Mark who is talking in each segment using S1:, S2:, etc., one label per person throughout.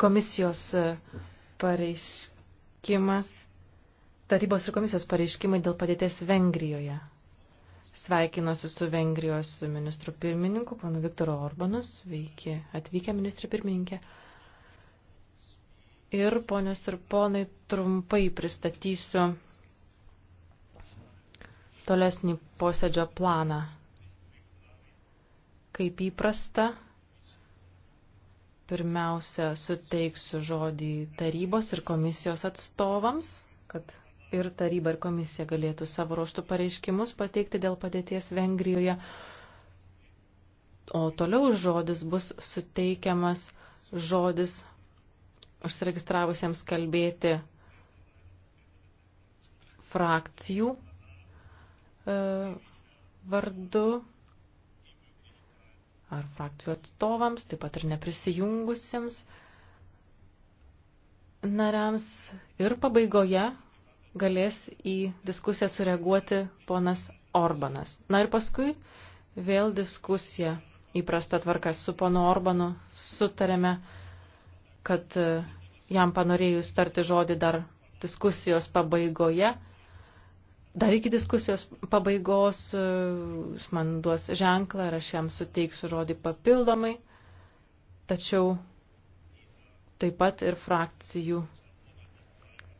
S1: Komisijos e, pareiškimas, tarybos ir komisijos pareiškimai dėl padėties Vengrijoje. Sveikinuosi su Vengrijos ministru pirmininku, panu Viktoru Orbanus, sveiki atvykę ministrė pirmininkė. Ir ponios ir ponai, trumpai pristatysiu tolesnį posėdžio planą. Kaip įprasta, Pirmiausia, suteiksiu žodį tarybos ir komisijos atstovams, kad ir taryba ir komisija galėtų savo ruoštų pareiškimus pateikti dėl padėties Vengrijoje. O toliau žodis bus suteikiamas žodis užsiregistravusiems kalbėti frakcijų e, vardu ar frakcijų atstovams, taip pat ir neprisijungusiems nariams. Ir pabaigoje galės į diskusiją sureaguoti ponas Orbanas. Na ir paskui vėl diskusija įprasta tvarka su ponu Orbanu. Sutarėme, kad jam panorėjus tarti žodį dar diskusijos pabaigoje Dar iki diskusijos pabaigos e, jis man duos ženklą ir aš jam suteiksiu žodį papildomai, tačiau taip pat ir frakcijų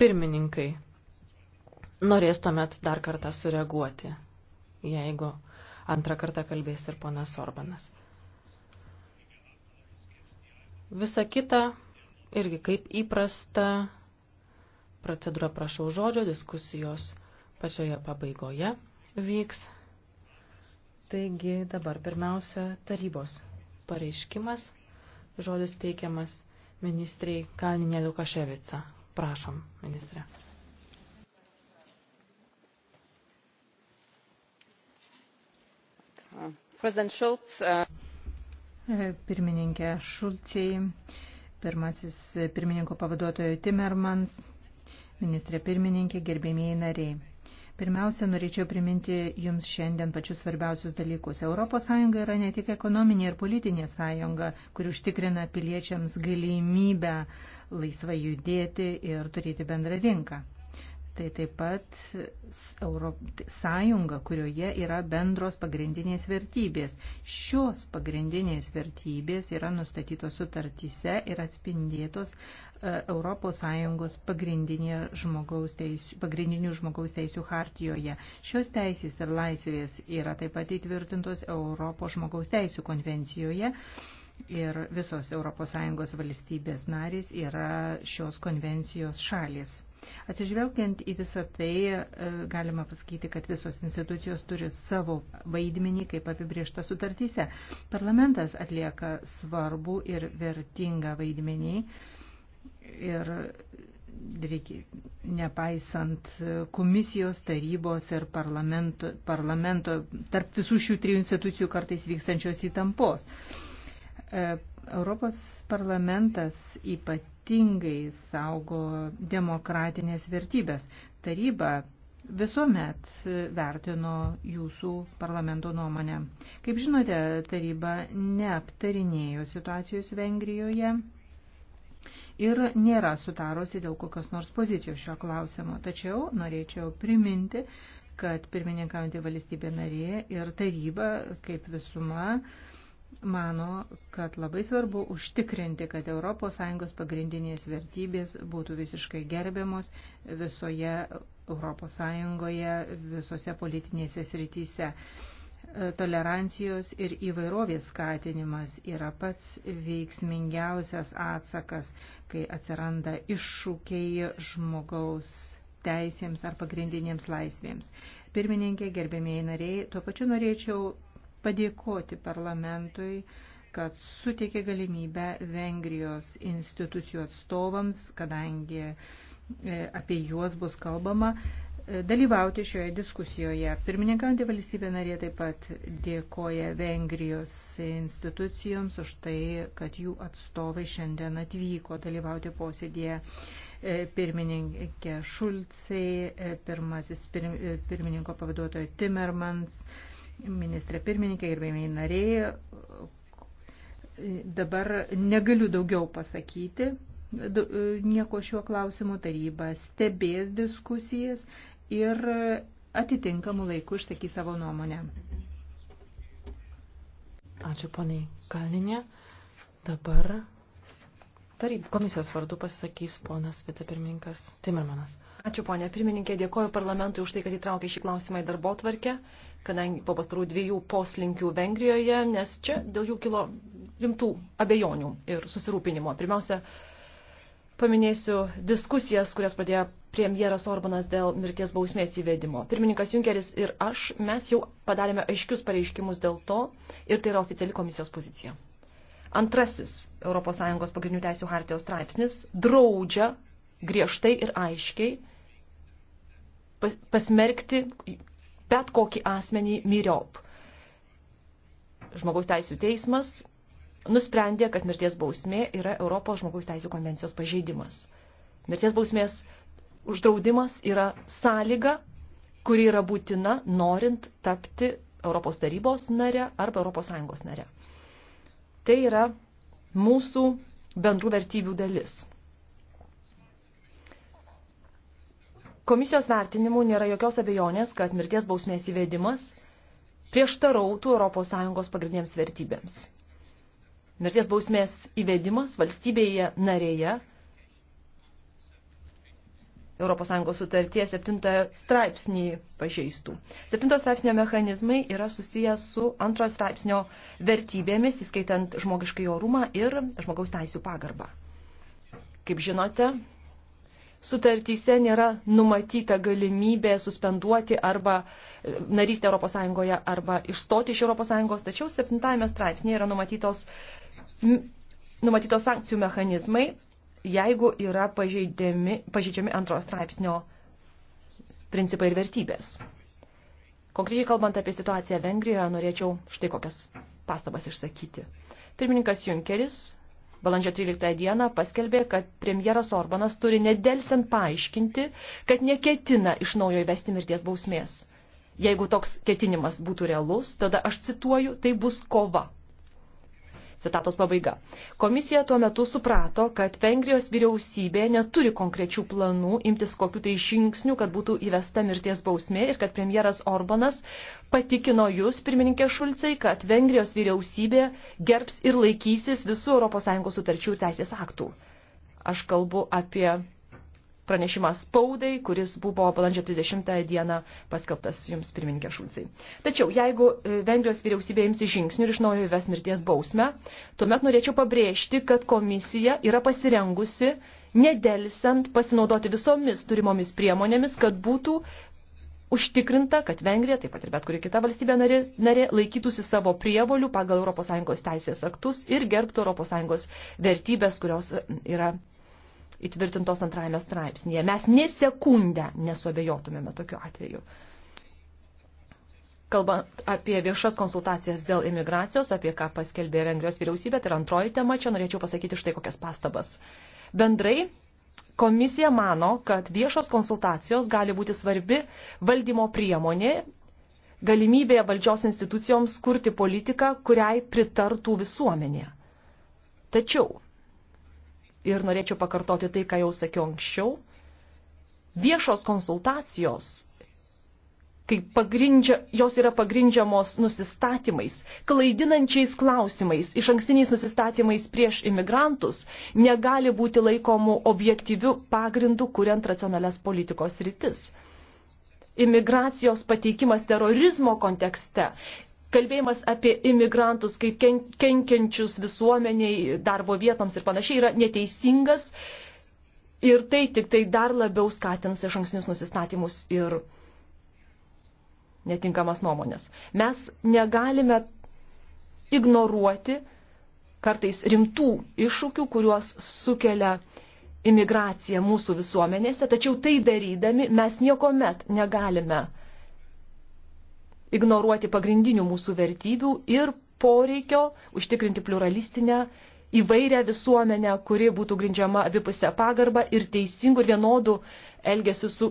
S1: pirmininkai norės tuomet dar kartą sureaguoti, jeigu antrą kartą kalbės ir ponas Orbanas. Visa kita irgi kaip įprasta procedūra prašau žodžio diskusijos pačioje pabaigoje vyks. Taigi dabar pirmiausia tarybos pareiškimas, žodis teikiamas ministrei Kalninė Lukaševica. Prašom, ministrė.
S2: President Schulz. Uh...
S3: Pirmininkė Šulcijai, pirmasis pirmininko pavaduotojo Timmermans, ministrė pirmininkė, gerbėmiai nariai. Pirmiausia, norėčiau priminti Jums šiandien pačius svarbiausius dalykus. ES yra ne tik ekonominė ir politinė sąjunga, kuri užtikrina piliečiams galimybę laisvai judėti ir turėti bendrą rinką. Tai taip pat sąjunga, kurioje yra bendros pagrindinės vertybės. Šios pagrindinės vertybės yra nustatytos sutartyse ir atspindėtos ES žmogaus teisų, pagrindinių žmogaus teisų hartijoje. Šios teisės ir laisvės yra taip pat įtvirtintos Europos žmogaus teisų konvencijoje ir visos ES valstybės narys yra šios konvencijos šalis. Atsižvelgiant į visą tai, e, galima pasakyti, kad visos institucijos turi savo vaidmenį, kaip apibriešta sutartyse. Parlamentas atlieka svarbu ir vertingą vaidmenį. Ir reikia, nepaisant komisijos, tarybos ir parlamento, parlamento, tarp visų šių trijų institucijų kartais vykstančios įtampos e, Europos parlamentas ypatingai saugo demokratinės vertybės. Taryba visuomet vertino jūsų parlamento nuomonę. Kaip žinote, taryba neaptarinėjo situacijos Vengrijoje ir nėra sutarusi dėl kokios nors pozicijos šio klausimo. Tačiau norėčiau priminti, kad pirmininkaujantį valstybė narė ir taryba kaip visuma mano, kad labai svarbu užtikrinti, kad ES pagrindinės vertybės būtų visiškai gerbiamos visoje ES, visose politinėse srityse. E, tolerancijos ir įvairovės skatinimas yra pats veiksmingiausias atsakas, kai atsiranda iššūkiai žmogaus teisėms ar pagrindinėms laisvėms. Pirmininkė, gerbėmėjai nariai, tuo pačiu norėčiau padėkoti parlamentui, kad suteikė galimybę Vengrijos institucijų atstovams, kadangi e, apie juos bus kalbama, e, dalyvauti šioje diskusijoje. Pirmininkantį valstybė narė taip pat dėkoja Vengrijos institucijoms už tai, kad jų atstovai šiandien atvyko dalyvauti posėdėje e, pirmininkė Šulcai, pirmasis pirmininko pavaduotojo Timmermans, ministrė pirmininkė, gerbėmiai nariai, dabar negaliu daugiau pasakyti nieko šiuo klausimu. Taryba stebės diskusijas ir atitinkamų laikų
S1: išsakys savo nuomonę. Ačiū poniai Kalninė. Dabar taryb, komisijos vardu pasisakys ponas vicepirmininkas Timermanas.
S4: Ačiū ponė pirmininkė, dėkoju parlamentui už tai, kad įtraukė šį klausimą į darbo tvarkę kadangi po pastarų dviejų poslinkių Vengrijoje, nes čia dėl jų kilo rimtų abejonių ir susirūpinimo. Pirmiausia, paminėsiu diskusijas, kurias pradėjo premjeras Orbanas dėl mirties bausmės įvedimo. Pirmininkas Junkeris ir aš, mes jau padarėme aiškius pareiškimus dėl to ir tai yra oficiali komisijos pozicija. Antrasis ES pagrindinių teisų hartijos straipsnis draudžia griežtai ir aiškiai pasmerkti bet kokį asmenį myriop. Žmogaus teisų teismas nusprendė, kad mirties bausmė yra Europos žmogaus teisų konvencijos pažeidimas. Mirties bausmės uždraudimas yra sąlyga, kuri yra būtina norint tapti Europos tarybos nare arba Europos Sąjungos nare. Tai yra mūsų bendrų vertybių dalis. Komisijos vertinimų nėra jokios abejonės, kad mirties bausmės įvedimas prieštarautų ES pagrindiniams vertybėms. Mirties bausmės įvedimas valstybėje narėje ES sutarties 7 straipsnį pažeistų. 7 straipsnio mechanizmai yra susijęs su 2 straipsnio vertybėmis, įskaitant žmogiškai orumą ir žmogaus teisų pagarbą. Kaip žinote, sutartyse nėra numatyta galimybė suspenduoti arba e, narystę ES arba išstoti iš ES, tačiau 7 straipsnėje yra numatytos, numatytos sankcijų mechanizmai, jeigu yra pažeidžiami antrojo straipsnio principai ir vertybės. Konkrečiai kalbant apie situaciją Vengrijoje, norėčiau štai kokias pastabas išsakyti. Pirmininkas Junkeris balandžio 13 dieną paskelbė, kad premjeras Orbanas turi nedelsiant paaiškinti, kad neketina iš naujo įvesti mirties bausmės. Jeigu toks ketinimas būtų realus, tada aš cituoju, tai bus kova Citatos pabaiga. Komisija tuo metu suprato, kad Vengrijos vyriausybė neturi konkrečių planų imtis kokiu tai žingsniu, kad būtų įvesta mirties bausmė ir kad premjeras Orbanas patikino jūs, pirmininkė Šulcai, kad Vengrijos vyriausybė gerbs ir laikysis visų ES sutarčių ir teisės aktų. Aš kalbu apie pranešimą spaudai, kuris buvo balandžio 30 dieną paskelbtas jums pirmininkė Šulcai. Tačiau, jeigu e, Vengrijos vyriausybė imsi žingsnių ir iš naujo įves mirties bausmę, tuomet norėčiau pabrėžti, kad komisija yra pasirengusi nedelsiant pasinaudoti visomis turimomis priemonėmis, kad būtų užtikrinta, kad Vengrija, taip pat ir bet kuri kita valstybė narė, narė laikytųsi savo prievolių pagal ES teisės aktus ir gerbtų ES vertybės, kurios yra įtvirtintos antrajame straipsnėje. Mes nesekundę nesuabejotumėme tokiu atveju. Kalbant apie viešas konsultacijas dėl imigracijos, apie ką paskelbė Vengrijos vyriausybė, tai yra antroji tema, čia norėčiau pasakyti štai kokias pastabas. Bendrai komisija mano, kad viešos konsultacijos gali būti svarbi valdymo priemonė, galimybė valdžios institucijoms kurti politiką, kuriai pritartų visuomenė. Tačiau ir norėčiau pakartoti tai, ką jau sakiau anksčiau, viešos konsultacijos, kai pagrindžia, jos yra pagrindžiamos nusistatymais, klaidinančiais klausimais, iš ankstiniais nusistatymais prieš imigrantus, negali būti laikomų objektyvių pagrindų, kuriant racionalias politikos rytis. Imigracijos pateikimas terorizmo kontekste kalbėjimas apie imigrantus kaip ken, kenkiančius visuomeniai, darbo vietoms ir panašiai yra neteisingas ir tai tik tai dar labiau skatins iš ankstinius nusistatymus ir netinkamas nuomonės. Mes negalime ignoruoti kartais rimtų iššūkių, kuriuos sukelia imigracija mūsų visuomenėse, tačiau tai darydami mes niekuomet negalime uh, ignoruoti pagrindinių mūsų vertybių ir poreikio užtikrinti pluralistinę įvairią visuomenę, kuri būtų grindžiama abipusę pagarbą ir teisingų ir vienodų elgesių su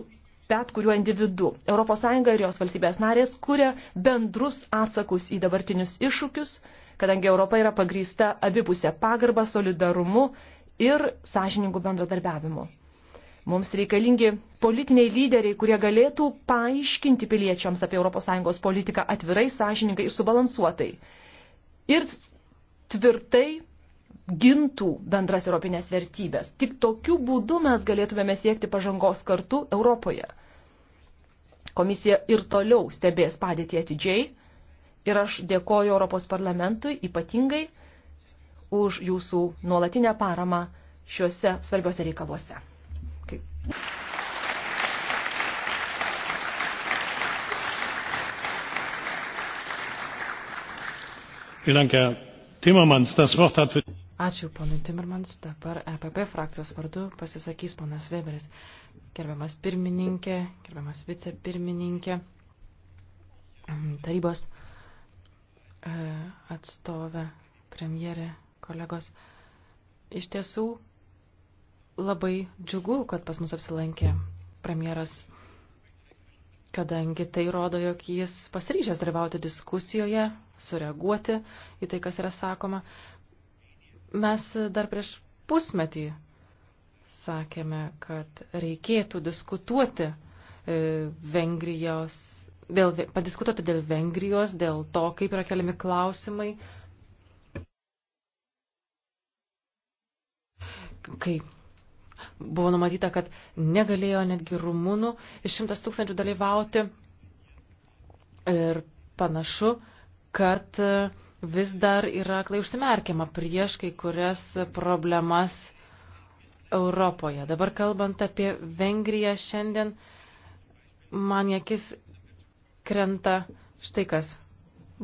S4: bet kuriuo individu. ES ir jos valstybės narės kuria bendrus atsakus į dabartinius iššūkius, kadangi Europa yra pagrįsta abipusę pagarbą, solidarumu ir sąžiningų bendradarbiavimu. Mums reikalingi politiniai lyderiai, kurie galėtų paaiškinti piliečiams apie ES politiką atvirai, sąžiningai ir subalansuotai. Ir tvirtai gintų bendras europinės vertybės. Tik tokiu būdu mes galėtumėme siekti pažangos kartu Europoje. Komisija ir toliau stebės padėtį atidžiai ir aš dėkoju Europos parlamentui ypatingai už jūsų nuolatinę paramą šiuose svarbiuose reikaluose.
S5: Ačiū,
S1: ponai Timmermans. Dabar EPP frakcijos vardu pasisakys ponas Weberis. Gerbiamas pirmininkė, gerbiamas vicepirmininkė, tarybos e, atstovė, premjerė, kolegos. Iš tiesų, Labai džiugu, kad pas mus apsilankė premjeras, kadangi tai rodo, jog jis pasiryžęs dalyvauti diskusijoje, sureaguoti į tai, kas yra sakoma. Mes dar prieš pusmetį sakėme, kad reikėtų diskutuoti e, Vengrijos, dėl, padiskutuoti dėl Vengrijos, dėl to, kaip yra keliami klausimai, kai buvo numatyta, kad negalėjo netgi rumunų iš šimtas tūkstančių dalyvauti. Ir panašu, kad e, vis dar yra klai užsimerkiama prieš kai kurias problemas Europoje. Dabar kalbant apie Vengriją šiandien, man akis krenta štai kas.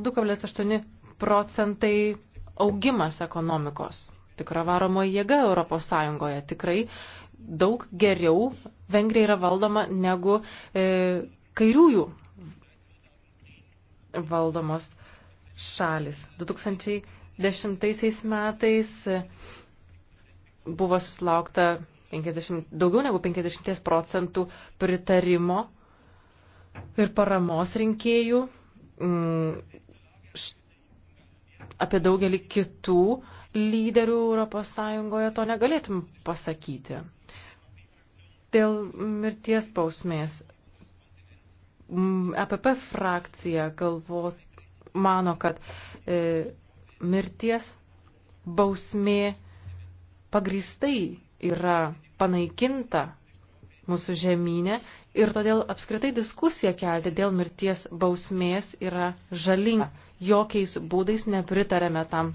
S1: 2,8 procentai augimas ekonomikos tikra varomoji jėga Europos Sąjungoje. Tikrai daug geriau Vengrija yra valdoma negu e, kairiųjų valdomos šalis. 2010 metais buvo susilaukta 50, daugiau negu 50 procentų pritarimo ir paramos rinkėjų. Mm, apie daugelį kitų lyderių ES to negalėtum pasakyti. Dėl mirties bausmės. APP e frakcija galvo, mano, kad e, mirties bausmė pagristai yra panaikinta mūsų žemynė ir todėl apskritai diskusija kelti dėl mirties bausmės yra žalinga. Jokiais būdais nepritarėme tam,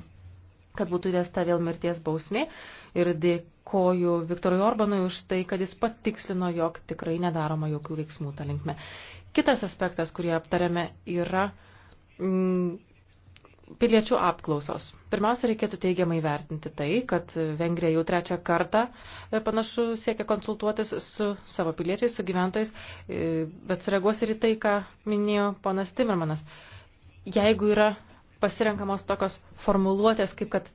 S1: kad būtų įvesta vėl mirties bausmė. E, ir dėkoju Viktorui Orbanui už tai, kad jis patikslino, jog tikrai nedaroma jokių veiksmų tą linkme. Kitas aspektas, kurį aptarėme, yra mm, piliečių apklausos. Pirmiausia, reikėtų teigiamai vertinti tai, kad Vengrija jau trečią kartą e, panašu siekia konsultuotis su savo piliečiais, su gyventojais, e, bet sureaguos ir į tai, ką minėjo ponas Timermanas. Jeigu yra pasirenkamos tokios formuluotės, kaip kad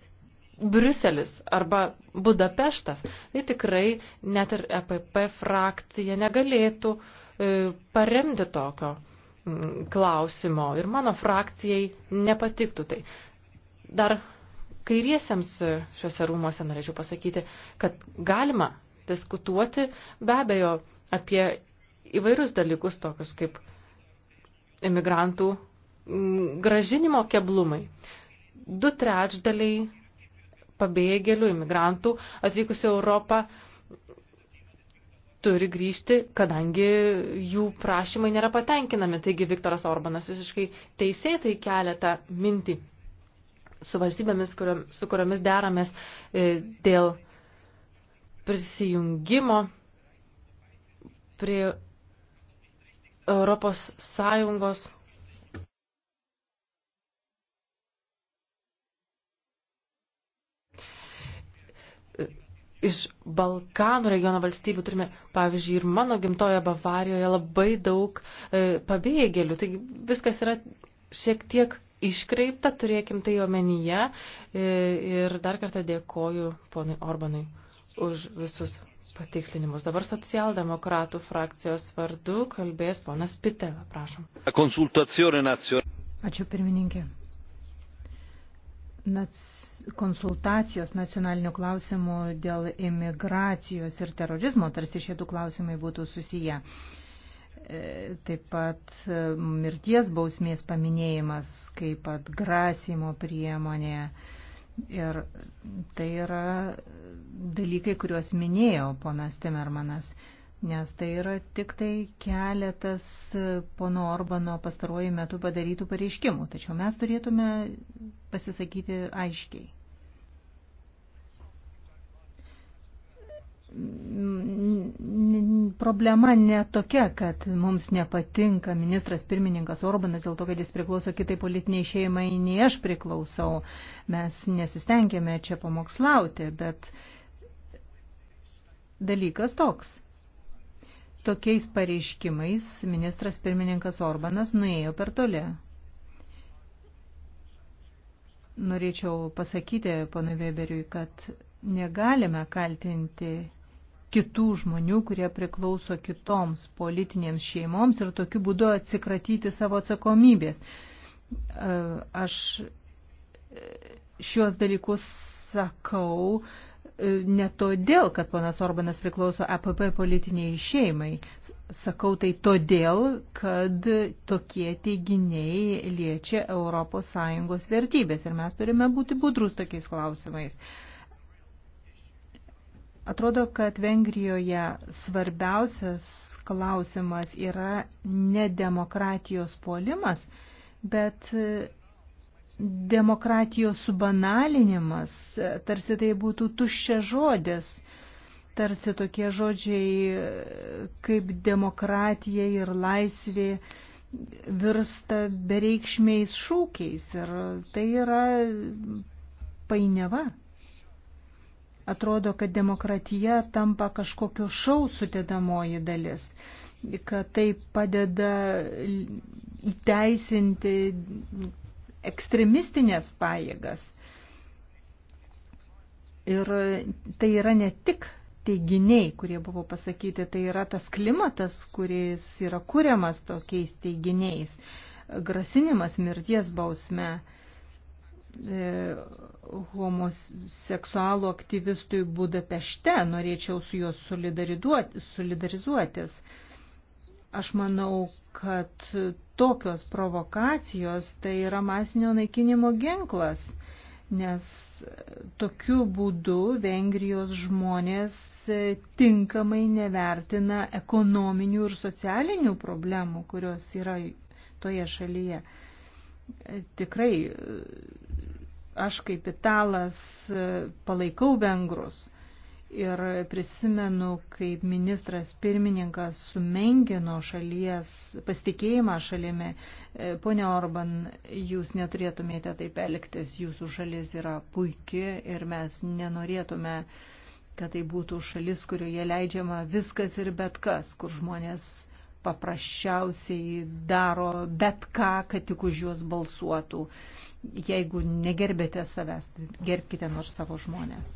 S1: Briuselis arba Budapeštas, tai tikrai net ir EPP frakcija negalėtų e, paremti tokio mm, klausimo ir mano frakcijai nepatiktų tai. Dar kairiesiems e, šiuose rūmose norėčiau pasakyti, kad galima diskutuoti be abejo apie įvairius dalykus tokius kaip imigrantų mm, gražinimo keblumai. Du trečdaliai pabėgėlių, imigrantų atvykusių Europą turi grįžti, kadangi jų prašymai nėra patenkinami. Taigi Viktoras Orbanas visiškai teisėtai kelia tą mintį su valstybėmis, kuriom, su kuriomis deramės e, dėl prisijungimo prie Europos Sąjungos iš Balkanų regiono valstybių turime, pavyzdžiui, ir mano gimtoje Bavarijoje labai daug e, pabėgėlių. Taigi viskas yra šiek tiek iškreipta, turėkim tai omenyje. E, ir dar kartą dėkoju ponui Orbanui už visus patikslinimus. Dabar socialdemokratų frakcijos vardu kalbės ponas Pitela, prašom. Ačiū pirmininkė
S3: konsultacijos nacionalinių klausimų dėl imigracijos ir terorizmo, tarsi šie du klausimai būtų susiję. E, taip pat e, mirties bausmės paminėjimas kaip atgrasimo priemonė. Ir tai yra dalykai, kuriuos minėjo ponas Timermanas nes tai yra tik tai keletas pono Orbano pastaruoju metu padarytų pareiškimų, tačiau mes turėtume pasisakyti aiškiai. Problema ne tokia, kad mums nepatinka ministras pirmininkas Orbanas dėl to, kad jis priklauso kitai politiniai šeimai, nei aš priklausau. Mes nesistengėme čia pamokslauti, bet dalykas toks Tokiais pareiškimais ministras pirmininkas Orbanas nuėjo per toli. Norėčiau pasakyti, ponui Weberiui, kad negalime kaltinti kitų žmonių, kurie priklauso kitoms politinėms šeimoms ir tokiu būdu atsikratyti savo atsakomybės. Aš šiuos dalykus sakau ne todėl, kad ponas Orbanas priklauso APP politiniai šeimai. Sakau tai todėl, kad tokie teiginiai liečia ES vertybės ir mes turime būti budrus tokiais klausimais. Atrodo, kad Vengrijoje svarbiausias klausimas yra ne demokratijos puolimas, bet demokratijos subanalinimas, e, tarsi tai būtų tuščia žodis, tarsi tokie žodžiai e, kaip demokratija ir laisvė virsta bereikšmiais šūkiais ir tai yra painiava. Atrodo, kad demokratija tampa kažkokio šau sudėdamoji dalis, kad tai padeda įteisinti ekstremistinės pajėgas. Ir tai yra ne tik teiginiai, kurie buvo pasakyti, tai yra tas klimatas, kuris yra kuriamas tokiais teiginiais, grasinimas mirties bausme e, homoseksualų aktyvistui Budapešte, norėčiau su juos solidarizuotis. Aš manau, kad tokios provokacijos tai yra masinio naikinimo ginklas, nes tokiu būdu Vengrijos žmonės tinkamai nevertina ekonominių ir socialinių problemų, kurios yra toje šalyje. Tikrai aš kaip italas palaikau vengrus Ir prisimenu, kaip ministras pirmininkas sumenkino šalies pasitikėjimą šalimi. E, pone Orban, jūs neturėtumėte taip elgtis, jūsų šalis yra puikia ir mes nenorėtume, kad tai būtų šalis, kurioje leidžiama viskas ir bet kas, kur žmonės paprasčiausiai daro bet ką, kad tik už juos balsuotų. Jeigu negerbėte savęs, gerbkite nors
S1: savo žmonės.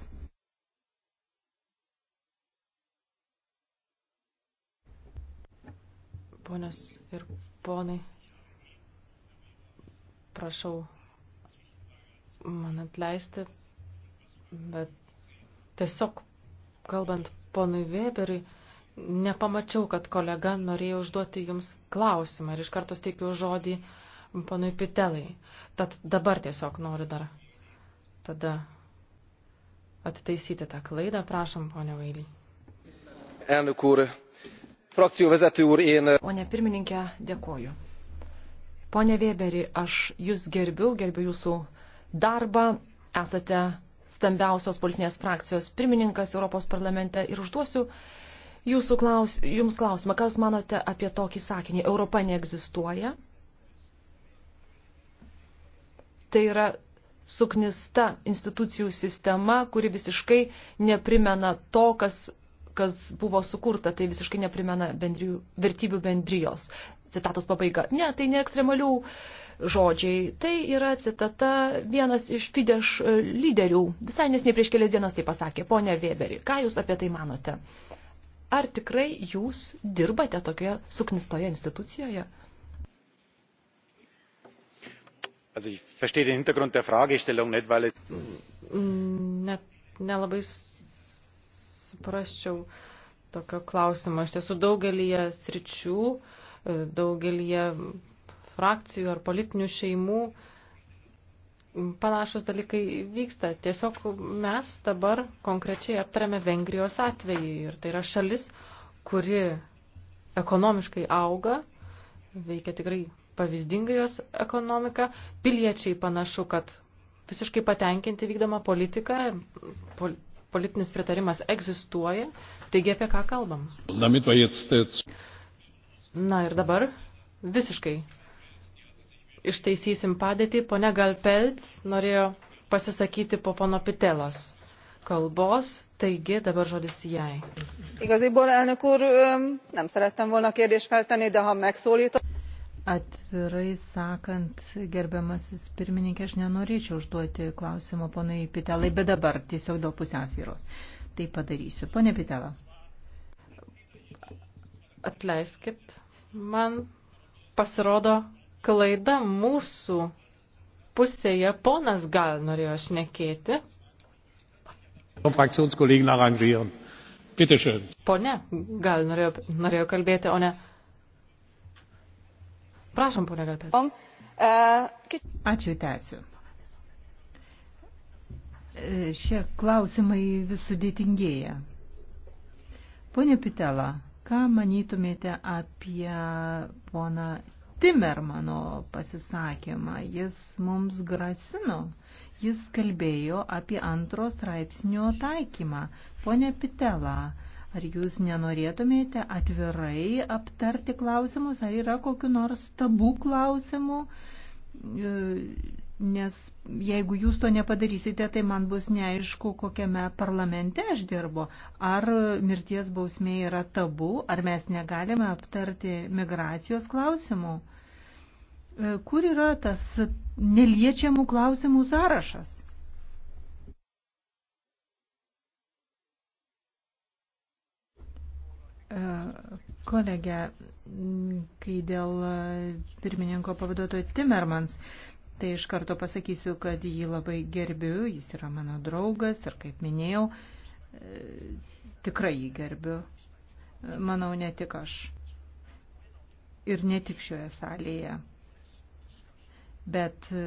S1: Ponios ir ponai, prašau man atleisti, bet tiesiog kalbant ponui Weberiui, nepamačiau, kad kolega norėjo užduoti jums klausimą ir iš karto steikiau žodį ponui Pitelai. Tad dabar tiesiog noriu dar tada atitaisyti tą klaidą. Prašom, ponia Vailiai.
S6: Elnök úr, Pone
S4: pirmininkė, dėkoju. Pone Weberi, aš jūs gerbiu, gerbiu jūsų darbą. Esate stambiausios politinės frakcijos pirmininkas Europos parlamente ir užduosiu jūsų klaus, jums klausimą. Ką jūs manote apie tokį sakinį? Europa neegzistuoja. Tai yra suknista institucijų sistema, kuri visiškai neprimena to, kas kas buvo sukurta, tai visiškai neprimena bendrijų, vertybių bendrijos. Citatos pabaiga. Ne, tai ne ekstremalių žodžiai. Tai yra citata vienas iš Fidesz e, lyderių. Visai nesnei prieš kelias dienas tai pasakė. Pone Weberi, ką Jūs apie tai manote? Ar tikrai Jūs dirbate tokioje suknistoje institucijoje?
S5: Also ich verstehe den Hintergrund der Fragestellung nicht, weil es...
S4: Mm,
S1: ne, nelabai nesuprasčiau tokio klausimo. Iš tiesų daugelį sričių, e, daugelį frakcijų ar politinių šeimų panašus dalykai vyksta. Tiesiog mes dabar konkrečiai aptarėme Vengrijos atvejį ir tai yra šalis, kuri ekonomiškai auga, veikia tikrai pavyzdingai jos ekonomika, piliečiai panašu, kad visiškai patenkinti vykdomą politiką, pol politinis pritarimas egzistuoja, taigi apie ką kalbam. Na ir dabar visiškai ištaisysim padėtį. Pone Galpelts norėjo pasisakyti po pono Pitelos kalbos, taigi dabar žodis jai.
S2: Igaziból, elnök úr,
S3: nem szerettem volna kérdést feltenni, de ha megszólított. Atvirai sakant, gerbiamasis pirmininkė, aš nenorėčiau užduoti klausimo ponai Pitelai, bet dabar tiesiog dėl pusiausvyros. Tai padarysiu. Pone Pitela.
S1: Atleiskit, man pasirodo klaida mūsų pusėje. Ponas gal norėjo šnekėti.
S5: Fraktionskollegen arrangieren. Bitte schön.
S1: Pone gal norėjo, norėjo kalbėti, o ne Prašom, ponia Galpės.
S3: E,
S1: Ačiū, tęsiu.
S3: E, šie klausimai vis sudėtingėja. Pone Pitela, ką manytumėte apie poną Timermano pasisakymą? Jis mums grasino, jis kalbėjo apie antro straipsnio taikymą. Pone Pitela, Ar jūs nenorėtumėte atvirai aptarti klausimus, ar yra kokiu nors tabų klausimų? E, nes jeigu jūs to nepadarysite, tai man bus neaišku, kokiame parlamente aš dirbu. Ar mirties bausmė yra tabu, ar mes negalime aptarti migracijos klausimų. E, kur yra tas neliečiamų klausimų sąrašas? Kolegė, kai dėl pirmininko pavaduotojo Timmermans, tai iš karto pasakysiu, kad jį labai gerbiu, jis yra mano draugas ir kaip minėjau, tikrai jį gerbiu. Manau, ne tik aš. Ir ne tik šioje salėje. Bet e,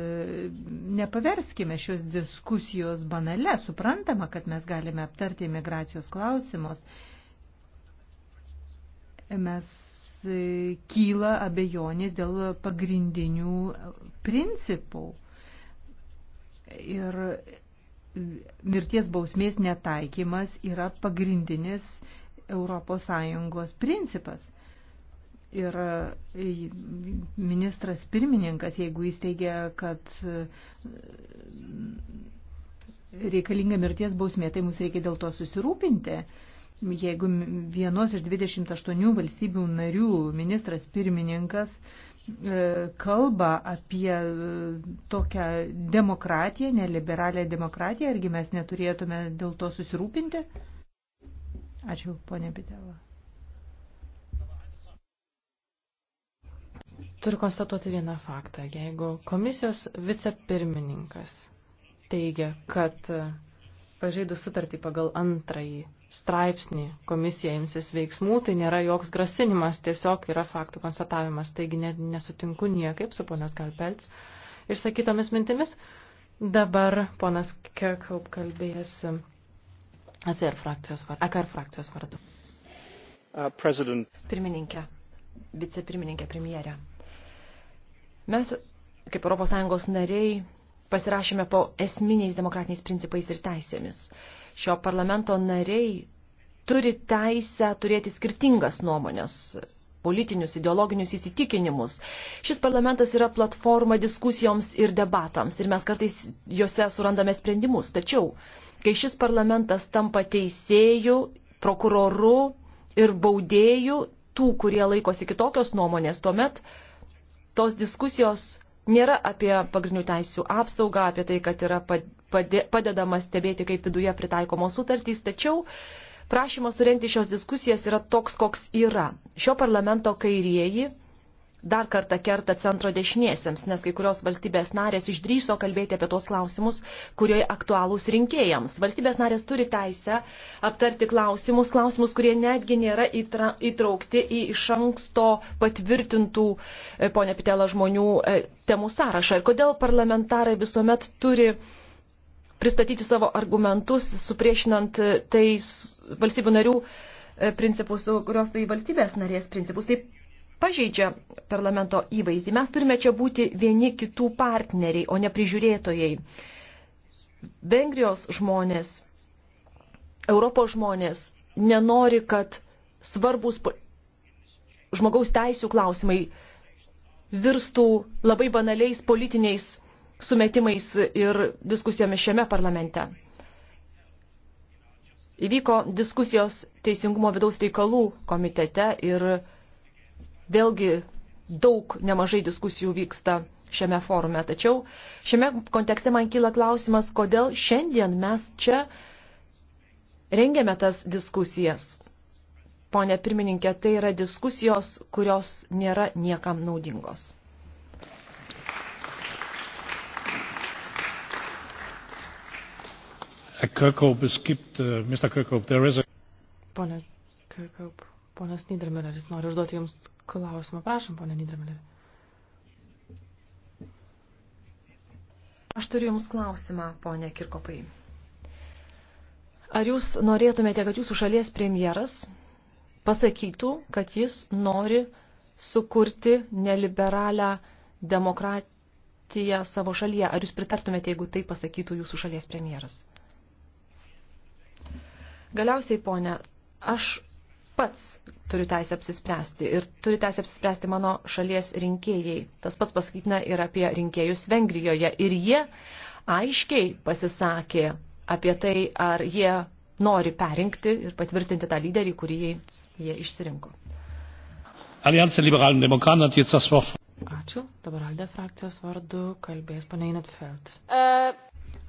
S3: nepaverskime šios diskusijos banale, suprantama, kad mes galime aptarti imigracijos klausimus mes e, kyla abejonės dėl pagrindinių principų. Ir mirties bausmės netaikymas yra pagrindinis ES principas. Ir e, ministras pirmininkas, jeigu įsteigia, kad e, reikalinga mirties bausmė, tai mums reikia dėl to susirūpinti. Jeigu vienos iš 28 valstybių narių ministras pirmininkas e, kalba apie e, tokią demokratiją, neliberalią demokratiją, argi mes neturėtume dėl to susirūpinti? Ačiū, ponė Pitela.
S1: Turiu konstatuoti vieną faktą. Jeigu komisijos vicepirmininkas teigia, kad pažeidus sutartį pagal antrąjį straipsnį komisija imsis veiksmų, tai nėra joks grasinimas, tiesiog yra faktų konstatavimas. Taigi ne, nesutinku niekaip su ponios Galpelts išsakytomis mintimis. Dabar ponas Kirkhope kalbės
S4: ACR frakcijos vardu. AKR frakcijos vardu. President. Pirmininkė, vicepirmininkė, premjerė. Mes, kaip ES nariai, pasirašėme po esminiais demokratiniais principais ir teisėmis. Šio parlamento nariai turi teisę turėti skirtingas nuomonės, politinius, ideologinius įsitikinimus. Šis parlamentas yra platforma diskusijoms ir debatams ir mes kartais juose surandame sprendimus. Tačiau, kai šis parlamentas tampa teisėjų, prokuroru ir baudėjų, tų, kurie laikosi kitokios nuomonės, tuomet tos diskusijos nėra apie pagrindinių teisių apsaugą, apie tai, kad yra padedama stebėti, kaip viduje pritaikomos sutartys, tačiau prašymas surenti šios diskusijas yra toks, koks yra. Šio parlamento kairieji dar kartą kerta centro dešiniesiems, nes kai kurios valstybės narės išdryso kalbėti apie tos klausimus, kurie aktualūs rinkėjams. Valstybės narės turi teisę aptarti klausimus, klausimus, kurie netgi nėra įtra, įtraukti į iš anksto patvirtintų, e, ponė Pitela, žmonių e, temų sąrašą. Ir kodėl parlamentarai visuomet turi pristatyti savo argumentus, supriešinant tai valstybių narių principus, kurios tai valstybės narės principus. Taip pažeidžia parlamento įvaizdį. Mes turime čia būti vieni kitų partneriai, o ne prižiūrėtojai. Vengrijos žmonės, Europos žmonės nenori, kad svarbus žmogaus teisų klausimai virstų labai banaliais politiniais sumetimais ir diskusijomis šiame parlamente. Įvyko diskusijos Teisingumo vidaus reikalų komitete ir vėlgi daug nemažai diskusijų vyksta šiame forume. Tačiau šiame kontekste man kyla klausimas, kodėl šiandien mes čia rengiame tas diskusijas. Pone pirmininkė, tai yra diskusijos, kurios nėra niekam naudingos.
S5: Kirkhope, es gibt, uh, Mr. Kirkhope, there is a...
S1: Pone Kirkhope, Ponas Nidermilleris, noriu užduoti Jums klausimą. Prašom, ponė Nidermilleri.
S4: Aš turiu Jums klausimą, ponė Kirkopai. Ar Jūs norėtumėte, kad Jūsų šalies premjeras pasakytų, kad jis nori sukurti neliberalią demokratiją savo šalyje? Ar Jūs pritartumėte, jeigu tai pasakytų Jūsų šalies premjeras? Galiausiai, ponė, aš pats turiu teisę apsispręsti ir turi teisę apsispręsti mano šalies rinkėjai. Tas pats pasakytina ir apie rinkėjus Vengrijoje. Ir jie aiškiai pasisakė apie tai, ar jie nori perinkti ir patvirtinti tą lyderį, kurį jie išsirinko. Ačiū. Dabar Alde frakcijos
S1: vardu kalbės ponia Inetfeld. Uh,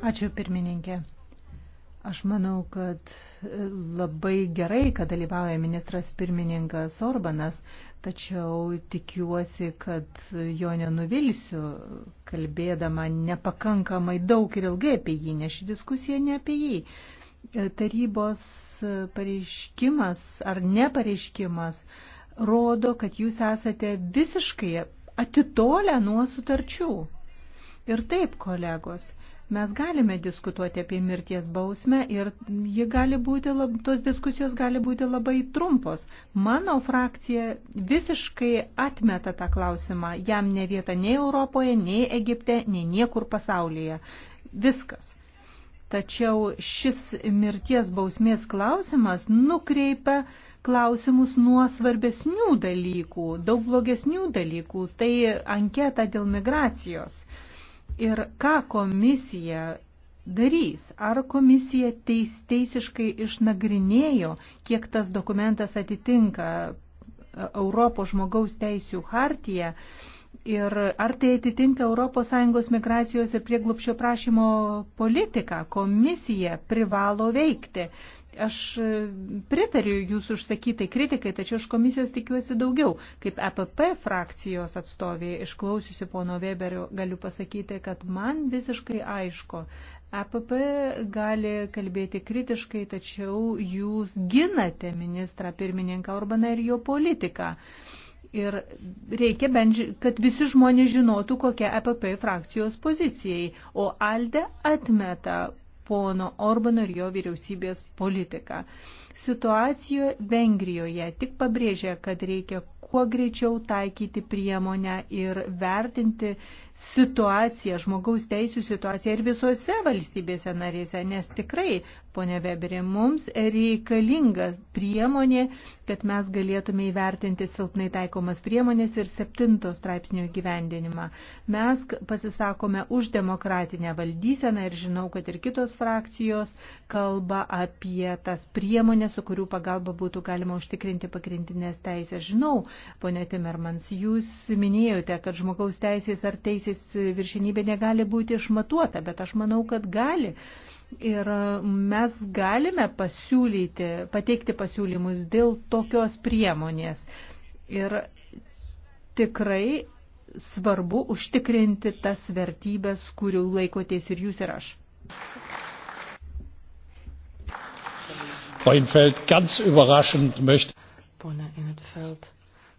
S1: Ačiū pirmininkė.
S3: Aš manau, kad e, labai gerai, kad dalyvauja ministras pirmininkas Orbanas, tačiau tikiuosi, kad jo nenuvilsiu, kalbėdama nepakankamai daug ir ilgai apie jį, nes ši diskusija ne apie jį. E, tarybos pareiškimas ar nepareiškimas rodo, kad jūs esate visiškai atitolę nuo sutarčių. Ir taip, kolegos, Mes galime diskutuoti apie mirties bausmę ir gali būti, tos diskusijos gali būti labai trumpos. Mano frakcija visiškai atmeta tą klausimą. Jam ne vieta nei Europoje, nei Egipte, nei niekur pasaulyje. Viskas. Tačiau šis mirties bausmės klausimas nukreipia klausimus nuo svarbesnių dalykų, daug blogesnių dalykų. Tai anketa dėl migracijos. Ir ką komisija darys? Ar komisija teis, teisiškai išnagrinėjo, kiek tas dokumentas atitinka e, Europos žmogaus teisių hartiją ir ar tai atitinka ES migracijos ir prieglupščio prašymo politiką? Komisija privalo veikti, Aš pritariu jūsų užsakytai kritikai, tačiau iš komisijos tikiuosi daugiau. Kaip EPP frakcijos atstovė, išklausiusi pono Weberio, galiu pasakyti, kad man visiškai aišku. EPP gali kalbėti kritiškai, tačiau jūs ginate ministrą pirmininką Orbaną ir jo politiką. Ir reikia bent, kad visi žmonės žinotų, kokia EPP frakcijos pozicijai. O Alde atmeta pono Orbano ir jo vyriausybės politiką. Situacijoje Vengrijoje tik pabrėžia, kad reikia kuo greičiau taikyti priemonę ir vertinti situaciją, žmogaus teisų situaciją ir visose valstybėse narėse, nes tikrai, ponė Weberė, mums reikalinga priemonė, kad mes galėtume įvertinti silpnai taikomas priemonės ir septinto straipsnio gyvendinimą. Mes pasisakome už demokratinę valdyseną ir žinau, kad ir kitos frakcijos kalba apie tas priemonės, su kurių pagalba būtų galima užtikrinti pagrindinės teisės. Žinau, ponė Timermans, jūs minėjote, kad žmogaus teisės ar teisės teisės viršinybė negali būti išmatuota, bet aš manau, kad gali. Ir mes galime pasiūlyti, pateikti pasiūlymus dėl tokios priemonės. Ir tikrai svarbu užtikrinti tas vertybės, kurių laikotės ir jūs ir aš.
S5: Frau Infeld, ganz überraschend möchte.
S1: Pone Infeld,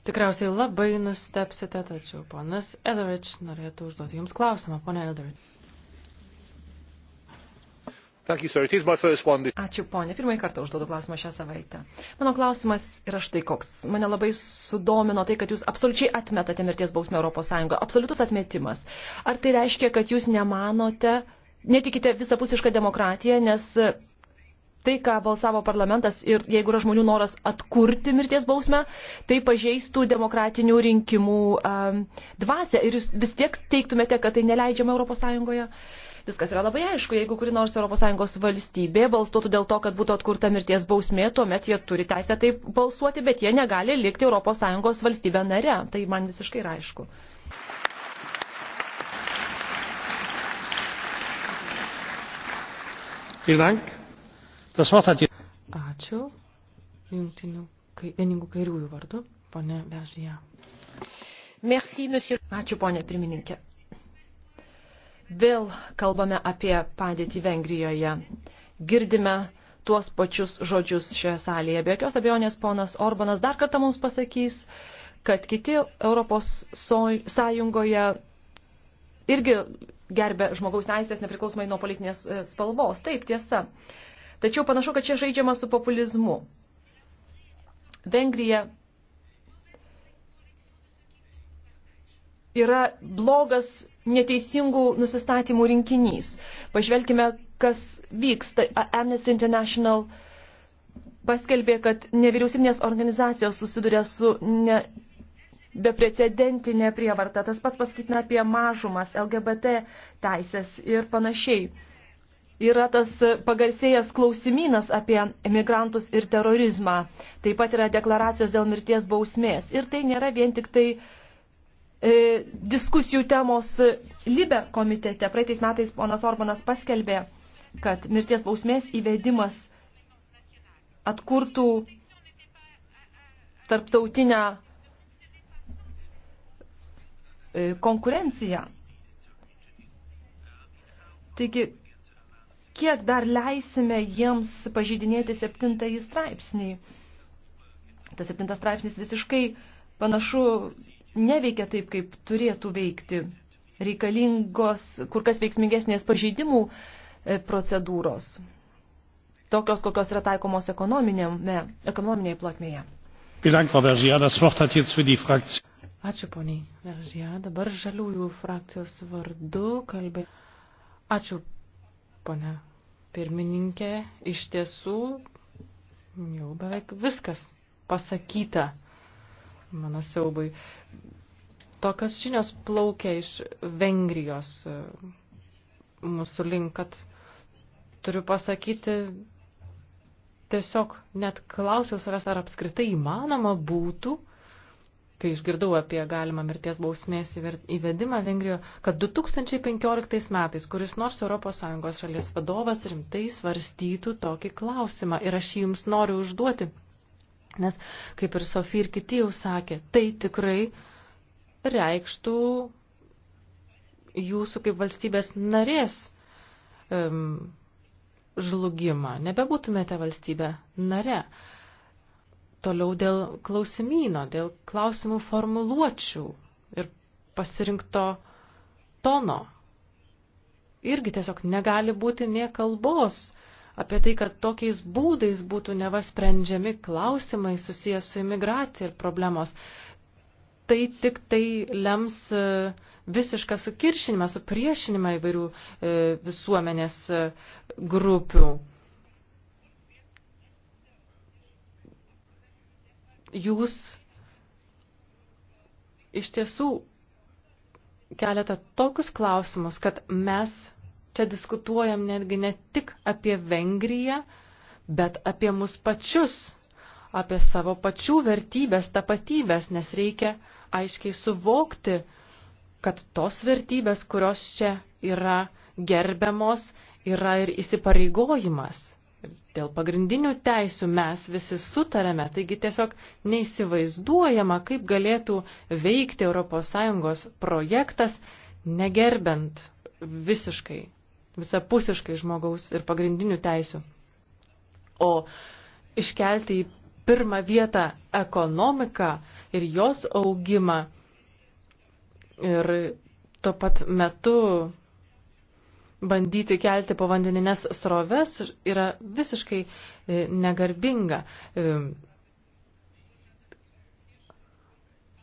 S1: Tikriausiai labai nustepsite, tačiau ponas Etheridge norėtų užduoti
S4: Jums klausimą. Pone Etheridge.
S6: Ačiū,
S4: ponė. Pirmąjį kartą užduodu klausimą šią savaitę. Mano klausimas yra štai koks. Mane labai sudomino tai, kad jūs absoliučiai atmetate mirties bausmę Europos Sąjungoje. Absoliutus atmetimas. Ar tai reiškia, kad jūs nemanote, netikite visapusišką demokratiją, nes tai, ką balsavo parlamentas ir jeigu yra žmonių noras atkurti mirties bausmę, tai pažeistų demokratinių rinkimų um, ehm, dvasę ir jūs vis tiek teiktumėte, kad tai neleidžiama ES. Viskas yra labai aišku, jeigu kuri nors ES valstybė balsuotų dėl to, kad būtų atkurta mirties bausmė, tuomet jie turi teisę taip balsuoti, bet jie negali likti ES valstybę nare. Tai man visiškai yra aišku.
S5: Vielen Dank. Ačiū.
S1: Jungtinių kai, vieningų kairiųjų vardu,
S4: ponė Vežija. Merci, monsieur. Ačiū, ponė pirmininkė. Vėl kalbame apie padėtį Vengrijoje. Girdime tuos pačius žodžius šioje salėje. Be jokios abejonės ponas Orbanas dar kartą mums pasakys, kad kiti Europos sąjungoje irgi gerbė žmogaus teisės nepriklausomai nuo politinės e, spalvos. Taip, tiesa. Tačiau panašu, kad čia žaidžiama su populizmu. Vengrija yra blogas neteisingų nusistatymų rinkinys. Pažvelkime, kas vyksta. Amnesty International paskelbė, kad nevyriausybinės organizacijos susiduria su ne, beprecedentinė prievarta. Tas pats pasakytina apie mažumas, LGBT teisės ir panašiai yra tas pagarsėjęs klausimynas apie migrantus ir terorizmą. Taip pat yra deklaracijos dėl mirties bausmės. Ir tai nėra vien tik tai e, diskusijų temos Libe komitete. Praeitais metais ponas Orbanas paskelbė, kad mirties bausmės įvedimas atkurtų tarptautinę e, konkurenciją. Taigi, kiek dar leisime jiems pažydinėti septintąjį straipsnį. Tas septintas straipsnis visiškai panašu neveikia taip, kaip turėtų veikti. Reikalingos kur kas veiksmingesnės pažeidimų e, procedūros, tokios kokios yra taikomos ekonominėje plotmėje. Ačiū poniai Veržija. Dabar žaliųjų frakcijos
S1: vardu kalbė. Ačiū Pone pirmininkė, iš tiesų jau beveik viskas pasakyta mano siaubai. Tokios žinios plaukia iš Vengrijos mūsų link, kad turiu pasakyti, tiesiog net klausiau savęs, ar apskritai įmanoma būtų kai išgirdau apie galimą mirties bausmės įvedimą Vengrijoje, kad 2015 metais kuris nors ES šalies vadovas rimtai svarstytų tokį klausimą. Ir aš jį jums noriu užduoti, nes kaip ir Sofija ir kiti jau sakė, tai tikrai reikštų jūsų kaip valstybės narės um, žlugimą. Nebebūtumėte valstybė nare. Uh, Toliau dėl klausimyno, dėl klausimų formuluočių ir pasirinkto tono. Irgi tiesiog negali būti nie kalbos apie tai, kad tokiais būdais būtų neva sprendžiami klausimai susijęs su imigracija ir problemos. Tai tik tai lems e, visišką sukiršinimą, supriešinimą įvairių e, visuomenės e, grupių jūs iš tiesų keletą tokius klausimus, kad mes čia diskutuojam netgi ne tik apie Vengriją, bet apie mus pačius, apie savo pačių vertybės, tapatybės, nes reikia aiškiai suvokti, kad tos vertybės, kurios čia yra gerbiamos, yra ir įsipareigojimas. Dėl pagrindinių teisių mes visi sutarėme, taigi tiesiog neįsivaizduojama, kaip galėtų veikti ES projektas, negerbent visiškai, visapusiškai žmogaus ir pagrindinių teisių. O iškelti į pirmą vietą ekonomiką ir jos augimą ir tuo pat metu bandyti kelti povandeninės sroves yra visiškai e, negarbinga. E,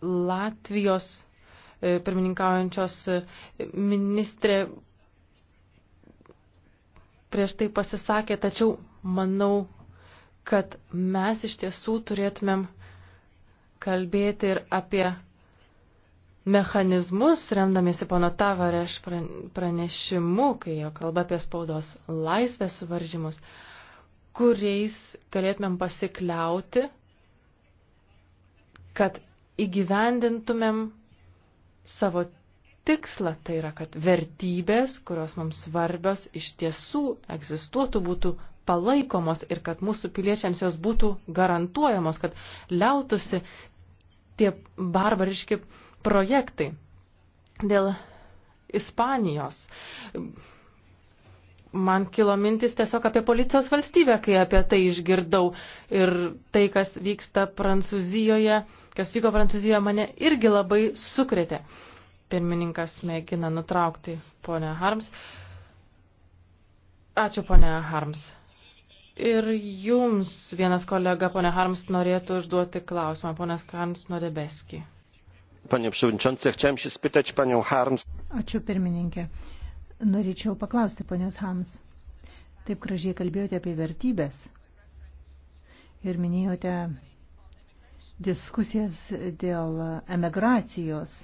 S1: Latvijos e, pirmininkaujančios ministrė prieš tai pasisakė, tačiau manau, kad mes iš tiesų turėtumėm kalbėti ir apie mechanizmus, remdamiesi pono Tavareš pranešimu, kai jo kalba apie spaudos laisvės suvaržymus, kuriais galėtumėm pasikliauti, kad įgyvendintumėm savo tikslą, tai yra, kad vertybės, kurios mums svarbios, iš tiesų egzistuotų, būtų palaikomos ir kad mūsų piliečiams jos būtų garantuojamos, kad liautusi tie barbariški projektai. Dėl Ispanijos. Man kilo mintis tiesiog apie policijos valstybę, kai apie tai išgirdau. Ir tai, kas vyksta Prancūzijoje, kas vyko Prancūzijoje, mane irgi labai sukrėtė. Pirmininkas mėgina nutraukti ponę Harms. Ačiū, ponė Harms. Ir jums vienas kolega, ponė Harms, norėtų užduoti klausimą, ponės Kans Norebeski.
S4: Panie Przewodniczący, chciałem się spytać panią Harms.
S1: Ačiū
S3: pirmininkė. Norėčiau paklausti ponios Harms. Taip gražiai kalbėjote apie vertybės ir minėjote diskusijas dėl emigracijos.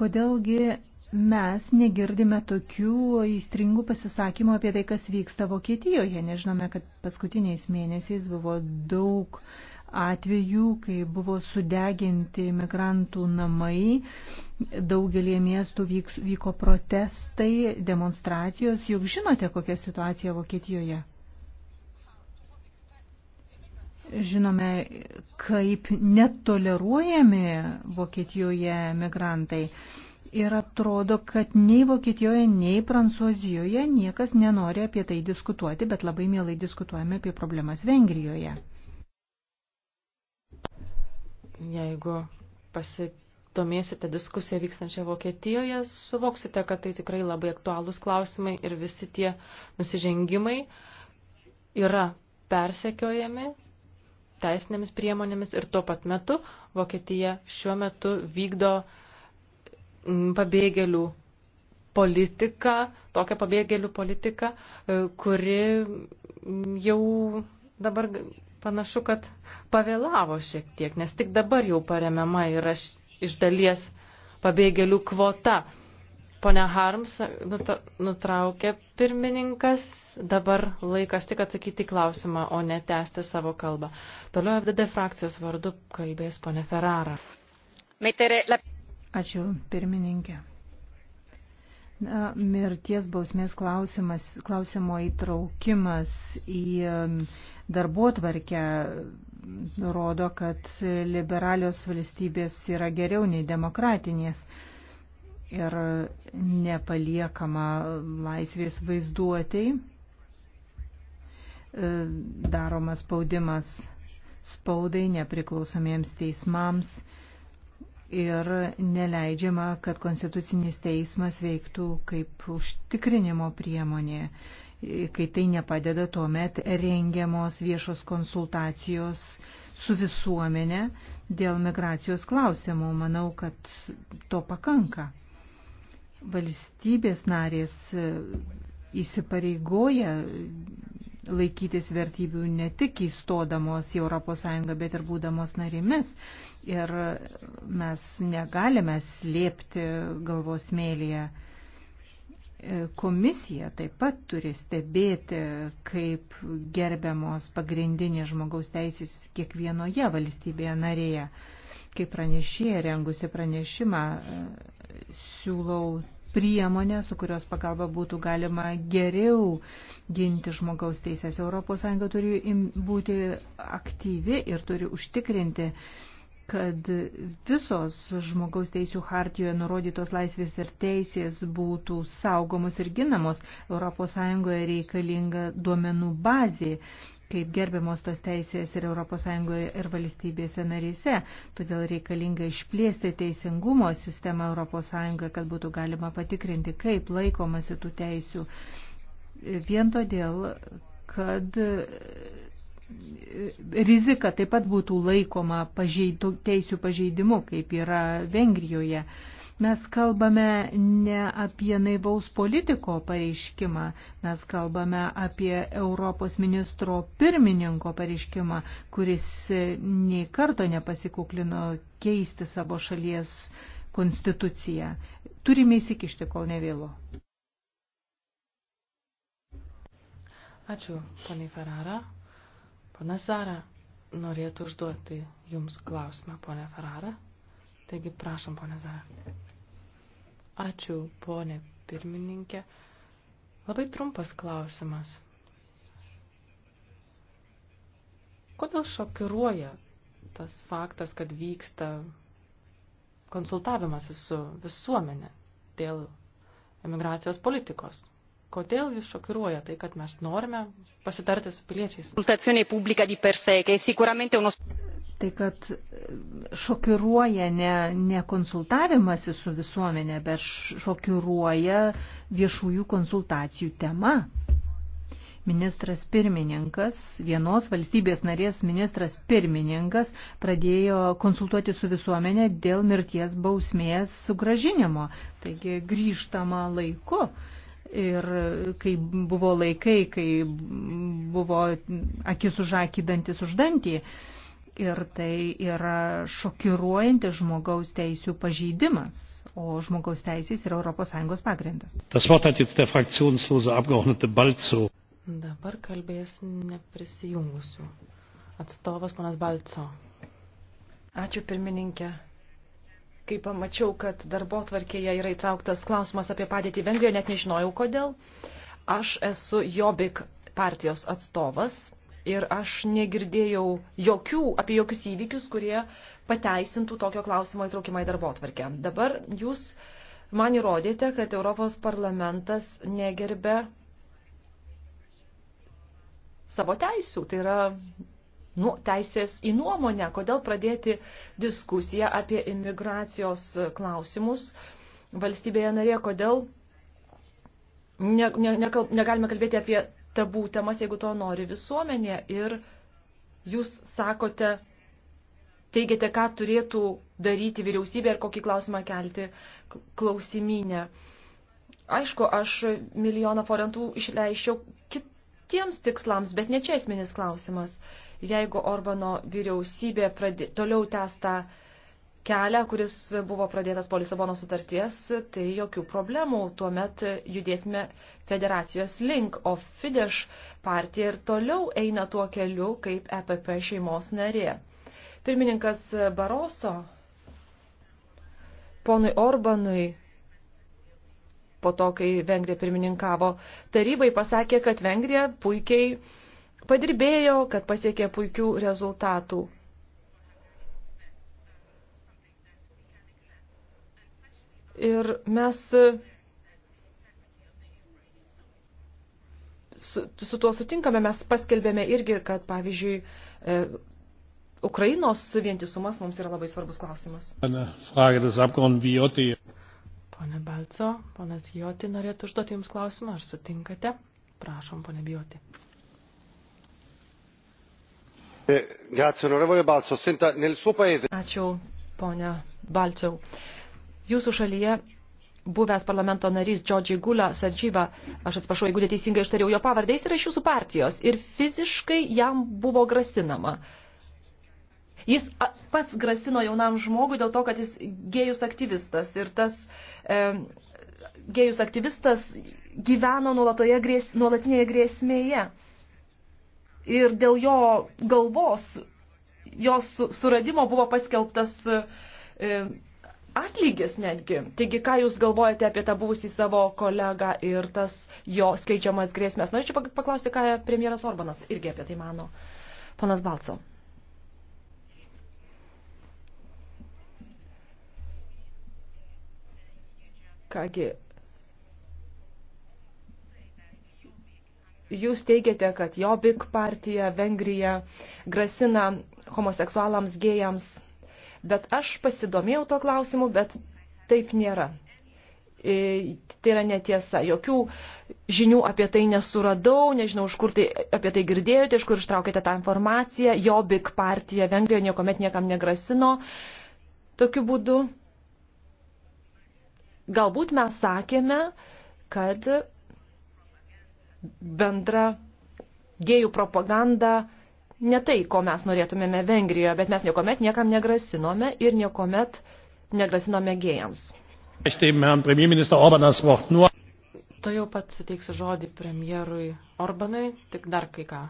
S3: Kodėlgi mes negirdime tokių įstringų pasisakymų apie tai, kas vyksta Vokietijoje. Nežinome, kad paskutiniais mėnesiais buvo daug atvejų, kai buvo sudeginti migrantų namai. Daugelie miestų vyko protestai, demonstracijos. Juk žinote, kokia situacija Vokietijoje. Žinome, kaip netoleruojami Vokietijoje migrantai. Ir atrodo, kad nei Vokietijoje, nei Prancūzijoje niekas nenori apie tai diskutuoti, bet labai
S1: mielai diskutuojame apie problemas Vengrijoje. Jeigu pasidomėsite diskusiją vykstančią Vokietijoje, suvoksite, kad tai tikrai labai aktualūs klausimai ir visi tie nusižengimai yra persekiojami teisinėmis priemonėmis ir tuo pat metu Vokietija šiuo metu vykdo mm, pabėgėlių politiką, tokią pabėgėlių politiką, e, kuri jau dabar panašu, kad pavėlavo šiek tiek, nes tik dabar jau paremiama yra iš dalies pabėgėlių kvota. Pone Harms nutraukė pirmininkas, dabar laikas tik atsakyti klausimą, o ne tęsti savo kalbą. Toliau FDD frakcijos vardu kalbės pone Ferrara.
S3: Ačiū pirmininkė. Na, mirties bausmės klausimas, klausimo įtraukimas į darbo tvarkę rodo, kad liberalios valstybės yra geriau nei demokratinės ir nepaliekama laisvės vaizduotėjai, e, daromas spaudimas spaudai, nepriklausomiems teismams ir neleidžiama, kad konstitucinis teismas veiktų kaip užtikrinimo priemonė. Kai tai nepadeda, tuomet rengiamos viešos konsultacijos su visuomenė dėl migracijos klausimų. Manau, kad to pakanka. Valstybės narės įsipareigoja laikytis vertybių ne tik įstodamos į ES, bet ir būdamos narėmis ir mes negalime slėpti galvos mėlyje. Komisija taip pat turi stebėti, kaip gerbiamos pagrindinės žmogaus teisės kiekvienoje valstybėje narėje. Kaip pranešėja rengusi pranešimą, siūlau priemonę, su kurios pagalba būtų galima geriau ginti žmogaus teisės. ES turi būti aktyvi ir turi užtikrinti, kad visos žmogaus teisų hartijoje nurodytos laisvės ir teisės būtų saugomos ir ginamos. ES reikalinga duomenų bazė kaip gerbiamos tos teisės ir ES ir valstybėse narise. Todėl reikalinga išplėsti teisingumo sistemą ES, kad būtų galima patikrinti, kaip laikomasi tų teisių. Vien todėl, kad rizika taip pat būtų laikoma pažeid, teisių pažeidimu, kaip yra Vengrijoje. Mes kalbame ne apie naivaus politiko pareiškimą, mes kalbame apie Europos ministro pirmininko pareiškimą, kuris nei karto nepasikuklino keisti savo šalies konstituciją. Turime įsikišti, kol
S1: nevėlu. Ačiū, poniai Ferrara. Pana Sara norėtų užduoti Jums klausimą, ponė Ferrara. Taigi prašom, ponė Zara. Ačiū, ponė pirmininkė. Labai trumpas klausimas. Kodėl šokiruoja tas faktas, kad vyksta konsultavimas su visuomenė dėl emigracijos politikos? Kodėl jūs šokiruoja tai, kad mes norime pasitarti su piliečiais?
S3: Tai, kad e, šokiruoja ne, ne konsultavimasi su visuomenė, bet šokiruoja viešųjų konsultacijų tema ministras pirmininkas, vienos valstybės narės ministras pirmininkas pradėjo konsultuoti su visuomenė dėl mirties bausmės sugražinimo. Taigi grįžtama laiku. Ir kai buvo laikai, kai buvo akis už akį, dantis už dantį. Ir tai yra šokiruojantis žmogaus teisų pažeidimas, o žmogaus teisės yra ES
S1: pagrindas. Dabar kalbės
S4: neprisijungusių atstovas ponas Balco. Ačiū pirmininkė kai pamačiau, kad darbo tvarkėje yra įtrauktas klausimas apie padėtį Vengrijoje, net nežinojau kodėl. Aš esu Jobik partijos atstovas ir aš negirdėjau jokių, apie jokius įvykius, kurie pateisintų tokio klausimo įtraukimą į darbo tvarkę. Dabar jūs man įrodėte, kad Europos parlamentas negerbė savo teisių. Tai yra nu, teisės į nuomonę, kodėl pradėti diskusiją apie imigracijos klausimus valstybėje narėje, kodėl ne, ne, ne, negalime kalbėti apie tabų temas, jeigu to nori visuomenė ir jūs sakote, teigiate, ką turėtų daryti vyriausybė ir kokį klausimą kelti klausimynę. Aišku, aš milijoną forentų išleiščiau kitiems tikslams, bet ne čia esminis klausimas jeigu Orbano vyriausybė pradė, toliau tęsta kelią, kuris buvo pradėtas po Lisabono sutarties, tai jokių problemų. Tuomet judėsime federacijos link, o Fidesz partija ir toliau eina tuo keliu kaip EPP šeimos narė. Pirmininkas Baroso ponui Orbanui po to, kai Vengrija pirmininkavo tarybai, pasakė, kad Vengrija puikiai padirbėjo, kad pasiekė puikių rezultatų. Ir mes su, su tuo sutinkame, mes paskelbėme irgi, kad pavyzdžiui, e, Ukrainos vientisumas mums yra labai svarbus klausimas.
S1: Pone Balco, ponas Joti norėtų užduoti Jums klausimą, ar sutinkate? Prašom, pone Bijoti.
S5: E, Ačiū,
S4: ponia Balcau. Jūsų šalyje buvęs parlamento narys Džodžiai Gula Sadžyba, aš atsiprašau, jeigu neteisingai ištariau jo pavardę, jis yra iš jūsų partijos ir fiziškai jam buvo grasinama. Jis pats grasino jaunam žmogui dėl to, kad jis gėjus aktyvistas ir tas e, gėjus aktyvistas gyveno nuolatinėje grės, nuolatinėje grėsmėje ir dėl jo galvos, jos suradimo buvo paskelbtas e, atlygis netgi. Taigi, ką Jūs galvojate apie tą buvusį savo kolegą ir tas jo skleidžiamas grėsmės? Norėčiau nu, paklausti, ką premjeras Orbanas irgi apie tai mano. Ponas Balco. Kągi, jūs teigiate, kad Jobik partija Vengrija grasina homoseksualams, gėjams, bet aš pasidomėjau to klausimu, bet taip nėra. E, tai yra netiesa. Jokių žinių apie tai nesuradau, nežinau, iš kur tai, apie tai girdėjote, iš kur ištraukėte tą informaciją. Jobik partija Vengrijoje niekuomet niekam negrasino. Tokiu būdu galbūt mes sakėme, kad bendra gėjų propaganda, ne tai, ko mes norėtumėme Vengrijoje, bet mes niekuomet niekam negrasinome ir niekuomet negrasinome gėjams. To jau pat suteiksiu žodį premjerui Orbanui, tik dar kai ką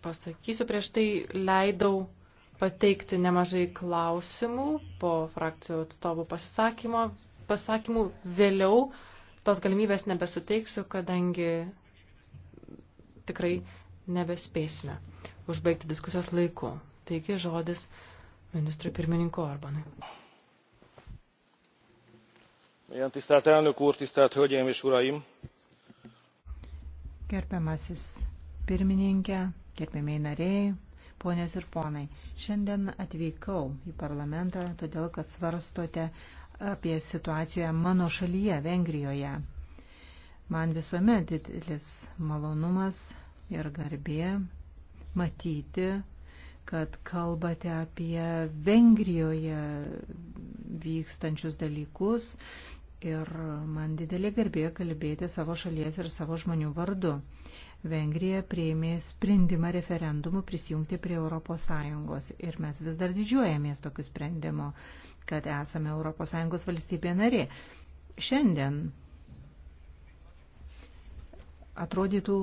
S1: pasakysiu. Prieš tai leidau pateikti nemažai klausimų po frakcijų atstovų pasisakymo, pasakymų vėliau tos galimybės nebesuteiksiu, kadangi tikrai nebespėsime užbaigti diskusijos laiku. Taigi žodis ministrui pirmininko Orbanui.
S6: Ilyen tisztelt
S5: elnök úr, tisztelt hölgyeim és uraim!
S1: Gerbiamasis
S3: pirmininkė, gerbiamiai nariai, ponios ir ponai, šiandien atvykau į parlamentą, todėl kad svarstote apie situaciją mano šalyje, Vengrijoje. Man visuomet didelis malonumas ir garbė matyti, kad kalbate apie Vengrijoje vykstančius dalykus ir man didelė garbė kalbėti savo šalies ir savo žmonių vardu. Vengrija prieimė sprendimą referendumu prisijungti prie ES ir mes vis dar didžiuojamės tokiu sprendimu kad esame ES valstybė narė. Šiandien atrodytų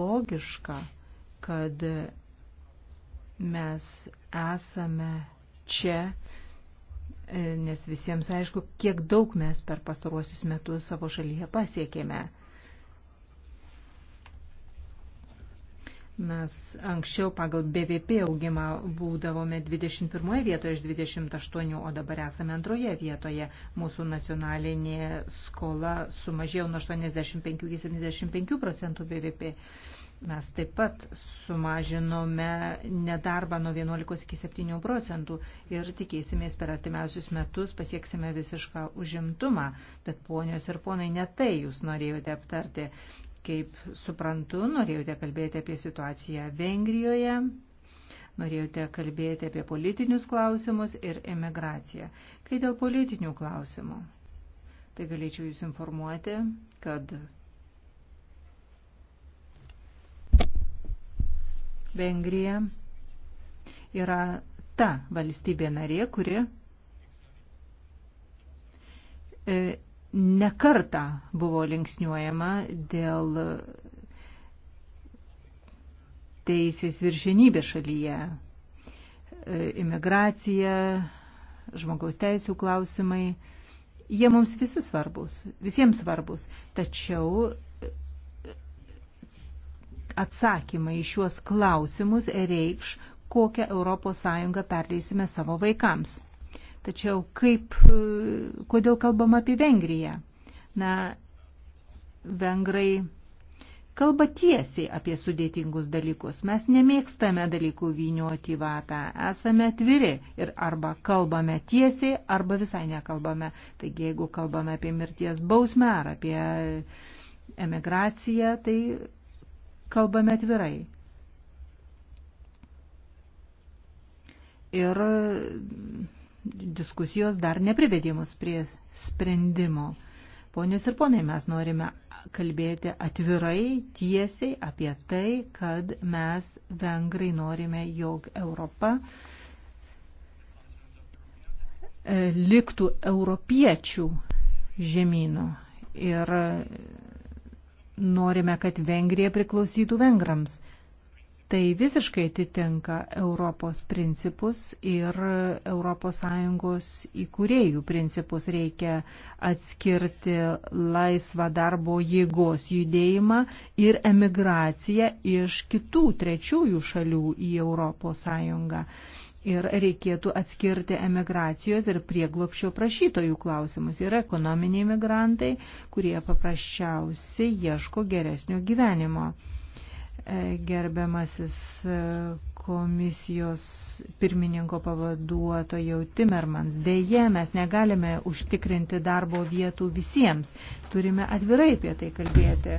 S3: logiška, kad mes esame čia, e, nes visiems aišku, kiek daug mes per pastaruosius metus savo šalyje pasiekėme. Mes anksčiau pagal BVP augimą būdavome 21 vietoje iš 28, o dabar esame antroje vietoje. Mūsų nacionalinė skola sumažėjo nuo 85 iki 75 procentų BVP. Mes taip pat sumažinome nedarbą nuo 11 iki 7 procentų ir tikėsimės per artimiausius metus pasieksime visišką užimtumą. Bet ponios ir ponai, ne tai jūs norėjote aptarti. Kaip suprantu, norėjote kalbėti apie situaciją Vengrijoje, norėjote kalbėti apie politinius klausimus ir emigraciją. Kai dėl politinių klausimų, tai galėčiau Jūs informuoti, kad Vengrija yra ta valstybė narė, kuri e, nekarta buvo linksniuojama dėl teisės viršenybės šalyje. E, imigracija, žmogaus teisų klausimai, jie mums visi svarbus, visiems svarbus. Tačiau e, atsakymai į šiuos klausimus reikš, kokią ES perleisime savo vaikams. Tačiau kaip, kodėl kalbam apie Vengriją? Na, vengrai kalba tiesiai apie sudėtingus dalykus. Mes nemėgstame dalykų vynioti į vatą, esame atviri ir arba kalbame tiesiai, arba visai nekalbame. Taigi, jeigu kalbame apie mirties bausmę ar apie emigraciją, tai kalbame atvirai. Ir diskusijos dar neprivedė mus prie sprendimo. Ponios ir ponai, mes norime kalbėti atvirai, tiesiai apie tai, kad mes vengrai norime, jog Europa e, liktų europiečių žemynų. Ir norime, kad Vengrija priklausytų vengrams. Tai visiškai atitinka Europos principus ir ES įkūrėjų principus. Reikia atskirti laisvą darbo jėgos judėjimą ir emigraciją iš kitų trečiųjų šalių į ES. Ir reikėtų atskirti emigracijos ir prieglopščio prašytojų klausimus. Yra ekonominiai migrantai, kurie paprasčiausiai ieško geresnio gyvenimo gerbiamasis e, komisijos pirmininko pavaduotojau Timmermans. Deja, mes negalime užtikrinti darbo vietų visiems. Turime atvirai apie tai kalbėti.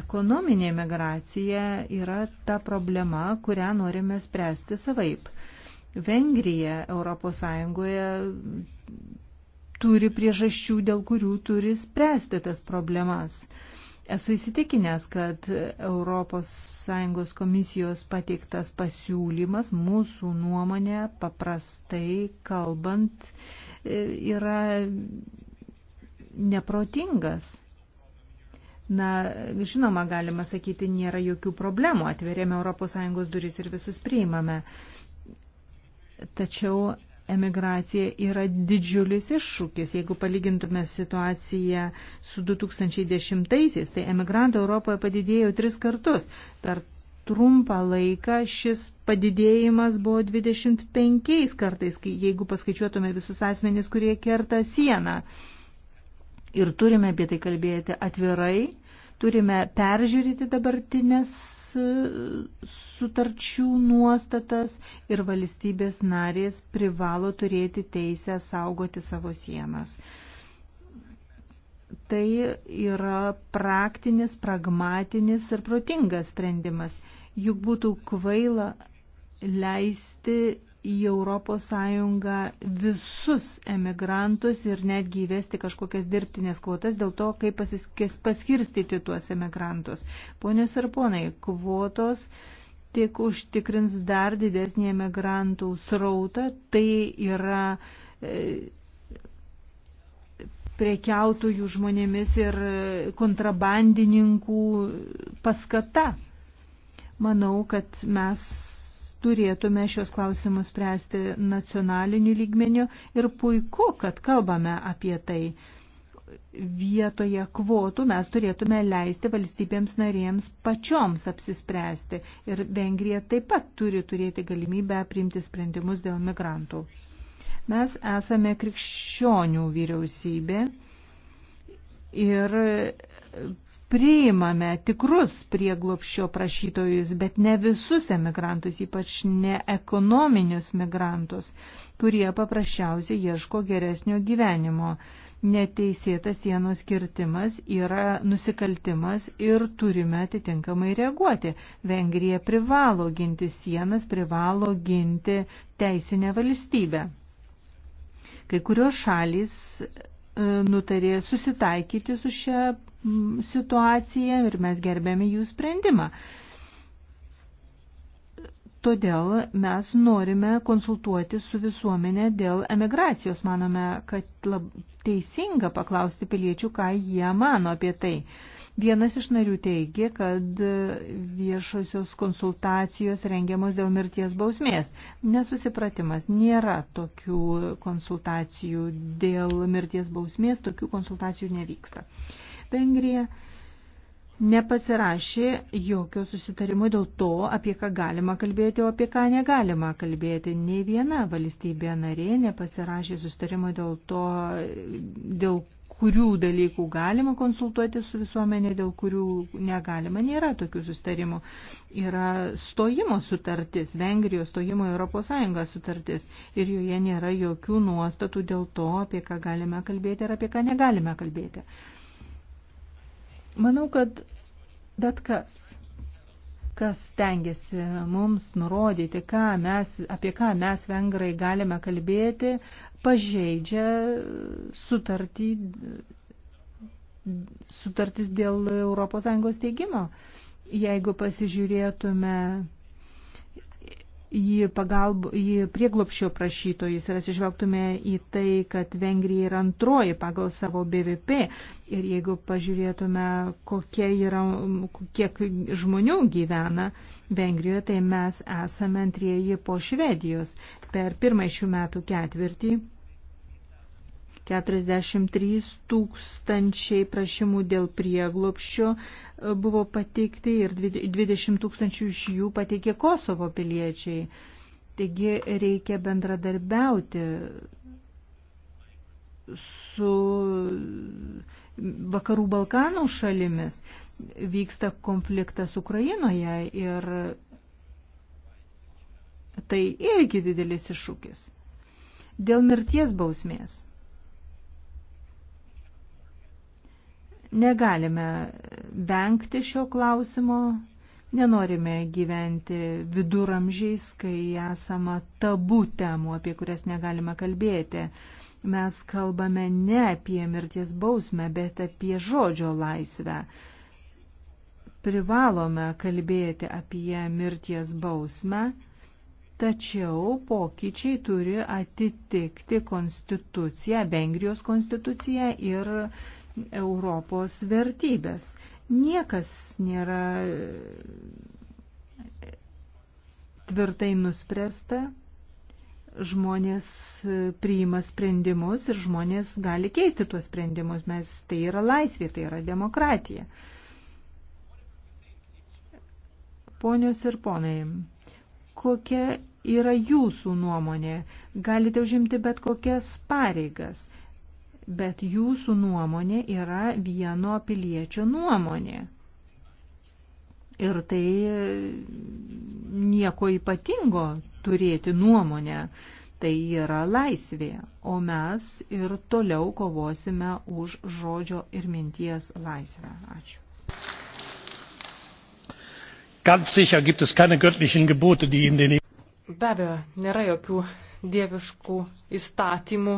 S3: Ekonominė migracija yra ta problema, kurią norime spręsti savaip. Vengrija ES turi priežasčių, dėl kurių turi spręsti tas problemas. Esu įsitikinęs, kad ES komisijos pateiktas pasiūlymas mūsų nuomonė paprastai kalbant e, yra neprotingas. Na, žinoma, galima sakyti, nėra jokių problemų, atverėme ES duris ir visus priimame. Tačiau emigracija yra didžiulis iššūkis. Jeigu palygintume situaciją su 2010-aisiais, tai emigrantų Europoje padidėjo tris kartus. Per trumpą laiką šis padidėjimas buvo 25 kartais, jeigu paskaičiuotume visus asmenys, kurie kerta sieną. Ir turime apie tai kalbėti atvirai, turime peržiūrėti dabartinės sutarčių nuostatas ir valstybės narės privalo turėti teisę saugoti savo sienas. Tai yra praktinis, pragmatinis ir protingas sprendimas. Juk būtų kvaila leisti į ES visus emigrantus ir netgi įvesti kažkokias dirbtinės kvotas dėl to, kaip paskirstyti tuos emigrantus. Ponios ir ponai, kvotos tik užtikrins dar didesnį emigrantų srautą, tai yra e, prekiautojų žmonėmis ir kontrabandininkų paskata. Manau, kad mes turėtume šios klausimus spręsti nacionaliniu lygmeniu ir puiku, kad kalbame apie tai. Vietoje kvotų mes turėtume leisti valstybėms narėms pačioms apsispręsti ir Vengrija taip pat turi turėti galimybę priimti sprendimus dėl migrantų. Mes esame krikščionių vyriausybė ir priimame tikrus prieglopščio prašytojus, bet ne visus emigrantus, ypač ne ekonominius migrantus, kurie paprasčiausiai ieško geresnio gyvenimo. Neteisėtas sienos kirtimas yra nusikaltimas ir turime atitinkamai reaguoti. Vengrija privalo ginti sienas, privalo ginti teisinę valstybę. Kai kurios šalys e, nutarė susitaikyti su šia Mm, situaciją ir mes gerbėme jų sprendimą. Todėl mes norime konsultuoti su visuomenė dėl emigracijos. Manome, kad lab, teisinga paklausti piliečių, ką jie mano apie tai. Vienas iš narių teigia, kad viešosios konsultacijos rengiamos dėl mirties bausmės. Nesusipratimas, nėra tokių konsultacijų dėl mirties bausmės, tokių konsultacijų nevyksta. Uh, Vengrija nepasirašė jokio susitarimo dėl to, apie ką galima kalbėti, o apie ką negalima kalbėti. Nei viena valstybė narė nepasirašė susitarimo dėl to, dėl kurių dalykų galima konsultuoti su visuomenė, dėl kurių negalima. Nėra tokių sustarimų. Yra stojimo sutartis, Vengrijos stojimo Europos Sąjungos sutartis ir joje nėra jokių nuostatų dėl to, apie ką galime kalbėti ir apie ką negalime kalbėti. Manau, kad bet kas, kas tengiasi mums nurodyti, ką mes, apie ką mes vengrai galime kalbėti, pažeidžia sutartį, sutartis dėl ES teigimo. Jeigu pasižiūrėtume į, pagalb, į prieglopšio prašytojus ir atsižvelgtume į tai, kad Vengrija yra antroji pagal savo BVP ir jeigu pažiūrėtume, kokie yra, kiek žmonių gyvena Vengrijoje, tai mes esame antrieji po Švedijos per pirmąjį šių metų ketvirtį 43 tūkstančiai prašymų dėl prieglopščio e, buvo pateikti ir 20 tūkstančių iš jų pateikė Kosovo piliečiai. Taigi reikia bendradarbiauti su vakarų Balkanų šalimis. Vyksta konfliktas Ukrainoje ir tai irgi didelis iššūkis. Dėl mirties bausmės. Negalime vengti šio klausimo, nenorime gyventi viduramžiais, kai esama tabų temų, apie kurias negalime kalbėti. Mes kalbame ne apie mirties bausmę, bet apie žodžio laisvę. Privalome kalbėti apie mirties bausmę, tačiau pokyčiai turi atitikti konstituciją, Vengrijos konstituciją ir Europos vertybės. Niekas nėra e, tvirtai nuspręsta, žmonės e, priima sprendimus ir žmonės gali keisti tuos sprendimus, mes tai yra laisvė, tai yra demokratija. Ponios ir ponai, kokia yra jūsų nuomonė? Galite užimti bet kokias pareigas bet jūsų nuomonė yra vieno piliečio nuomonė. Ir tai e, nieko ypatingo turėti nuomonę, tai yra laisvė, o mes ir toliau kovosime už žodžio ir minties laisvę. Ačiū.
S5: Ganz sicher gibt es keine göttlichen Gebote, die in den
S1: Be abejo, nėra jokių dieviškų įstatymų,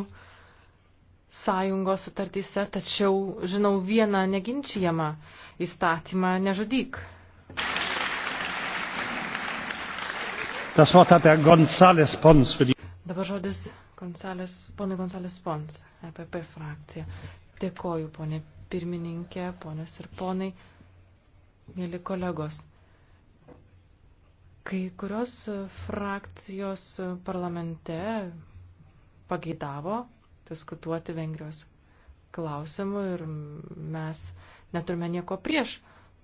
S1: sąjungos sutartyse, tačiau žinau vieną neginčiamą įstatymą - nežudyk. Dabar žodis Gonzales, ponui Gonzales Pons, EPP frakcija. Dėkoju, ponė pirmininkė, ponios ir ponai, mėly kolegos. Kai kurios frakcijos parlamente pageidavo diskutuoti Vengrijos klausimų ir mes neturime nieko prieš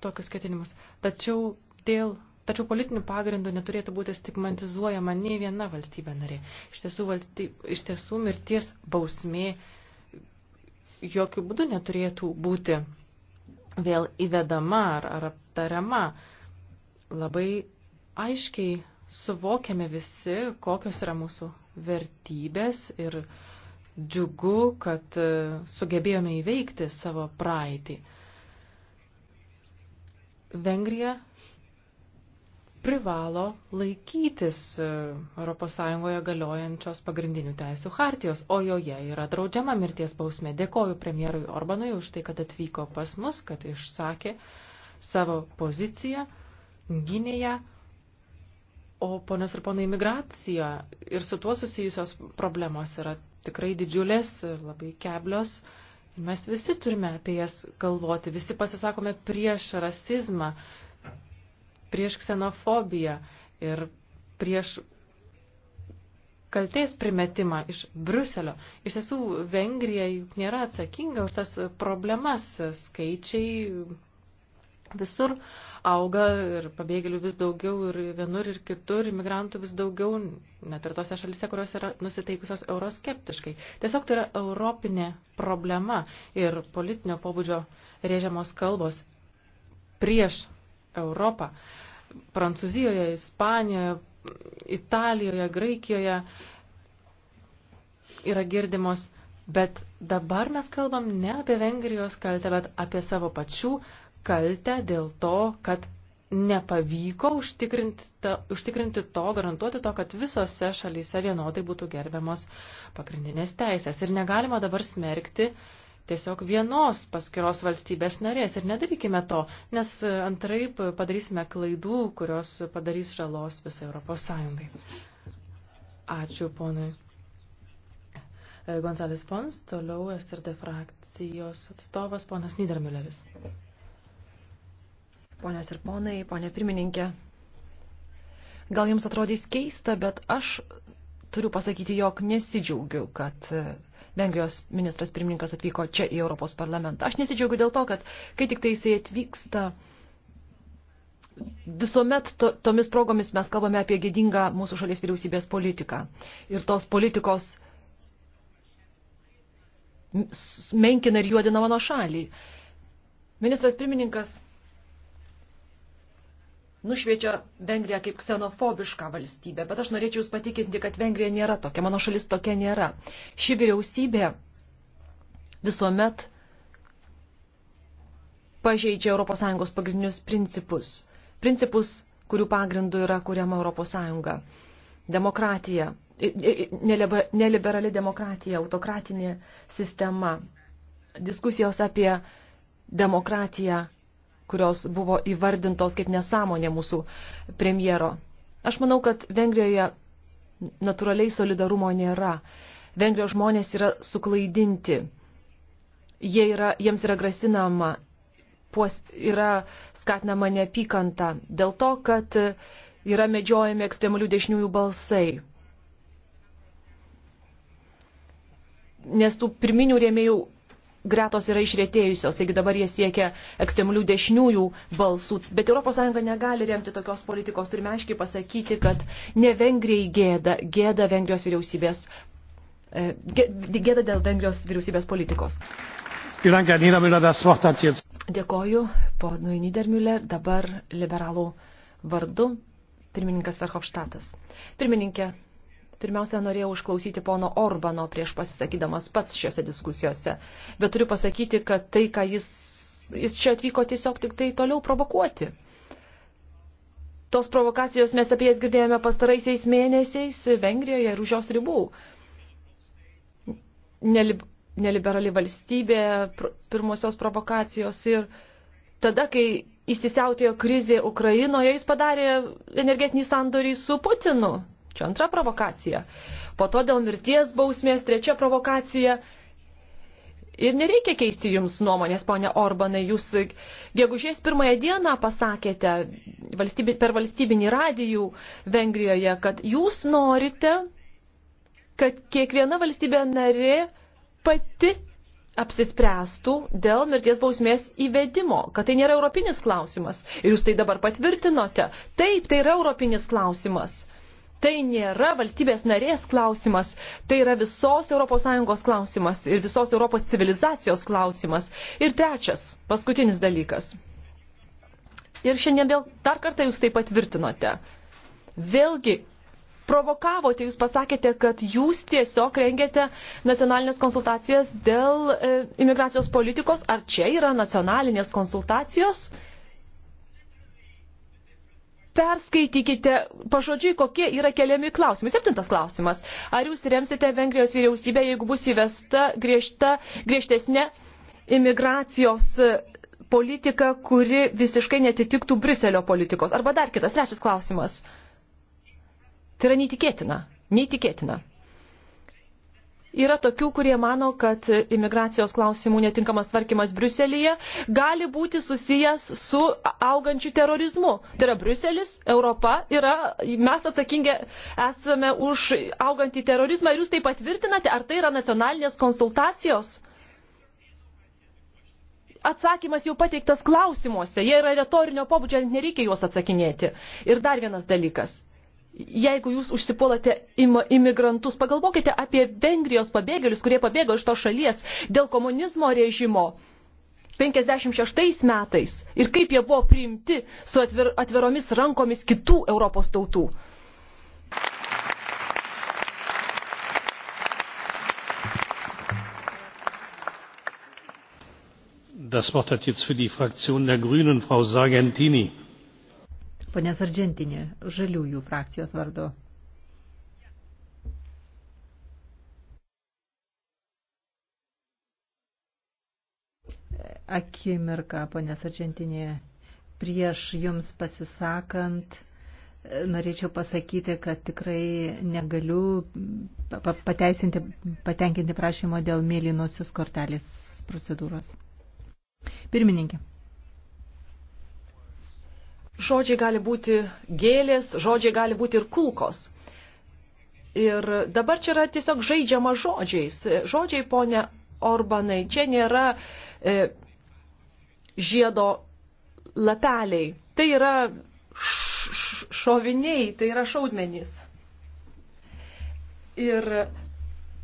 S1: tokius ketinimus. Tačiau dėl Tačiau politinių pagrindų neturėtų būti stigmatizuojama nei viena valstybė narė. Iš tiesų, valstyb, iš tiesų mirties bausmė jokių būdų neturėtų būti vėl įvedama ar, ar aptariama. Labai aiškiai suvokiame visi, kokios yra mūsų vertybės ir uh, džiugu, kad e, sugebėjome įveikti savo praeitį. Vengrija privalo laikytis ES galiojančios pagrindinių teisų hartijos, o joje yra draudžiama mirties bausmė. Dėkoju premjerui Orbanui už tai, kad atvyko pas mus, kad išsakė savo poziciją, gynėja. O ponios ir ponai, migracija ir su tuo susijusios problemos yra tikrai didžiulės ir labai keblios. Ir mes visi turime apie jas galvoti, visi pasisakome prieš rasizmą, prieš ksenofobiją ir prieš kaltės primetimą iš Bruselio. Iš tiesų, Vengrija juk nėra atsakinga už tas problemas, skaičiai visur uh, auga ir pabėgėlių vis daugiau ir vienur ir kitur, imigrantų vis daugiau, net ir tose šalise, kurios yra nusiteikusios euroskeptiškai. Tiesiog tai yra europinė problema ir politinio pobūdžio rėžiamos kalbos prieš Europą. Prancūzijoje, Ispanijoje, Italijoje, Graikijoje yra girdimos, bet dabar mes kalbam ne apie Vengrijos kaltę, bet apie savo pačių kaltę dėl to, kad nepavyko užtikrinti to, užtikrinti to, garantuoti to, kad visose šalyse vienodai būtų gerbiamos pagrindinės teisės. Ir negalima dabar smerkti tiesiog vienos paskiros valstybės narės. Ir nedarykime to, nes antraip padarysime klaidų, kurios padarys žalos visai Europos Sąjungai. Ačiū ponui. Gonzales Pons, toliau SRD frakcijos
S4: atstovas ponas Niedermülleris. Ponios ir ponai, ponė pirmininkė, gal jums atrodys keista, bet aš turiu pasakyti, jog nesidžiaugiu, kad e, Vengrijos ministras pirmininkas atvyko čia į Europos parlamentą. Aš nesidžiaugiu dėl to, kad kai tik tai jisai atvyksta, visuomet to, tomis progomis mes kalbame apie gėdingą mūsų šalies vyriausybės politiką. Ir tos politikos menkina ir juodina mano šalį. Ministras pirmininkas nušviečia Vengriją kaip ksenofobišką valstybę, bet aš norėčiau Jūs patikinti, kad Vengrija nėra tokia, mano šalis tokia nėra. Ši vyriausybė visuomet pažeidžia ES pagrindinius principus. Principus, kurių pagrindų yra kuriama ES. Demokratija, neliberali demokratija, autokratinė sistema, diskusijos apie demokratiją kurios buvo įvardintos kaip nesąmonė mūsų premjero. Aš manau, kad Vengrijoje natūraliai solidarumo nėra. Vengrijos žmonės yra suklaidinti. Jie yra, jiems yra grasinama, puos, yra skatinama neapykanta dėl to, kad yra medžiojami ekstremalių dešiniųjų balsai. Nes tų pirminių rėmėjų gretos yra išrėtėjusios, taigi dabar jie siekia ekstremalių dešiniųjų balsų. Bet ES negali remti tokios politikos, turime aiškiai pasakyti, kad ne Vengrijai gėda, gėda Vengrijos vyriausybės, e, gėda dėl Vengrijos vyriausybės politikos. Dėkoju, ponui Niedermüller, dabar liberalų vardu pirmininkas Verhofštatas. Pirmininkė, Pirmiausia, norėjau užklausyti pono Orbano prieš pasisakydamas pats šiuose diskusijose, bet turiu pasakyti, kad tai, ką jis, jis čia atvyko tiesiog tik tai toliau provokuoti. Tos provokacijos mes apie jas girdėjome pastaraisiais mėnesiais Vengrijoje ir už jos ribų. Nelib neliberali valstybė, pirmosios provokacijos ir tada, kai įsisiautėjo krizė Ukrainoje, jis padarė energetinį sandorį su Putinu. Čia antra provokacija. Po to dėl mirties bausmės trečia provokacija. Ir nereikia keisti jums nuomonės, ponia Orbanai. Jūs gegužės pirmąją dieną pasakėte valstybė, per valstybinį radijų Vengrijoje, kad jūs norite, kad kiekviena valstybė narė pati apsispręstų dėl mirties bausmės įvedimo, kad tai nėra europinis klausimas. Ir jūs tai dabar patvirtinote. Taip, tai yra europinis klausimas tai nėra valstybės narės klausimas, tai yra visos ES klausimas ir visos Europos civilizacijos klausimas. Ir trečias, paskutinis dalykas. Ir šiandien vėl dar kartą jūs tai patvirtinote. Vėlgi provokavote, jūs pasakėte, kad jūs tiesiog rengėte nacionalinės konsultacijas dėl e, imigracijos politikos. Ar čia yra nacionalinės konsultacijos? E, perskaitykite pažodžiui, kokie yra keliami klausimai. Septintas klausimas. Ar jūs remsite Vengrijos vyriausybę, jeigu bus įvesta griežta, griežtesnė imigracijos politika, kuri visiškai netitiktų Briselio politikos? Arba dar kitas, trečias klausimas. Tai yra neįtikėtina. Neįtikėtina. Yra tokių, kurie mano, kad imigracijos klausimų netinkamas tvarkymas Briuselėje gali būti susijęs su augančiu terorizmu. Tai yra Briuselis, Europa, yra, mes atsakingi esame už augantį terorizmą ir jūs tai patvirtinate, ar tai yra nacionalinės konsultacijos? Atsakymas jau pateiktas klausimuose, jie yra retorinio pobūdžio, nereikia juos atsakinėti. Ir dar vienas dalykas – jeigu jūs užsipuolate im imigrantus, pagalvokite apie Vengrijos pabėgėlius, kurie pabėgo iš to šalies dėl komunizmo režimo 56 metais ir kaip jie buvo priimti su atvir atviromis rankomis kitų Europos tautų.
S5: Das Wort hat jetzt für die Fraktion der Grünen Frau Sargentini
S3: Ponės Argentinė, žaliųjų frakcijos vardu. Akimirka, ponės Argentinė, prieš jums pasisakant, norėčiau pasakyti, kad tikrai negaliu pateisinti, patenkinti prašymo dėl mėlynosios kortelės procedūros.
S4: Pirmininkė. Žodžiai gali būti gėlės, žodžiai gali būti ir kulkos. Ir dabar čia yra tiesiog žaidžiama žodžiais. Žodžiai, ponė Orbanai, čia nėra e, žiedo lapeliai. Tai yra šoviniai, tai yra šaudmenys. Ir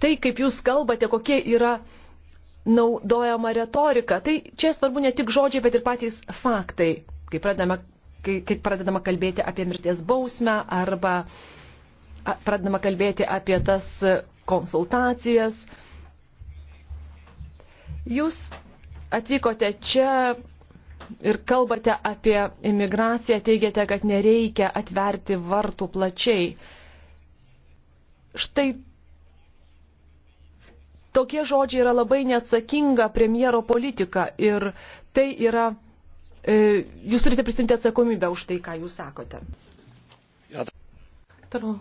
S4: tai, kaip jūs kalbate, kokie yra naudojama retorika, tai čia svarbu ne tik žodžiai, bet ir patys faktai. Kai pradame kai, kai pradedama kalbėti apie mirties bausmę arba pradedama kalbėti apie tas konsultacijas. Jūs atvykote čia ir kalbate apie imigraciją, teigiate, kad nereikia atverti vartų plačiai. Štai tokie žodžiai yra labai neatsakinga premjero politika ir tai yra E, jūs turite prisimti atsakomybę už tai, ką jūs sakote.
S1: Toliau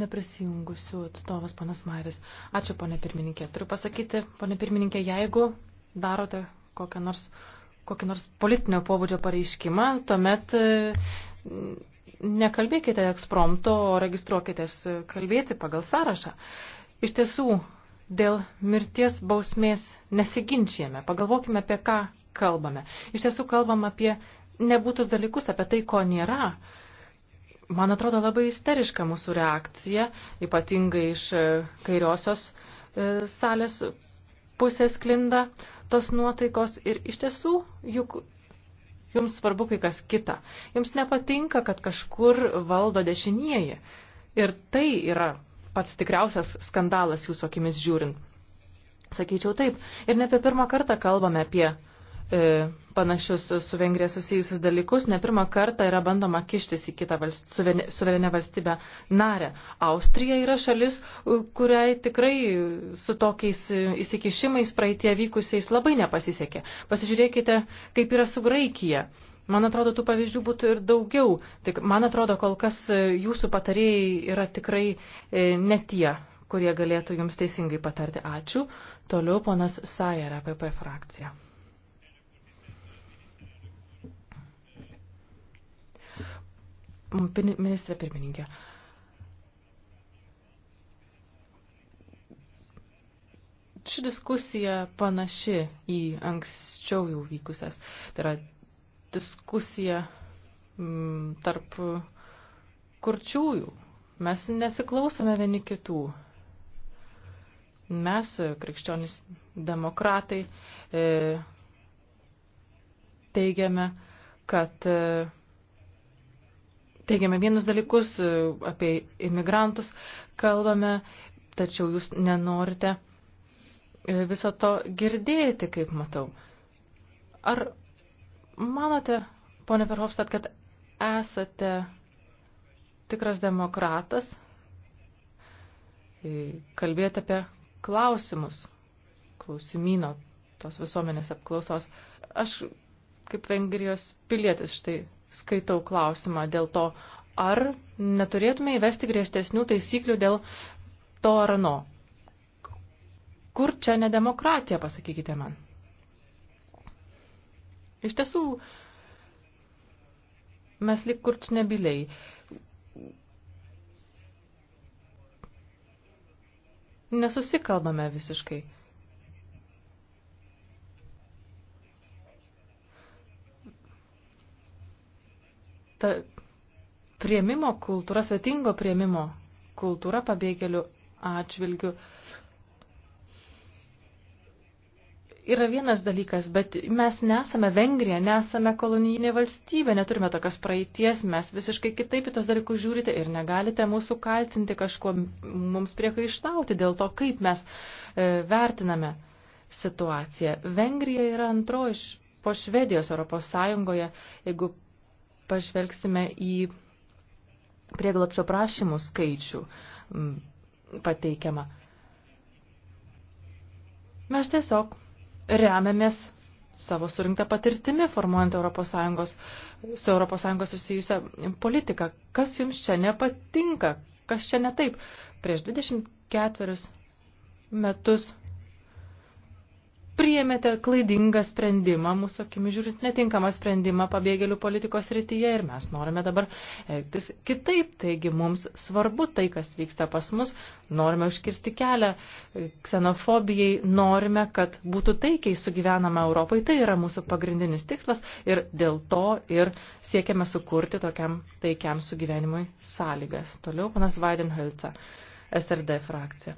S1: neprisijungusių atstovas panas Mairis. Ačiū, ponė pirmininkė. Turiu pasakyti, ponė pirmininkė, jeigu darote kokią nors, kokį nors politinio pobūdžio pareiškimą, tuomet e, nekalbėkite ekspromto, o registruokitės kalbėti pagal sąrašą. Iš tiesų, dėl mirties bausmės nesiginčijame. Pagalvokime, apie ką kalbame. Iš tiesų kalbam apie nebūtus dalykus, apie tai, ko nėra. Man atrodo labai isteriška mūsų reakcija, ypatingai iš e, kairiosios e, salės pusės klinda tos nuotaikos ir iš tiesų juk jums svarbu kai kas kita. Jums nepatinka, kad kažkur valdo dešinieji. Ir tai yra pats tikriausias skandalas jūsų akimis žiūrint? Sakyčiau taip. Ir ne apie pirmą kartą kalbame apie e, panašius su Vengrija susijusius dalykus. Ne pirmą kartą yra bandoma kištis į kitą valst, suverenę valstybę narę. Austrija yra šalis, kuriai tikrai su tokiais įsikišimais praeitie vykusiais labai nepasisekė. Pasižiūrėkite, kaip yra su Graikija. Man atrodo, tų pavyzdžių būtų ir daugiau. Tik man atrodo, kol kas e, jūsų patarėjai yra tikrai e, ne tie, kurie galėtų jums teisingai patarti. Ačiū. Toliau ponas Sajer, APP frakcija. Ministrė pirmininkė. ši diskusija panaši į anksčiau jau vykusias. Tai yra diskusija m, mm, tarp kurčiųjų. Mes nesiklausome vieni kitų. Mes, krikščionys demokratai, e, teigiame, kad e, teigiame vienus dalykus e, apie imigrantus, kalbame, tačiau jūs nenorite e, viso to girdėti, kaip matau. Ar manote, ponė Verhofstadt, kad esate tikras demokratas, kalbėjote apie klausimus, klausimino tos visuomenės apklausos. Aš kaip Vengrijos pilietis štai skaitau klausimą dėl to, ar neturėtume įvesti griežtesnių taisyklių dėl to ar no. Kur čia nedemokratija, pasakykite man. Iš tiesų, mes lik kurčnebiliai. Nesusikalbame visiškai. Ta prieimimo kultūra, svetingo prieimimo kultūra pabėgėlių atžvilgių yra vienas dalykas, bet mes nesame Vengrija, nesame kolonijinė valstybė, neturime tokios praeities, mes visiškai kitaip į tos dalykus žiūrite ir negalite mūsų kaltinti kažkuo mums priekaištauti dėl to, kaip mes e, vertiname situaciją. Vengrija yra antroji iš po Švedijos Europos Sąjungoje, jeigu pažvelgsime į prieglapšio prašymų skaičių pateikiamą. Mes tiesiog remiamės savo surinktą patirtimi formuojant ES, su ES susijusią politiką. Kas jums čia nepatinka? Kas čia netaip? Prieš 24 metus priėmėte klaidingą sprendimą, mūsų akimi žiūrint netinkamą sprendimą pabėgėlių politikos rytyje ir mes norime dabar elgtis kitaip. Taigi mums svarbu tai, kas vyksta pas mus, norime užkirsti kelią ksenofobijai, norime, kad būtų taikiai sugyvenama Europai. Tai yra mūsų pagrindinis tikslas ir dėl to ir siekiame sukurti tokiam taikiam sugyvenimui sąlygas. Toliau panas Vaidenholca, SRD frakcija.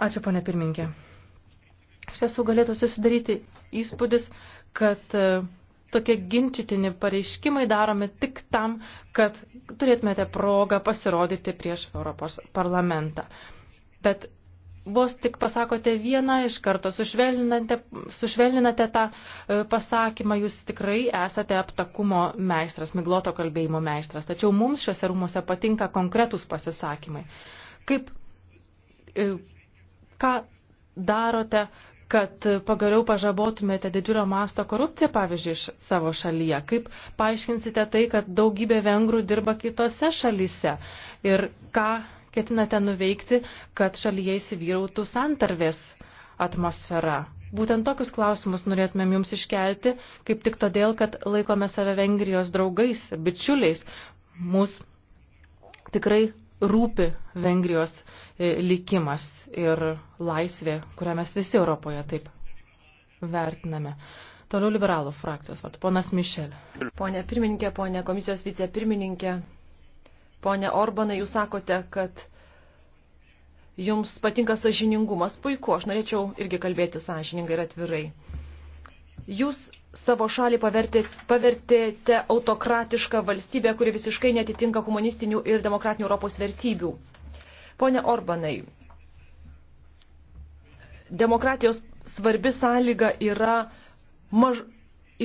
S1: Ačiū, ponė pirminkė. Iš tiesų galėtų susidaryti įspūdis, kad e, tokie ginčytini pareiškimai daromi tik tam, kad turėtumėte progą pasirodyti prieš Europos parlamentą. Bet vos tik pasakote vieną, iš karto sušvelninate, sušvelninate tą e, pasakymą, jūs tikrai esate aptakumo meistras, migloto kalbėjimo meistras. Tačiau mums šiuose rūmose patinka konkretūs pasisakymai. Kaip, e, ką darote, kad pagaliau pažabotumėte didžiulio masto korupciją, pavyzdžiui, iš savo šalyje? Kaip paaiškinsite tai, kad daugybė vengrų dirba kitose šalyse? Ir ką ketinate nuveikti, kad šalyje įsivyrautų santarvės atmosfera? Būtent tokius klausimus norėtumėm jums iškelti, kaip tik todėl, kad laikome save Vengrijos draugais, bičiuliais. Mūsų tikrai rūpi Vengrijos E, likimas ir laisvė, kurią mes visi Europoje taip vertiname. Toliau liberalų frakcijos vardu. Ponas Mišel.
S4: Pone pirmininkė, pone komisijos vicepirmininkė, pone Orbanai, jūs sakote, kad jums patinka sažiningumas. Puiku, aš norėčiau irgi kalbėti sąžiningai ir atvirai. Jūs savo šalį pavertėte, pavertėte autokratišką valstybę, kuri visiškai netitinka humanistinių ir demokratinių Europos vertybių. Pone Orbanai, demokratijos svarbi sąlyga yra, maž,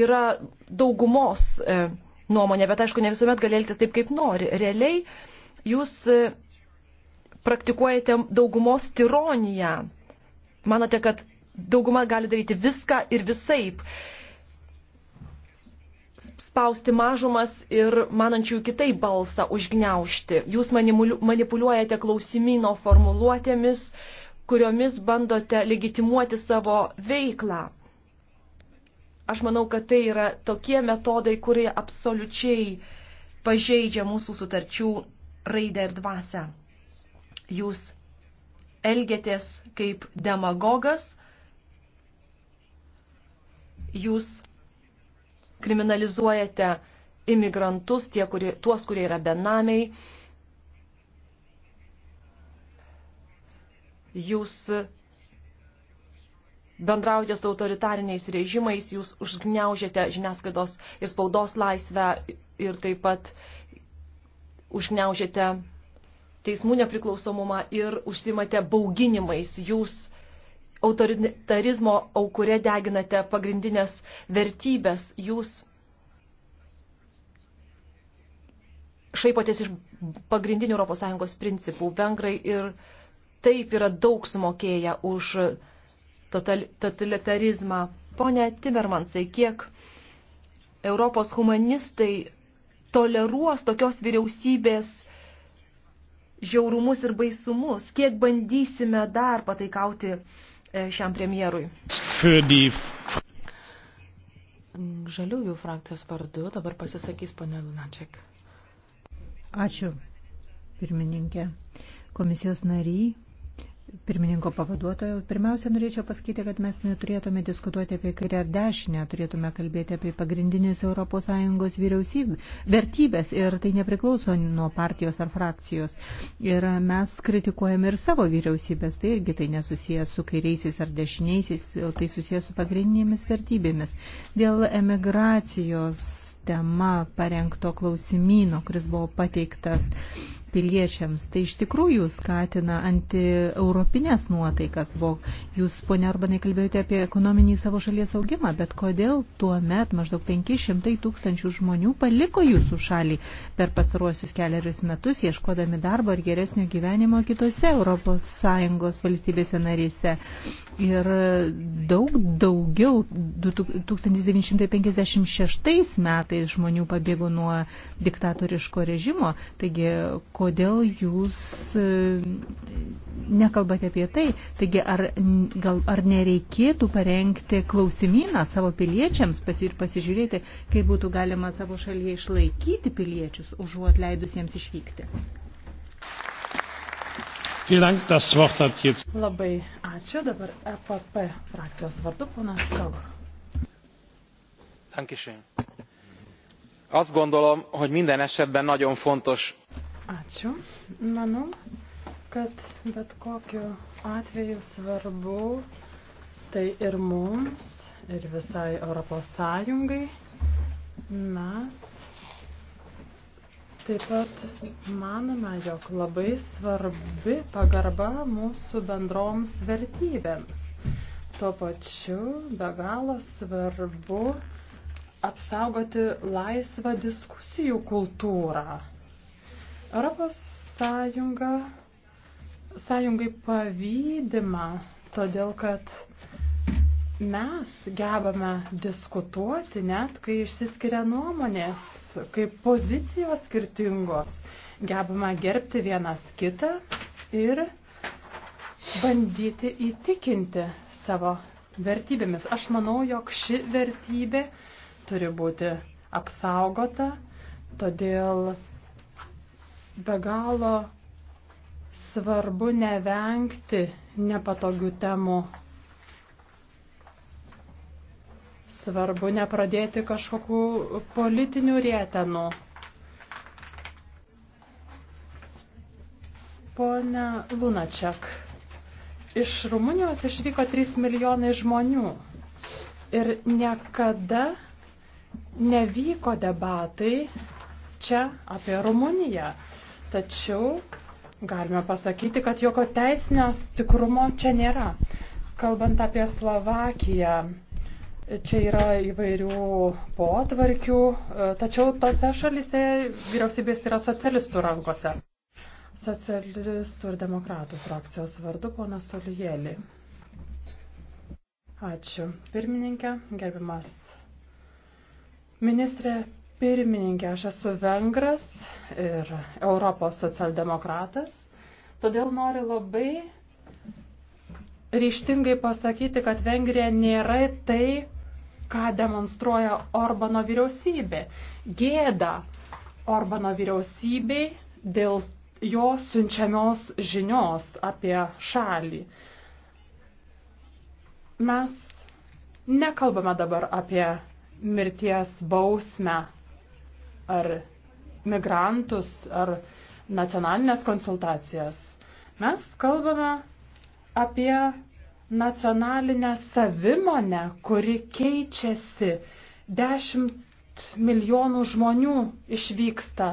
S4: yra daugumos e, nuomonė, bet aišku, ne visuomet gali elgtis taip, kaip nori. Realiai jūs e, praktikuojate daugumos tironiją. Manote, kad dauguma gali daryti viską ir visaip. E, spausti mažumas ir manančių kitai balsą užgneušti. Jūs manipuliuojate klausimino formuluotėmis, kuriomis bandote legitimuoti savo veiklą. Aš manau, kad tai yra tokie metodai, kurie absoliučiai pažeidžia mūsų sutarčių raidę ir dvasę. Jūs elgiatės kaip demagogas, jūs kriminalizuojate imigrantus, tie, kurie, tuos, kurie yra benamiai. Jūs bendraujate su autoritariniais režimais, jūs užgniaužiate žiniasklaidos ir spaudos laisvę ir taip pat užgniaužiate teismų nepriklausomumą ir užsimate bauginimais. Jūs autoritarizmo aukure deginate pagrindinės vertybės. Jūs šaipotės iš pagrindinių ES principų. Vengrai ir taip yra daug sumokėję už totalitarizmą. Pone Timermansai, kiek Europos humanistai toleruos tokios vyriausybės žiaurumus ir baisumus, kiek bandysime dar pataikauti E, šiam premjerui. Žaliųjų frakcijos vardu dabar pasisakys ponė Lunačiak.
S3: Ačiū, pirmininkė. Komisijos nariai, pirmininko pavaduotojo. Pirmiausia, norėčiau pasakyti, kad mes neturėtume diskutuoti apie kairę ar dešinę, turėtume kalbėti apie pagrindinės ES vyriausybės vertybės ir tai nepriklauso nuo partijos ar frakcijos. Ir mes kritikuojame ir savo vyriausybės, tai irgi tai nesusijęs su kairiaisiais ar dešiniaisiais, o tai susijęs su pagrindinėmis vertybėmis. Dėl emigracijos tema parengto klausimyno, kuris buvo pateiktas piliečiams. Tai iš tikrųjų skatina antieuropinės nuotaikas. Vok. Jūs, ponia Arbanai, kalbėjote apie ekonominį savo šalies augimą, bet kodėl tuo met maždaug 500 tūkstančių žmonių paliko jūsų šalį per pastaruosius keliarius metus, ieškodami darbo ir geresnio gyvenimo kitose ES valstybėse narėse. Ir daug daugiau 1956 metais šimtais žmonių pabėgo nuo diktatoriško režimo. Taigi, kodėl jūs e, nekalbate apie tai? Taigi, ar, gal, ar nereikėtų parengti klausimyną savo piliečiams pasi, ir pasižiūrėti, kaip būtų galima savo šalyje išlaikyti piliečius,
S7: užuot leidus jiems išvykti? Labai ačiū. Dabar EPP frakcijos vardu ponas Kalvar.
S6: Dankeschön azt gondolom hogy minden esetben nagyon fontos
S7: Ačiū. Manau, kad bet kokiu atveju svarbu tai ir mums, ir visai Europos Sąjungai. Mes taip pat manome, jog labai svarbi pagarba mūsų bendroms vertybėms. Tuo pačiu be galo svarbu apsaugoti laisvą diskusijų kultūrą. Europos sąjunga, sąjungai pavydima, todėl kad mes gebame diskutuoti net, kai išsiskiria nuomonės, kai pozicijos skirtingos, gebame gerbti vienas kitą ir bandyti įtikinti savo vertybėmis. Aš manau, jog ši vertybė turi būti apsaugota, todėl be galo svarbu nevengti nepatogių temų. Svarbu nepradėti kažkokių politinių rietenų. Pone Lunačiak, iš Rumunijos išvyko 3 milijonai žmonių ir niekada nevyko debatai čia apie Rumuniją. Tačiau galime pasakyti, kad jokio teisinės tikrumo čia nėra. Kalbant apie Slovakiją, čia yra įvairių potvarkių, tačiau tose šalise vyriausybės yra socialistų rankose. Socialistų ir demokratų frakcijos vardu ponas Solijėlį. Ačiū. Pirmininkė, gerbimas Ministrė pirmininkė, aš esu vengras ir Europos socialdemokratas, todėl noriu labai ryštingai pasakyti, kad Vengrija nėra tai, ką demonstruoja Orbano vyriausybė. Gėda Orbano vyriausybei dėl jo siunčiamios žinios apie šalį. Mes nekalbame dabar apie mirties bausmę ar migrantus ar nacionalinės konsultacijas. Mes kalbame apie nacionalinę savimonę, kuri keičiasi. Dešimt milijonų žmonių išvyksta.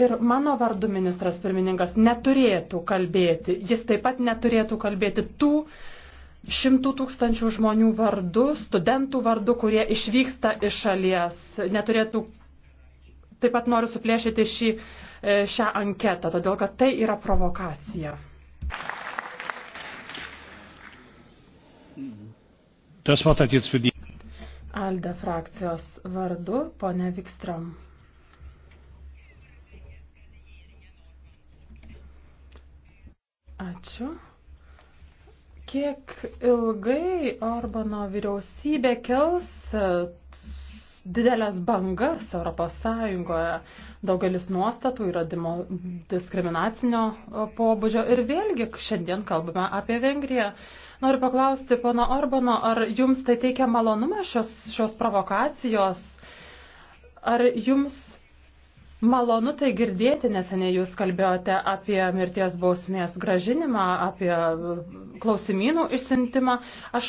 S7: Ir mano vardu ministras pirmininkas neturėtų kalbėti, jis taip pat neturėtų kalbėti tų šimtų tūkstančių žmonių vardu, studentų vardu, kurie išvyksta iš šalies. Neturėtų, taip pat noriu suplėšyti šį, e, šią anketą, todėl kad tai yra provokacija.
S5: Das Wort hat jetzt für die
S7: Alde frakcijos vardu ponė Vikstram. Ačiū kiek ilgai Orbano vyriausybė kels e, didelės bangas Europos Sąjungoje. Daugelis nuostatų yra diskriminacinio e, pobūdžio ir vėlgi šiandien kalbame apie Vengriją. Noriu paklausti, pono Orbano, ar jums tai teikia malonumą šios, šios provokacijos? Ar jums Malonu tai girdėti, neseniai jūs kalbėjote apie mirties bausmės gražinimą, apie uh, klausimynų išsintimą. Aš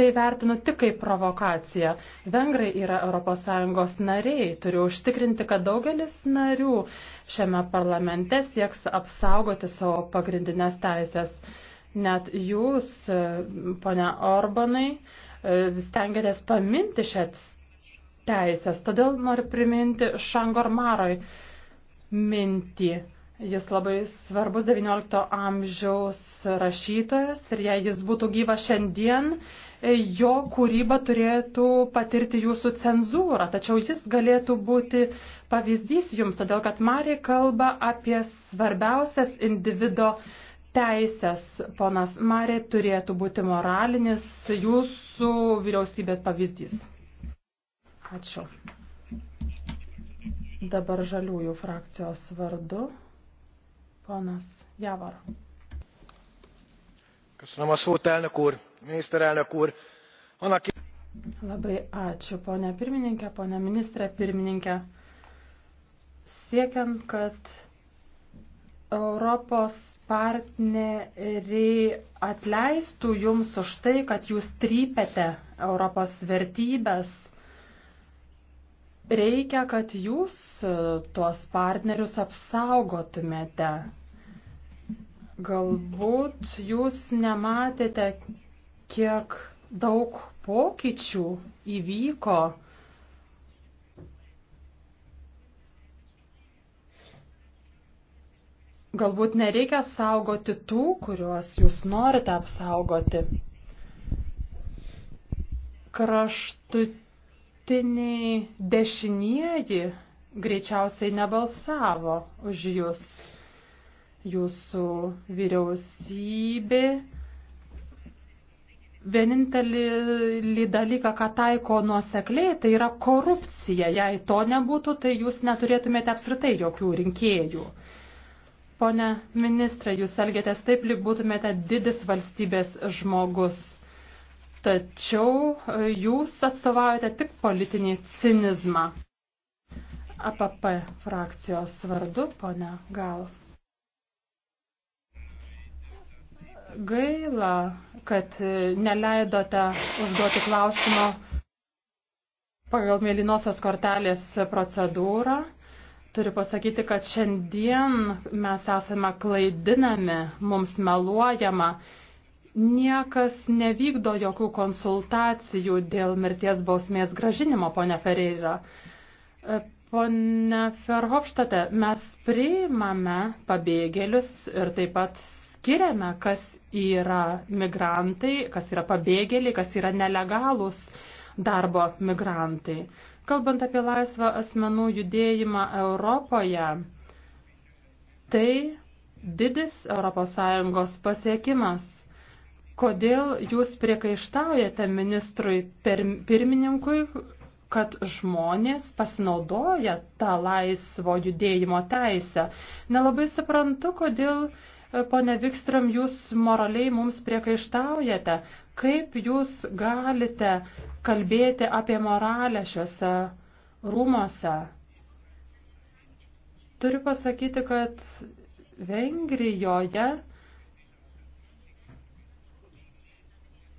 S7: tai vertinu tik kaip provokaciją. Vengrai yra ES nariai. Turiu užtikrinti, kad daugelis narių šiame parlamente sieks apsaugoti savo pagrindinės teisės. Net jūs, uh, ponia Orbanai, uh, stengiatės paminti šias teisės. Todėl noriu priminti Šangor Maroj mintį. Jis labai svarbus XIX amžiaus rašytojas ir jei jis būtų gyvas šiandien, jo kūryba turėtų patirti jūsų cenzūrą, tačiau jis galėtų būti pavyzdys jums, todėl kad Marija kalba apie svarbiausias individo teisės, ponas Marija turėtų būti moralinis jūsų vyriausybės pavyzdys. Ačiū. Dabar žaliųjų frakcijos vardu ponas Javor.
S5: Köszönöm a szót, elnök úr, miniszterelnök úr. Annak...
S7: Labai ačiū, ponė pirmininkė, ponė ministrė pirmininkė. Siekiant, kad Europos partneriai atleistų jums už tai, kad jūs trypėte Europos vertybės Reikia, kad jūs e, tuos partnerius apsaugotumėte. Galbūt jūs nematėte, kiek daug pokyčių įvyko galbūt nereikia saugoti tų, kuriuos jūs norite apsaugoti. Kraštut Kraštutiniai dešinieji greičiausiai nebalsavo už jūs. Jūsų vyriausybė vienintelį dalyką, ką taiko nuosekliai, tai yra korupcija. Jei to nebūtų, tai jūs neturėtumėte apskritai jokių rinkėjų. Pone ministrė, jūs elgėtės taip, lyg būtumėte didis valstybės žmogus tačiau e, jūs atstovaujate tik politinį cinizmą. APP frakcijos vardu, ponia Gal. Gaila, kad e, neleidote užduoti klausimo pagal mėlynosios kortelės procedūrą. Turiu pasakyti, kad šiandien mes esame klaidinami, mums meluojama. Niekas nevykdo jokių konsultacijų dėl mirties bausmės gražinimo, ponia Ferreira. E, pone Ferhofštate, mes priimame pabėgėlius ir taip pat skiriame, kas yra migrantai, kas yra pabėgėliai, kas yra nelegalūs darbo migrantai. Kalbant apie laisvą asmenų judėjimą Europoje, tai didis ES pasiekimas. Kodėl jūs priekaištaujate ministrui pirmininkui, kad žmonės pasinaudoja tą laisvo judėjimo teisę? Nelabai suprantu, kodėl, e, pone Vikstram, jūs moraliai mums priekaištaujate. Kaip jūs galite kalbėti apie moralę šiuose rūmose? Turiu pasakyti, kad Vengrijoje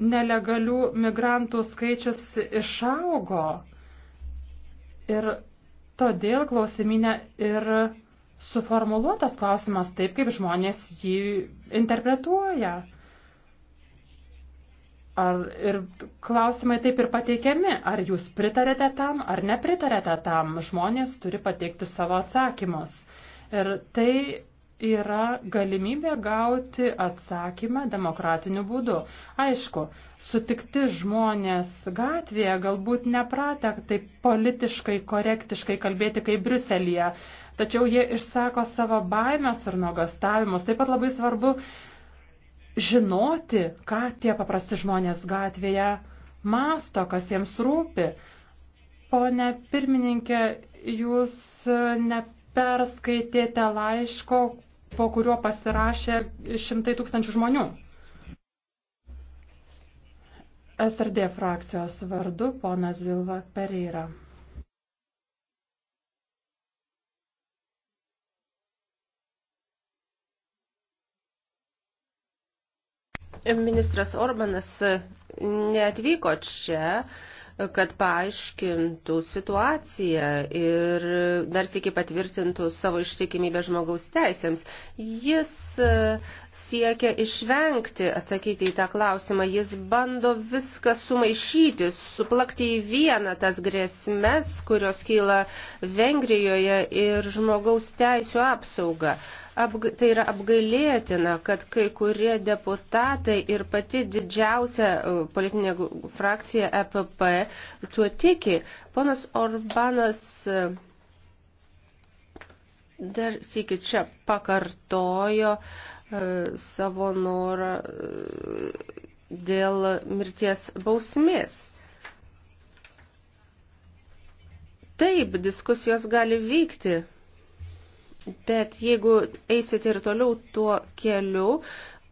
S7: nelegalių migrantų skaičius išaugo. Ir todėl klausiminė ir suformuluotas klausimas taip, kaip žmonės jį interpretuoja. Ar ir klausimai taip ir pateikiami, ar jūs pritarėte tam, ar nepritarėte tam, žmonės turi pateikti savo atsakymus. Ir tai yra galimybė gauti atsakymą demokratiniu būdu. Aišku, sutikti žmonės gatvėje galbūt nepratę taip politiškai, korektiškai kalbėti kaip Briuselėje, tačiau jie išsako savo baimės ir nuogastavimus. Taip pat labai svarbu žinoti, ką tie paprasti žmonės gatvėje masto, kas jiems rūpi. Pone pirmininkė, jūs ne perskaitėte laiško, po kuriuo pasirašė šimtai tūkstančių žmonių. SRD frakcijos vardu ponas Zilva Pereira.
S2: Ministras Orbanas neatvyko čia, kad paaiškintų situaciją ir dar sėki patvirtintų savo ištikimybę žmogaus teisėms. Jis e, siekia išvengti atsakyti į tą klausimą, jis bando viską sumaišyti, suplakti į vieną tas grėsmes, kurios kyla Vengrijoje ir žmogaus teisų apsaugą. Apga, tai yra apgailėtina, kad kai kurie deputatai ir pati didžiausia e, politinė frakcija EPP tuo tiki. Ponas Orbanas e, dar sėki čia pakartojo e, savo norą dėl mirties bausmės. Taip, diskusijos gali vykti, Bet jeigu eisit ir toliau tuo keliu,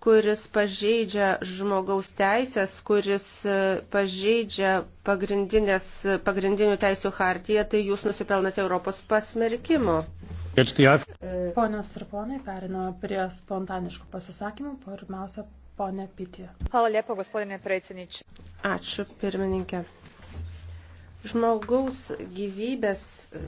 S2: kuris pažeidžia žmogaus teisės, kuris e, pažeidžia e, pagrindinių teisų hartiją, tai jūs nusipelnate Europos pasmerkimo.
S8: E,
S7: ponios ir ponai, perino prie spontaniškų pasisakymų, pirmiausia,
S8: ponė Pitė. Hvala lijepo, gospodine predsjedniče.
S2: Ačiū, pirmininkė. Žmogaus gyvybės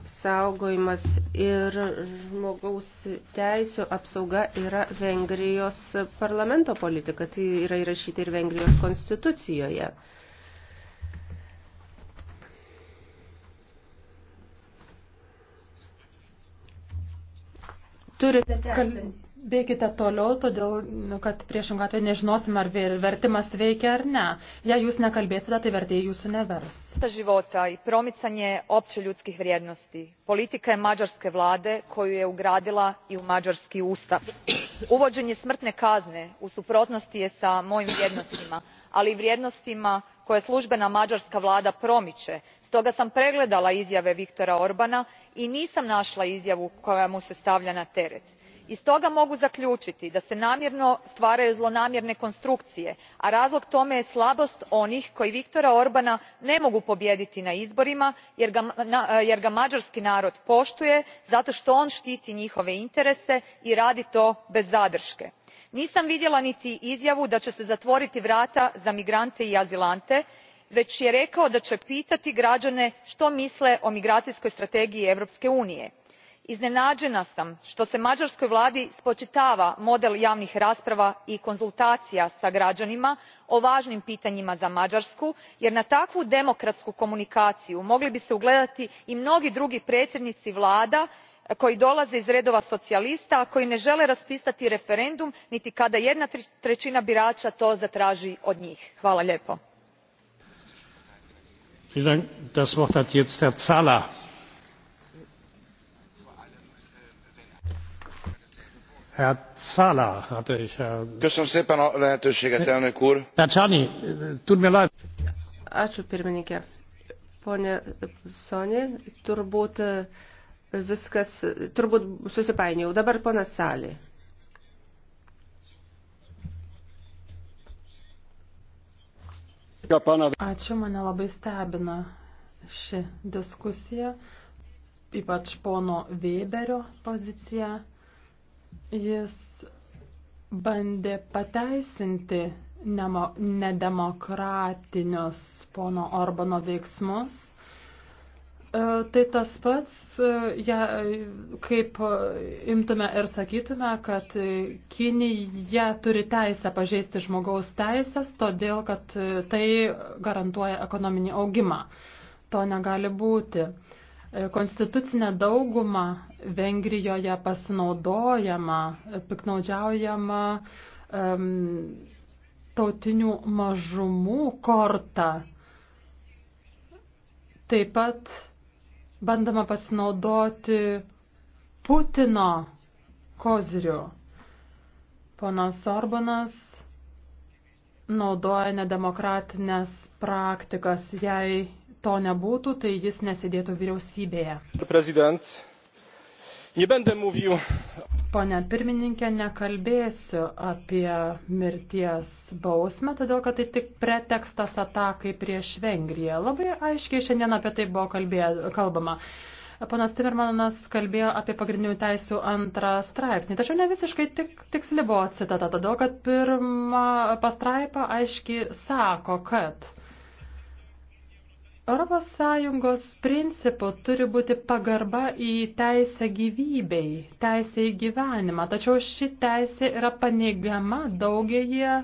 S2: saugojimas ir žmogaus teisų apsauga yra Vengrijos parlamento politika, tai yra įrašyta ir Vengrijos konstitucijoje.
S7: Turite tęsti. Bėkite toliau, todėl, nu, kad priešingą atveju nežinosime, ar vertimas veikia ar ne. Jei jūs nekalbėsite, tai vertėjai jūsų nevers.
S8: života i promicanje opće ljudskih vrijednosti politika je mađarske vlade koju je ugradila i u mađarski ustav. Uvođenje smrtne kazne u suprotnosti je sa mojim vrijednostima, ali i vrijednostima koje službena mađarska vlada promiče. Stoga sam pregledala izjave Viktora Orbana i nisam našla izjavu koja mu se stavlja na teret iz toga mogu zaključiti da se namjerno stvaraju zlonamjerne konstrukcije a razlog tome je slabost onih koji viktora orbana ne mogu pobijediti na izborima jer ga mađarski narod poštuje zato što on štiti njihove interese i radi to bez zadrške. nisam vidjela niti izjavu da će se zatvoriti vrata za migrante i azilante već je rekao da će pitati građane što misle o migracijskoj strategiji europske unije iznenađena sam što se mađarskoj vladi spočitava model javnih rasprava i konzultacija s građanima o važnim pitanjima za mađarsku jer na takvu demokratsku komunikaciju mogli bi se ugledati i mnogi drugi predsjednici vlada eh, koji dolaze iz redova socijalista a koji ne žele raspisati referendum niti kada jedna trećina birača to zatraži od njih. hvala lijepo.
S5: köszönöm szépen a lehetőséget elnök úr
S2: ačiū pirmininke pone soni turbūt e, viskas turbūt susipainiojau dabar ponas sali
S7: ačiū mane labai stebina ši diskusija ypač pono vėberio pozicija Jis bandė pateisinti nemo, nedemokratinius pono Orbano veiksmus. E, tai tas pats, e, ja, kaip imtume ir sakytume, kad Kinija turi teisę pažeisti žmogaus teisės, todėl kad e, tai garantuoja ekonominį augimą. To negali būti. Uh, konstitucinę daugumą Vengrijoje pasinaudojama, piknaudžiaujama um, tautinių mažumų kortą. Taip pat bandama pasinaudoti Putino koziriu. Ponas Orbanas naudoja nedemokratinės praktikas, jei to nebūtų, tai jis nesėdėtų vyriausybėje.
S6: Prezident, nebendė mūvijų.
S7: Pone pirmininkė, nekalbėsiu apie mirties bausmę, todėl kad tai tik pretekstas atakai prieš Vengriją. Labai aiškiai šiandien apie tai buvo kalbė, kalbama. Ponas Timirmanas kalbėjo apie pagrindinių teisų antrą straipsnį, tačiau ne visiškai tik, tiksli buvo citata, todėl kad pirmą pastraipą aiškiai sako, kad ES principų turi būti pagarba į teisę gyvybei, teisę į gyvenimą, tačiau ši teisė yra paneigama daugelie,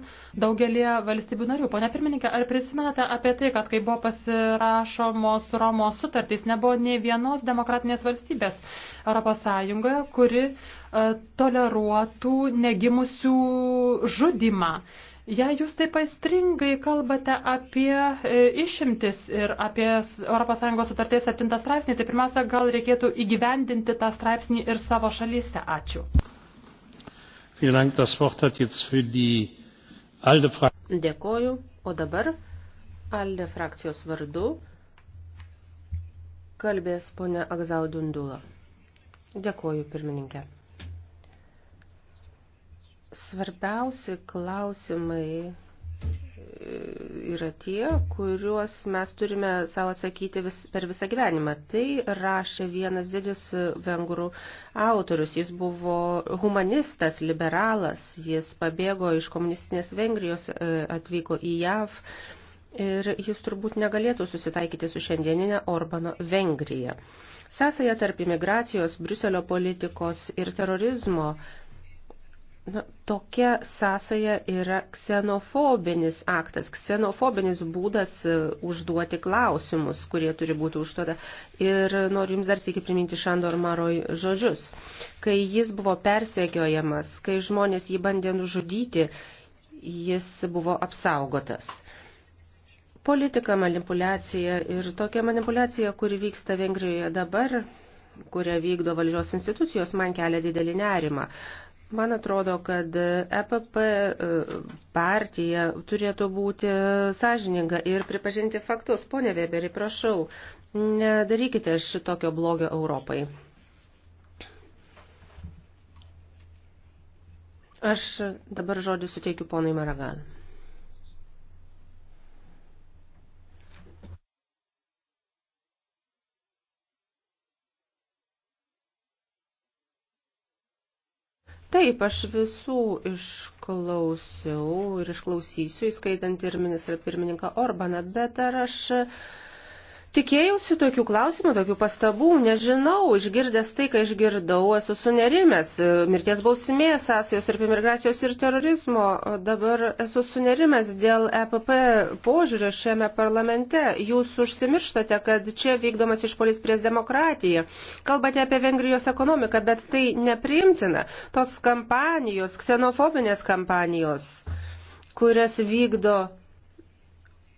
S7: daugelie valstybių narių. Pone pirmininkė, ar prisimenate apie tai, kad kai buvo pasirašomos Romos sutartys, nebuvo nei vienos demokratinės valstybės ES, kuri e, toleruotų negimusių žudimą? Jei jūs taip aistringai kalbate apie e, išimtis ir apie ES sutarties 7 straipsnį, tai pirmiausia, gal reikėtų įgyvendinti tą straipsnį ir savo
S2: šalyse. Ačiū. Dėkoju. O dabar ALDE frakcijos vardu kalbės ponia Agzaudundula. Dėkoju, pirmininkė. Svarbiausi klausimai e, yra tie, kuriuos mes turime savo atsakyti vis, per visą gyvenimą. Tai rašė vienas didis vengrų autorius. Jis buvo humanistas, liberalas, jis pabėgo iš komunistinės Vengrijos, e, atvyko į JAV ir jis turbūt negalėtų susitaikyti su šiandieninė Orbano Vengrija. Sąsaja tarp imigracijos, Briuselio politikos ir terorizmo Na, tokia sąsaja yra ksenofobinis aktas, ksenofobinis būdas e, užduoti klausimus, kurie turi būti užduota. Ir noriu Jums dar sėki priminti Šandor Maroj žodžius. Kai jis buvo persekiojamas, kai žmonės jį bandė nužudyti, jis buvo apsaugotas. Politika, manipulacija ir tokia manipulacija, kuri vyksta Vengrijoje dabar, kurią vykdo valdžios institucijos, man kelia didelį nerimą. Man atrodo, kad EPP e, partija turėtų būti sąžininga ir pripažinti faktus. Pone Weberi, prašau, nedarykite šitokio blogio Europai. Aš dabar žodį suteikiu ponui Maragan. Taip, aš visų išklausiau ir išklausysiu, įskaitant ir ministrą pirmininką Orbaną, bet ar aš Tikėjausi tokių klausimų, tokių pastabų, nežinau, išgirdęs tai, ką išgirdau, esu sunerimęs. E, mirties bausmės sąsajos ir imigracijos ir terorizmo. Dabar esu sunerimęs dėl EPP požiūrio šiame parlamente. Jūs užsimirštate, kad čia vykdomas išpolis prieš demokratiją. Kalbate apie Vengrijos ekonomiką, bet tai nepriimtina. Tos kampanijos, ksenofobinės kampanijos, kurias vykdo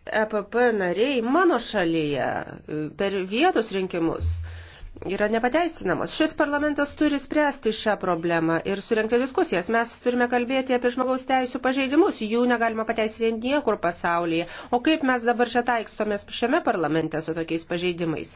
S2: EPP nariai mano šalyje e, per vietos rinkimus yra nepateisinamos. Šis parlamentas turi spręsti šią problemą ir surinkti diskusijas. Mes turime kalbėti apie žmogaus teisų pažeidimus, jų negalima pateisinti niekur pasaulyje. O kaip mes dabar čia taikstomės šiame parlamente su tokiais pažeidimais?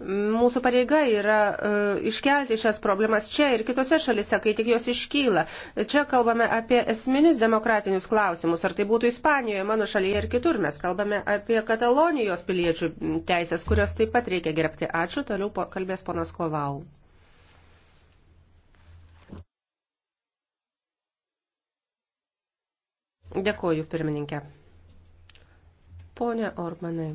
S2: Mūsų pareiga yra e, iškelti šias problemas čia ir kitose šalise, kai tik jos iškyla. Čia kalbame apie esminius demokratinius klausimus, ar tai būtų Ispanijoje, mano šalyje ir kitur. Mes kalbame apie Katalonijos piliečių teisės, kurios taip pat reikia gerbti. Ačiū, toliau kalbės ponas Kovau. Dėkoju, pirmininkė. Pone Ormanai,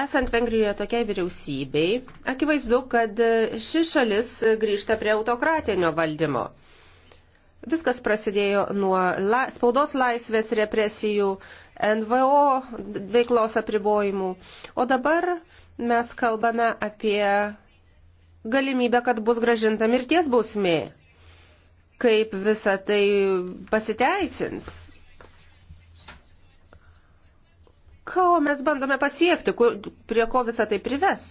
S2: Esant Vengrijoje tokiai vyriausybei, akivaizdu, kad ši šalis grįžta prie autokratinio valdymo. Viskas prasidėjo nuo la, spaudos laisvės represijų, NVO veiklos apribojimų, o dabar mes kalbame apie galimybę, kad bus gražinta mirties bausmė. Kaip visa tai pasiteisins? ko mes bandome pasiekti, kur, prie ko visą tai prives.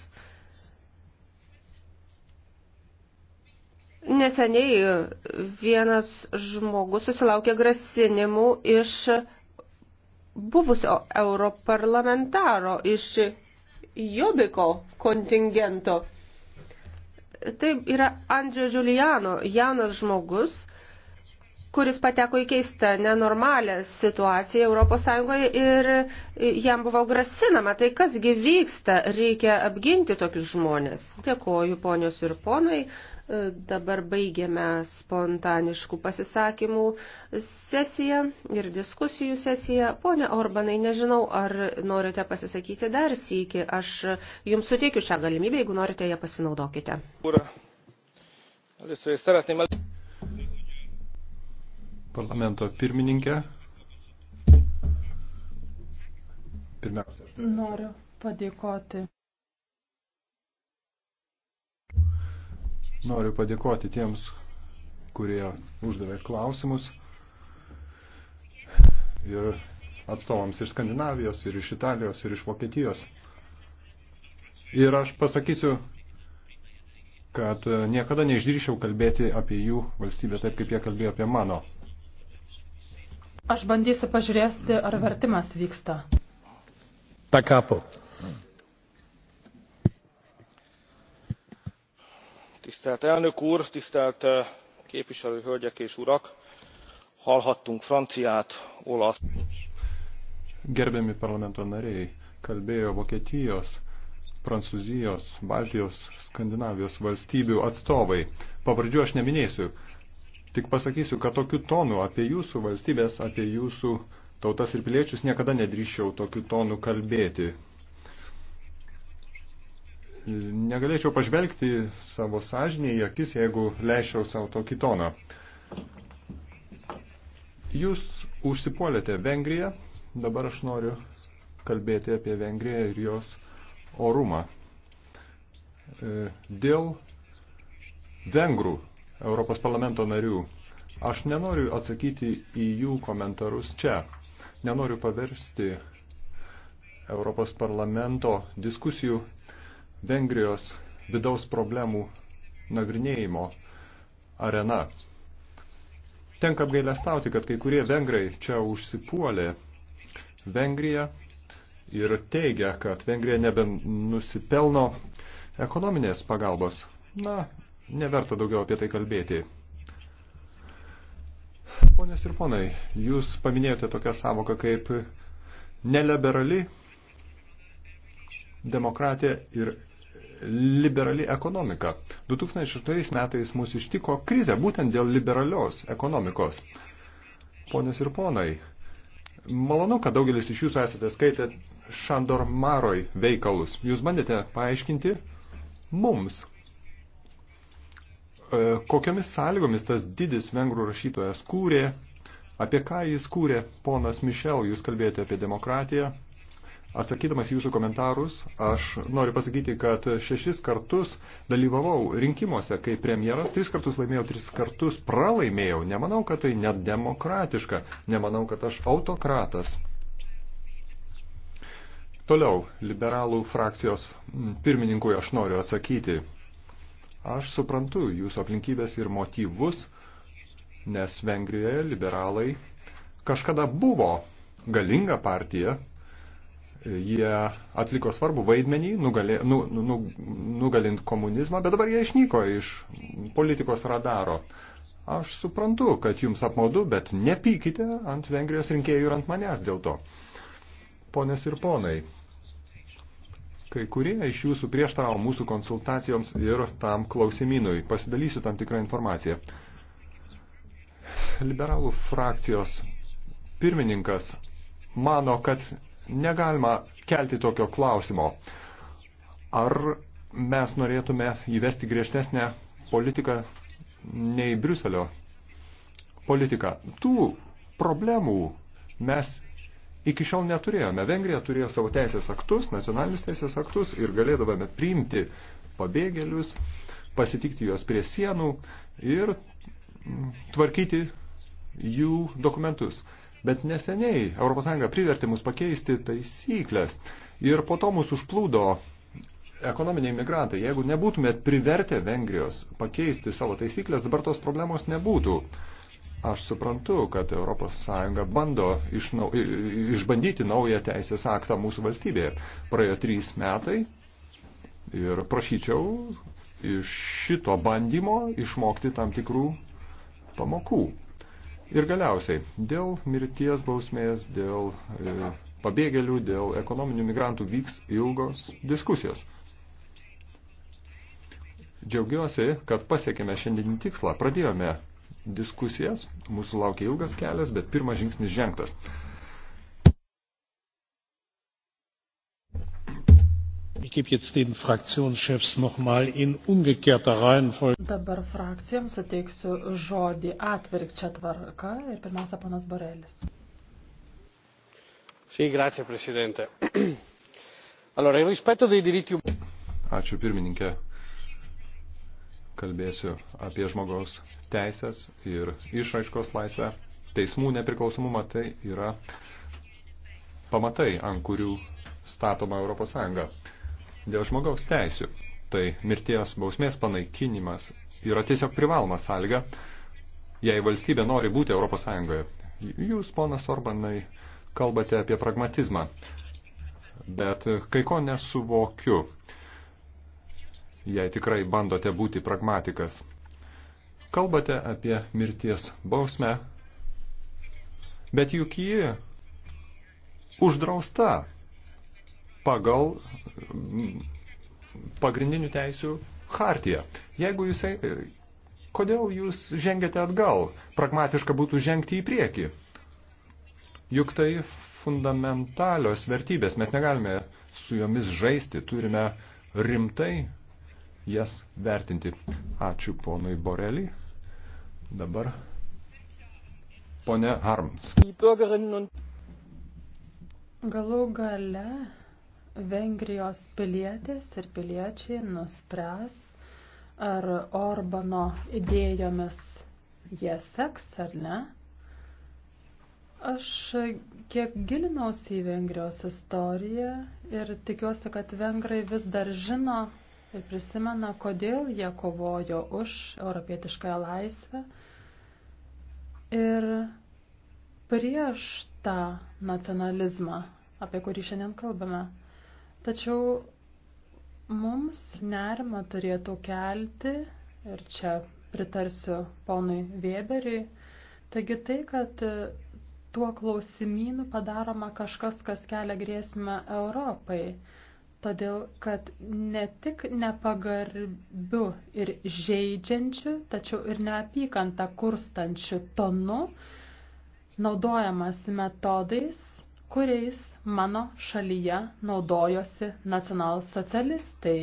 S2: Neseniai vienas žmogus susilaukė grasinimų iš buvusio europarlamentaro, iš Jobiko kontingento. Tai yra Andžio Giuliano, jaunas žmogus, kuris pateko į keistą, nenormalę situaciją ES ir jam buvo grasinama. Tai kasgi vyksta, reikia apginti tokius žmonės. Dėkoju ponios ir ponai. Dabar baigiame spontaniškų pasisakymų sesiją ir diskusijų sesiją. Pone Orbanai, nežinau, ar norite pasisakyti dar sykį. Aš jums suteikiu šią galimybę, jeigu norite, ją pasinaudokite.
S5: Először is szeretném
S6: parlamento pirmininkę. Pirmiausia.
S7: Noriu padėkoti.
S6: Noriu padėkoti tiems, kurie uždavė klausimus ir atstovams iš Skandinavijos, ir iš Italijos, ir iš Vokietijos. Ir aš pasakysiu, kad niekada neišdryšiau kalbėti apie jų valstybę taip, kaip jie kalbėjo apie mano
S7: Aš bandysiu pažiūrėti, ar vertimas vyksta.
S6: Da
S5: capo. Tisztelt elnök úr, tisztelt eh, képviselő hölgyek és urak!
S6: Hallhattunk franciát, olasz. Gerbiami parlamento nariai, kalbėjo Vokietijos, Prancūzijos, Baltijos, Skandinavijos valstybių atstovai. Pavardžių aš neminėsiu Tik pasakysiu, kad tokiu tonu apie jūsų valstybės, apie jūsų tautas ir piliečius niekada nedrįščiau tokiu tonu kalbėti. Negalėčiau pažvelgti savo sąžinį į akis, jeigu leičiau savo tokį toną. Jūs užsipuolėte Vengriją, dabar aš noriu kalbėti apie Vengriją ir jos orumą. E, dėl vengrų Europos parlamento narių. Aš nenoriu atsakyti į jų komentarus čia. Nenoriu paversti Europos parlamento diskusijų Vengrijos vidaus problemų nagrinėjimo arena. Tenka apgailestauti, kad kai kurie vengrai čia užsipuolė Vengriją ir teigia, kad Vengrija neben nusipelno ekonominės pagalbos. Na, Neverta daugiau apie tai kalbėti. Ponės ir ponai, jūs paminėjote tokią savoką kaip neliberali demokratija ir liberali ekonomika. 2006 metais mus ištiko krizė būtent dėl liberalios ekonomikos. Ponės ir ponai, malonu, kad daugelis iš jūsų esate skaitę Šandor Maroj veikalus. Jūs bandėte paaiškinti mums, E, kokiamis sąlygomis tas didis vengrų rašytojas kūrė, apie ką jis kūrė, ponas Mišel, jūs kalbėjote apie demokratiją. Atsakydamas jūsų komentarus, aš noriu pasakyti, kad šešis kartus dalyvavau rinkimuose kaip premjeras, tris kartus laimėjau, tris kartus pralaimėjau. Nemanau, kad tai nedemokratiška, nemanau, kad aš autokratas. Toliau, liberalų frakcijos pirmininkui aš noriu atsakyti. Aš suprantu jūsų aplinkybės ir motyvus, nes Vengrijoje liberalai kažkada buvo galinga partija, jie atliko svarbų vaidmenį, nugalė, nu, nu, nu, nugalint komunizmą, bet dabar jie išnyko iš politikos radaro. Aš suprantu, kad jums apmaudu, bet nepykite ant Vengrijos rinkėjų ir ant manęs dėl to. Ponės ir ponai, Kai kurie iš jūsų prieštaravo mūsų konsultacijoms ir tam klausimynui. Pasidalysiu tam tikrą informaciją. Liberalų frakcijos pirmininkas mano, kad negalima kelti tokio klausimo. Ar mes norėtume įvesti griežtesnę politiką nei Briuselio politiką? Tų problemų mes iki šiol neturėjome. Vengrija turėjo savo teisės aktus, nacionalinius teisės aktus ir galėdavome priimti pabėgėlius, pasitikti juos prie sienų ir mm, tvarkyti jų dokumentus. Bet neseniai ES privertė mus pakeisti taisyklės ir po to mus užplūdo ekonominiai migrantai. Jeigu nebūtumėt privertę Vengrijos pakeisti savo taisyklės, dabar tos problemos nebūtų. Aš suprantu, kad ES bando išnau, išbandyti naują teisės aktą mūsų valstybėje. Praėjo trys metai ir prašyčiau iš šito bandymo išmokti tam tikrų pamokų. Ir galiausiai, dėl mirties bausmės, dėl e, pabėgėlių, dėl ekonominių migrantų vyks ilgos diskusijos. Džiaugiuosi, kad pasiekėme šiandien tikslą, pradėjome diskusijas. Mūsų laukia ilgas kelias, bet pirmas žingsnis žengtas.
S5: Ich gebe jetzt den Fraktionschefs nochmal in umgekehrter Reihenfolge.
S7: Dabar frakcijoms suteiksiu žodį atvirkščią tvarką ir pirmiausia panas Borelis.
S6: Sì, grazie Presidente. Allora, il rispetto dei diritti umani. Ačiū pirmininkė kalbėsiu apie žmogaus teisės ir išraiškos laisvę. Teismų nepriklausomumą tai yra pamatai, ant kurių statoma Europos Sąjunga. Dėl žmogaus teisių, tai mirties bausmės panaikinimas yra tiesiog privaloma sąlyga, jei valstybė nori būti Europos Sąjungoje. Jūs, ponas Orbanai, kalbate apie pragmatizmą, bet kai ko nesuvokiu jei tikrai bandote būti pragmatikas. Kalbate apie mirties bausmę, bet juk ji uždrausta pagal mm, pagrindinių teisių hartiją. Jeigu jisai, kodėl jūs žengiate atgal? Pragmatiška būtų žengti į priekį. Juk tai fundamentalios vertybės, mes negalime su jomis žaisti, turime rimtai jas vertinti. Ačiū ponui Borelį. Dabar ponė Harms.
S7: Galų gale Vengrijos pilietės ir piliečiai nuspręs, ar Orbano idėjomis jie seks ar ne. Aš kiek gilinausi į Vengrijos istoriją ir tikiuosi, kad vengrai vis dar žino, ir prisimena, kodėl jie kovojo už europietiškąją laisvę ir prieš tą nacionalizmą, apie kurį šiandien kalbame. Tačiau mums nerima turėtų kelti, ir čia pritarsiu ponui Weberiui, taigi tai, kad tuo klausimynu padaroma kažkas, kas kelia grėsmę Europai todėl kad ne tik nepagarbiu ir žaidžiančiu, tačiau ir neapykantą kurstančiu tonu naudojamas metodais, kuriais mano šalyje naudojosi nacionalsocialistai,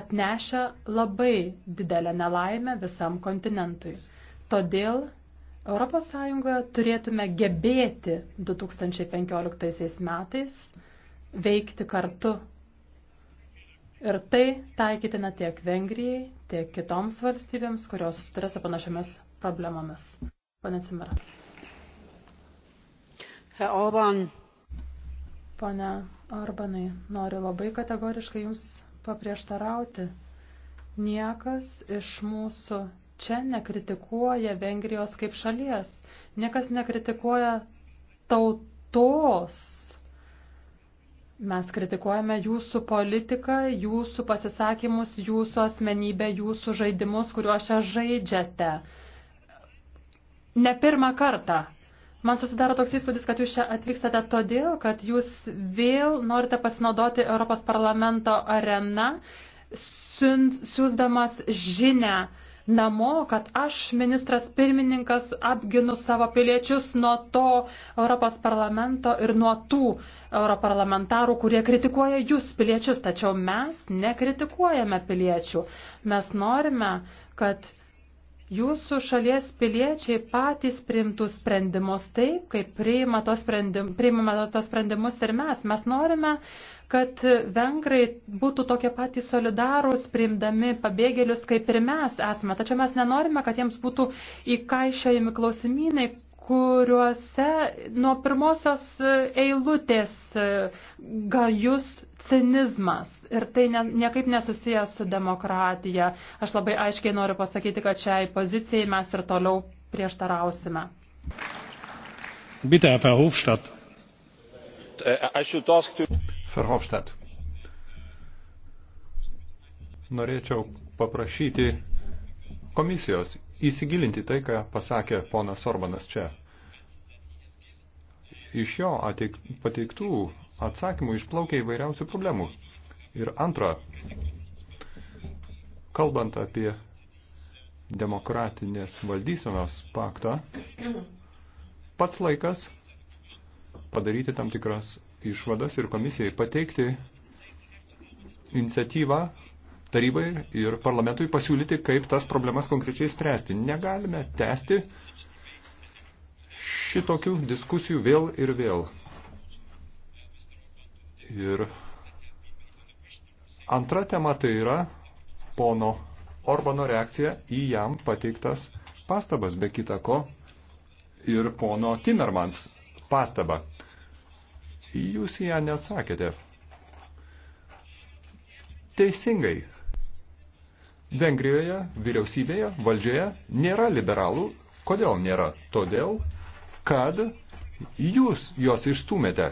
S7: atnešę labai didelę nelaimę visam kontinentui. Todėl ES turėtume gebėti 2015 metais veikti kartu Ir tai taikytina tiek Vengrijai, tiek kitoms valstybėms, kurios susiduria su panašiamis problemomis. Pane Cimera. Herr Orban. Pane Orbanai, noriu labai kategoriškai Jums paprieštarauti. Niekas iš mūsų čia nekritikuoja Vengrijos kaip šalies. Niekas nekritikuoja tautos Mes kritikuojame jūsų politiką, jūsų pasisakymus, jūsų asmenybę, jūsų žaidimus, kuriuos čia žaidžiate. Ne pirmą kartą. Man susidaro toks įspūdis, kad jūs čia atvykstate todėl, kad jūs vėl norite pasinaudoti Europos parlamento areną, siūsdamas žinę namo, kad aš, ministras pirmininkas, apginu savo piliečius nuo to Europos parlamento ir nuo tų europarlamentarų, kurie kritikuoja jūs piliečius, tačiau mes nekritikuojame piliečių. Mes norime, kad jūsų šalies piliečiai patys priimtų sprendimus taip, kaip priima tos, sprendim, priima tos sprendimus ir mes. Mes norime, kad vengrai būtų tokie patys solidarūs, priimdami pabėgėlius, kaip ir mes esame. Tačiau mes nenorime, kad jiems būtų įkaišėjami klausimynai, kuriuose nuo pirmosios eilutės gajus cinizmas ir tai ne, niekaip nesusijęs su demokratija. Aš labai aiškiai noriu pasakyti, kad šiai pozicijai mes ir toliau prieštarausime.
S5: Bitte, Herr Verhofstadt.
S6: I should ask to...
S5: Ferhofstadt.
S6: Norėčiau paprašyti komisijos įsigilinti tai, ką pasakė ponas Orbanas čia. Iš jo ateik, pateiktų atsakymų išplaukia įvairiausių problemų. Ir antra, kalbant apie demokratinės valdysenos paktą, pats laikas padaryti tam tikras išvadas ir komisijai pateikti iniciatyvą tarybai ir parlamentui pasiūlyti, kaip tas problemas konkrečiai spręsti. Negalime tęsti šitokių diskusijų vėl ir vėl. Ir antra tema tai yra pono Orbano reakcija į jam pateiktas pastabas, be kita ko, ir pono Timmermans pastabą. Jūs ją neatsakėte. Teisingai. Vengrijoje, vyriausybėje, valdžioje nėra liberalų. Kodėl nėra? Todėl, kad jūs juos išstumėte.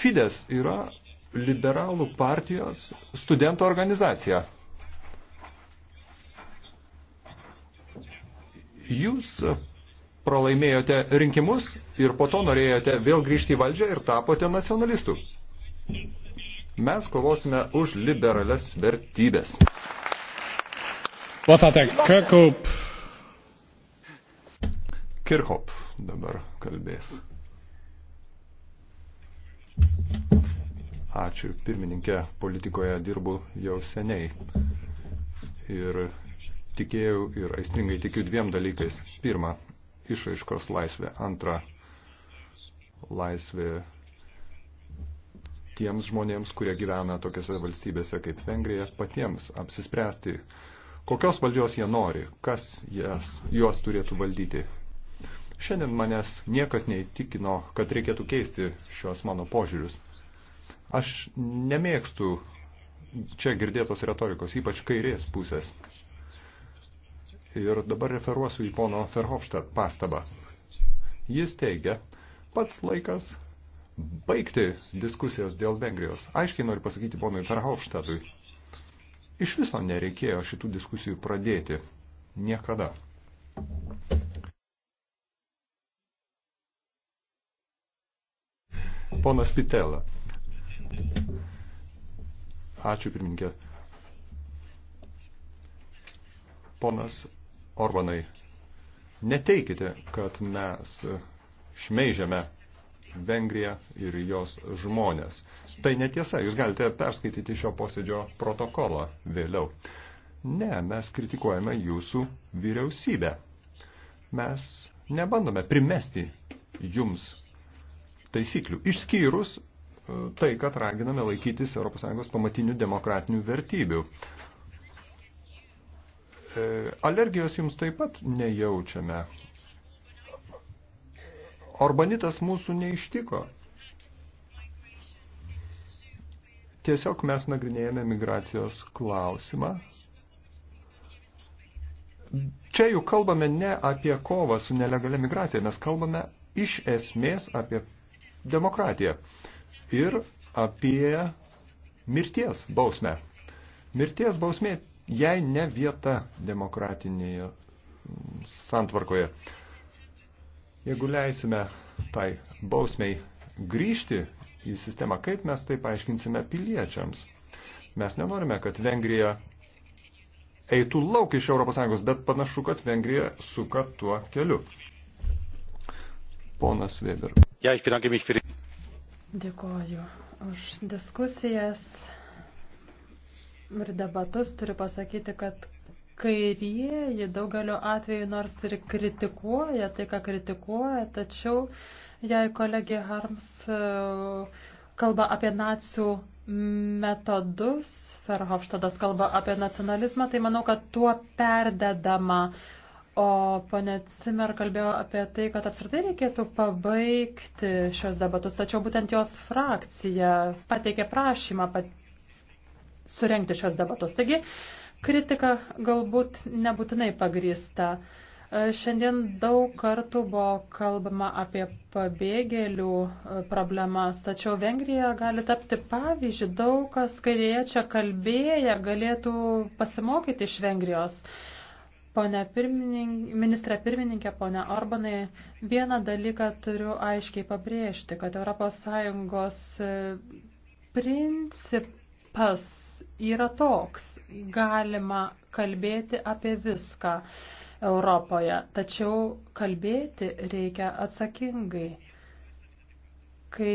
S6: Fides yra liberalų partijos studentų organizacija. Jūs pralaimėjote rinkimus ir po to norėjote vėl grįžti į valdžią ir tapote nacionalistų. Mes kovosime už liberales vertybės. Kirkop. Kirkop dabar kalbės. Ačiū, pirmininkė, politikoje dirbu jau seniai. Ir tikėjau ir aistringai tikiu dviem dalykais. Pirma, išraiškos laisvė. Antra, laisvė tiems žmonėms, kurie gyvena tokiose valstybėse kaip Vengrija, patiems apsispręsti, kokios valdžios jie nori, kas jas, juos turėtų valdyti. Šiandien manęs niekas neįtikino, kad reikėtų keisti šios mano požiūrius. Aš nemėgstu čia girdėtos retorikos, ypač kairės pusės ir dabar referuosiu į pono Ferhofštad pastabą. Jis teigia, pats laikas baigti diskusijos dėl Vengrijos. Aiškiai noriu pasakyti ponui Ferhofštadui. Iš viso nereikėjo šitų diskusijų pradėti. Niekada. Ponas Pitela. Ačiū pirminkė. Ponas Orbanai, neteikite, kad mes šmeižiame Vengriją ir jos žmonės. Tai netiesa, jūs galite perskaityti šio posėdžio protokolą vėliau. Ne, mes kritikuojame jūsų vyriausybę. Mes nebandome primesti jums taisyklių, išskyrus e, tai, kad raginame laikytis ES pamatinių demokratinių vertybių. E, alergijos jums taip pat nejaučiame. Orbanitas mūsų neištiko. Tiesiog mes nagrinėjame migracijos klausimą. Čia jau kalbame ne apie kovą su nelegalia migracija, mes kalbame iš esmės apie demokratiją ir apie mirties bausmę. Mirties bausmė jai ne vieta demokratinėje mm, santvarkoje. Jeigu leisime tai bausmiai grįžti į sistemą, kaip mes tai paaiškinsime piliečiams? Mes nenorime, kad Vengrija eitų lauk iš ES, bet panašu, kad Vengrija suka tuo keliu. Ponas Weber. Ja, ich bedanke mich für...
S7: Dėkoju už diskusijas ir debatus, turiu pasakyti, kad kairieji daugeliu atveju nors ir kritikuoja tai, ką kritikuoja, tačiau jei kolegė Harms e, kalba apie nacijų metodus, Ferhofštadas kalba apie nacionalizmą, tai manau, kad tuo perdedama. O ponė Cimer kalbėjo apie tai, kad apskritai reikėtų pabaigti šios debatus, tačiau būtent jos frakcija pateikė prašymą pat surenkti šios debatos. Taigi, kritika galbūt nebūtinai pagrįsta. E, šiandien daug kartų buvo kalbama apie pabėgėlių e, problemas, tačiau Vengrija gali tapti pavyzdžių, daug kas kairėje čia kalbėję galėtų pasimokyti iš Vengrijos. Pone pirmininkė, ministrė pirmininkė, pone Orbanai, vieną dalyką turiu aiškiai pabrėžti, kad ES e, principas yra toks. Galima kalbėti apie viską Europoje, tačiau kalbėti reikia atsakingai. Kai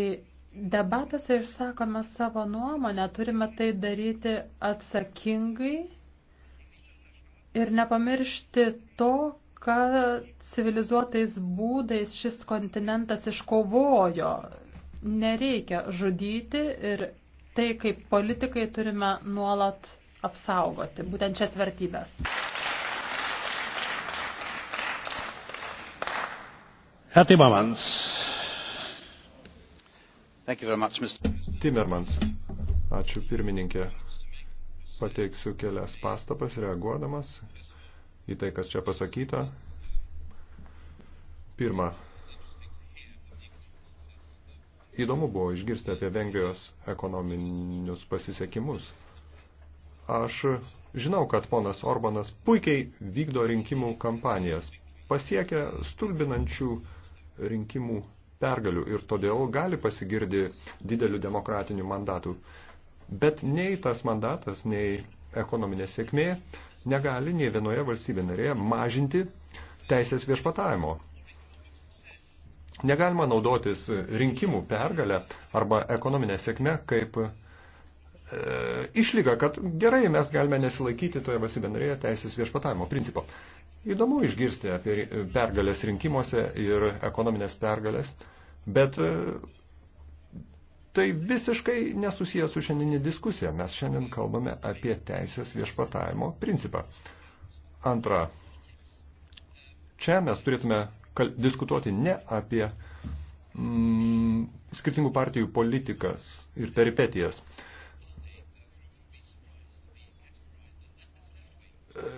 S7: debatuose išsakome savo nuomonę, turime tai daryti atsakingai ir nepamiršti to, kad civilizuotais būdais šis kontinentas iškovojo. Nereikia žudyti ir tai kaip politikai turime nuolat apsaugoti, būtent šias vertybės.
S5: Herr
S6: Timmermans. Thank you very much, Mr. Timmermans. Ačiū pirmininkė. Pateiksiu kelias pastabas reaguodamas į tai, kas čia pasakyta. Pirma, Įdomu buvo išgirsti apie Vengrijos ekonominius pasisekimus. Aš žinau, kad ponas Orbanas puikiai vykdo rinkimų kampanijas, pasiekia stulbinančių rinkimų pergalių ir todėl gali pasigirdi didelių demokratinių mandatų. Bet nei tas mandatas, nei ekonominė sėkmė negali nei vienoje valstybė narėje mažinti teisės viešpatavimo. Negalima naudotis rinkimų pergalę arba ekonominę sėkmę kaip e, išlyga, kad gerai mes galime nesilaikyti toje valstybėnarėje teisės viešpatavimo principo. Įdomu išgirsti apie pergalės rinkimuose ir ekonominės pergalės, bet e, tai visiškai nesusiję su šiandieninė diskusija. Mes šiandien kalbame apie teisės viešpatavimo principą. Antra, čia mes turėtume kal, diskutuoti ne apie mm, skirtingų partijų politikas ir peripetijas. E,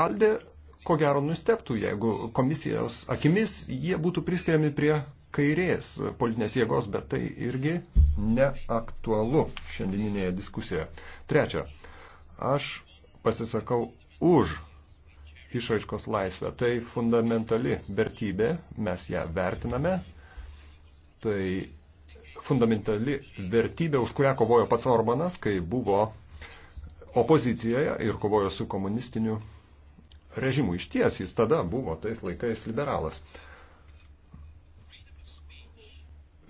S6: Alde, ko gero, nusteptų, jeigu komisijos akimis jie būtų priskiriami prie kairės politinės jėgos, bet tai irgi neaktualu šiandieninėje diskusijoje. Trečia, aš pasisakau už išraiškos laisvę. Tai fundamentali vertybė, mes ją vertiname. Tai fundamentali vertybė, už kurią kovojo pats Orbanas, kai buvo opozicijoje ir kovojo su komunistiniu režimu. Iš ties jis tada buvo tais laikais liberalas.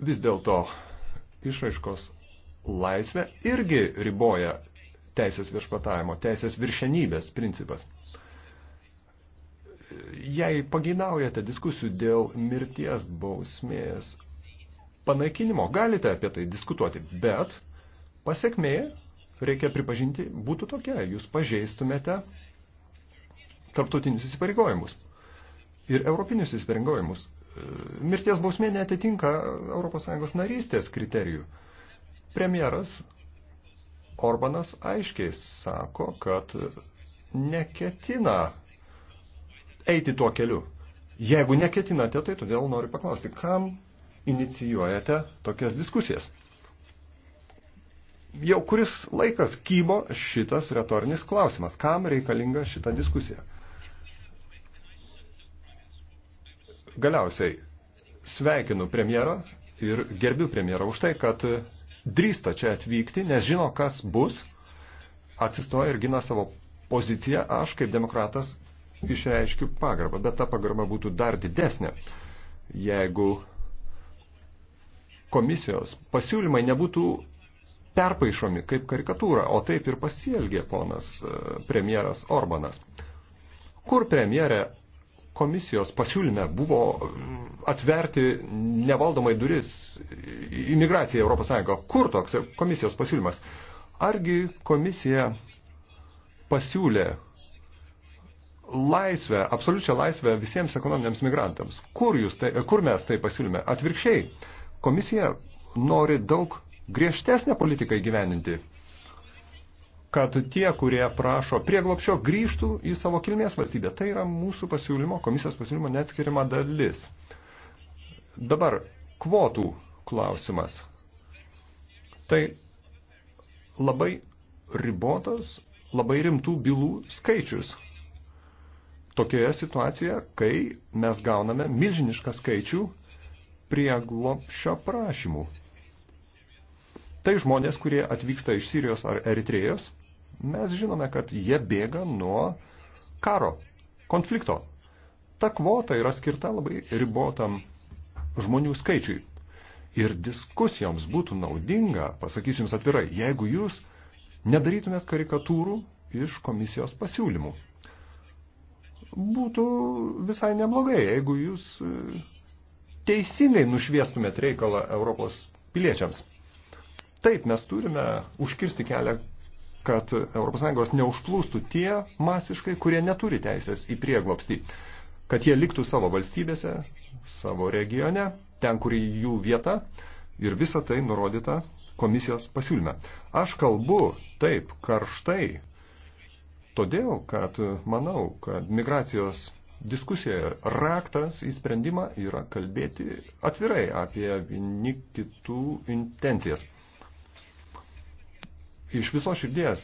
S6: Vis dėlto išraiškos laisvę irgi riboja teisės viršpatavimo, teisės viršenybės principas jei paginaujate diskusijų dėl mirties bausmės panaikinimo, galite apie tai diskutuoti, bet pasiekmė, reikia pripažinti, būtų tokia, jūs pažeistumėte tarptautinius įsipareigojimus ir europinius įsipareigojimus. Mirties bausmė netitinka ES narystės kriterijų. Premjeras Orbanas aiškiai sako, kad neketina eiti tuo keliu. Jeigu neketinate, tai todėl noriu paklausti, kam inicijuojate tokias diskusijas? Jau kuris laikas kybo šitas retorinis klausimas. Kam reikalinga šita diskusija? Galiausiai sveikinu premjerą ir gerbiu premjerą už tai, kad drįsta čia atvykti, nes žino, kas bus, atsistoja ir gina savo poziciją. Aš kaip demokratas išreiškiu pagarbą, bet ta pagarba būtų dar didesnė, jeigu komisijos pasiūlymai nebūtų perpaišomi kaip karikatūra, o taip ir pasielgė ponas e, premjeras Orbanas. Kur premjerė komisijos pasiūlyme buvo mm, atverti nevaldomai duris imigraciją Europos Sąjungą? Kur toks komisijos pasiūlymas? Argi komisija pasiūlė laisvę, absoliučią laisvę visiems ekonominiams migrantams. Kur, jūs tai, kur mes tai pasiūlyme? Atvirkščiai, komisija nori daug griežtesnę politiką įgyveninti, kad tie, kurie prašo prieglopšio, grįžtų į savo kilmės valstybę. Tai yra mūsų pasiūlymo, komisijos pasiūlymo neatskirima dalis. Dabar kvotų klausimas. Tai labai ribotas, labai rimtų bylų skaičius tokioje situacijoje, kai mes gauname milžinišką skaičių prieglopšio prašymų. Tai žmonės, kurie atvyksta iš Sirijos ar Eritrėjos, mes žinome, kad jie bėga nuo karo, konflikto. Ta kvota yra skirta labai ribotam žmonių skaičiui. Ir diskusijoms būtų naudinga, pasakysiu Jums atvirai, jeigu Jūs nedarytumėt karikatūrų iš komisijos pasiūlymų būtų visai neblogai, jeigu jūs e, teisingai nušviestumėt reikalą Europos piliečiams. Taip, mes turime užkirsti kelią, kad ES neužplūstų tie masiškai, kurie neturi teisės į prieglopstį, kad jie liktų savo valstybėse, savo regione, ten, kur jų vieta ir visa tai nurodyta komisijos pasiūlyme. Aš kalbu taip karštai Todėl, kad manau, kad migracijos diskusija raktas į sprendimą yra kalbėti atvirai apie vieni kitų intencijas. Iš viso širdies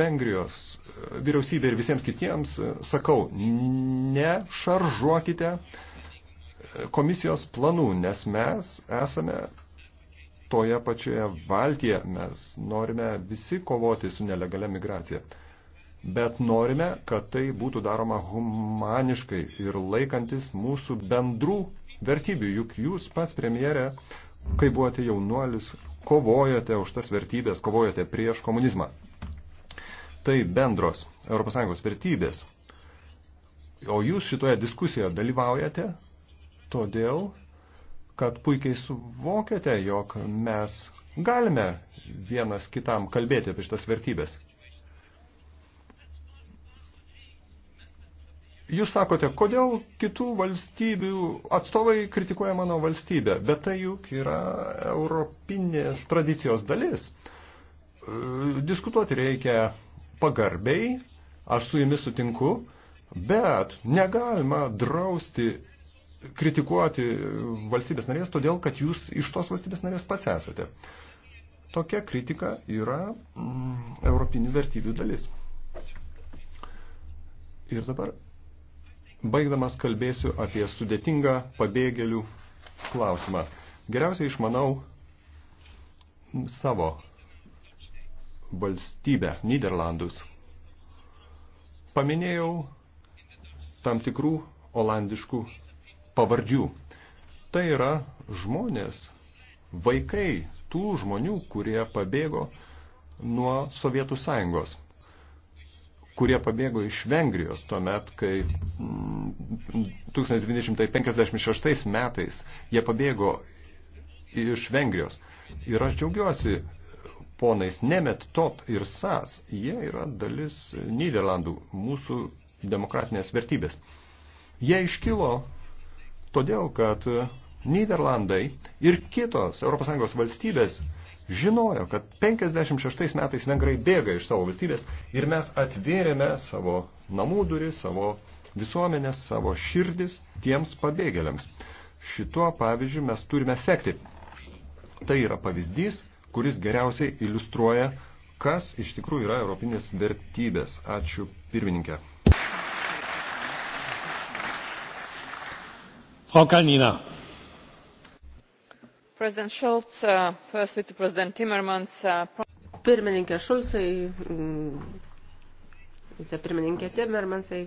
S6: Vengrijos e, vyriausybė ir visiems kitiems e, sakau, ne šaržuokite e, komisijos planų, nes mes esame toje pačioje valtyje, mes norime visi kovoti su nelegalia migracija bet norime, kad tai būtų daroma humaniškai ir laikantis mūsų bendrų vertybių. Juk jūs pats premjerė, kai buvote jaunuolis, kovojote už tas vertybės, kovojote prieš komunizmą. Tai bendros ES vertybės. O jūs šitoje diskusijoje dalyvaujate todėl, kad puikiai suvokiate, jog mes galime vienas kitam kalbėti apie šitas vertybės. Jūs sakote, kodėl kitų valstybių atstovai kritikuoja mano valstybę, bet tai juk yra europinės tradicijos dalis. E, diskutuoti reikia pagarbiai, aš su jumis sutinku, bet negalima drausti kritikuoti valstybės narės, todėl kad jūs iš tos valstybės narės pats esate. Tokia kritika yra mm, europinių vertybių dalis. Ir dabar Baigdamas kalbėsiu apie sudėtingą pabėgėlių klausimą. Geriausiai išmanau savo valstybę, Niderlandus. Paminėjau tam tikrų olandiškų pavardžių. Tai yra žmonės, vaikai tų žmonių, kurie pabėgo nuo Sovietų Sąjungos kurie pabėgo iš Vengrijos tuo met, kai 1956 mm, metais jie pabėgo iš Vengrijos. Ir aš džiaugiuosi ponais Nemet, Tot ir Sas. Jie yra dalis Niderlandų, mūsų demokratinės vertybės. Jie iškilo todėl, kad Niderlandai ir kitos ES valstybės žinojo, kad 56 metais vengrai bėga iš savo valstybės ir mes atvėrėme savo namų duris, savo visuomenės, savo širdis tiems pabėgėliams. Šituo pavyzdžiu mes turime sekti. Tai yra pavyzdys, kuris geriausiai iliustruoja, kas iš tikrųjų yra europinės vertybės. Ačiū pirmininkė. Frau Kalnina.
S2: Schultz, uh, uh pirmininkė Šulcai, mm, vicepirmininkė Timmermansai,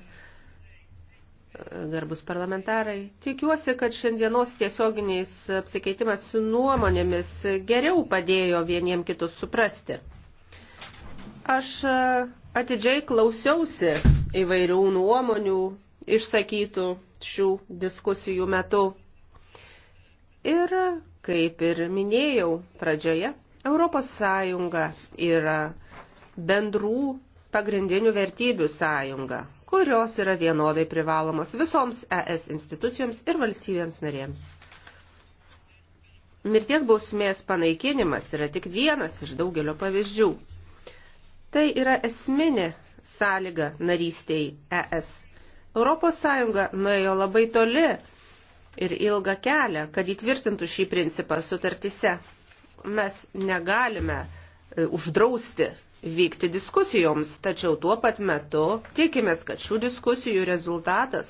S2: garbus parlamentarai. Tikiuosi, kad šiandienos tiesioginiais apsikeitimas su nuomonėmis geriau padėjo vieniem kitus suprasti. Aš uh, atidžiai klausiausi įvairių nuomonių išsakytų šių diskusijų metu. Ir Kaip ir minėjau pradžioje, Europos Sąjunga yra bendrų pagrindinių vertybių sąjunga, kurios yra vienodai privalomos visoms ES institucijoms ir valstybėms narėms. Mirties bausmės panaikinimas yra tik vienas iš daugelio pavyzdžių. Tai yra esminė sąlyga narystėjai ES. Europos Sąjunga nuėjo labai toli, ir ilgą kelią, kad įtvirtintų šį principą sutartise. Mes negalime e, uždrausti vykti diskusijoms, tačiau tuo pat metu tikimės, kad šių diskusijų rezultatas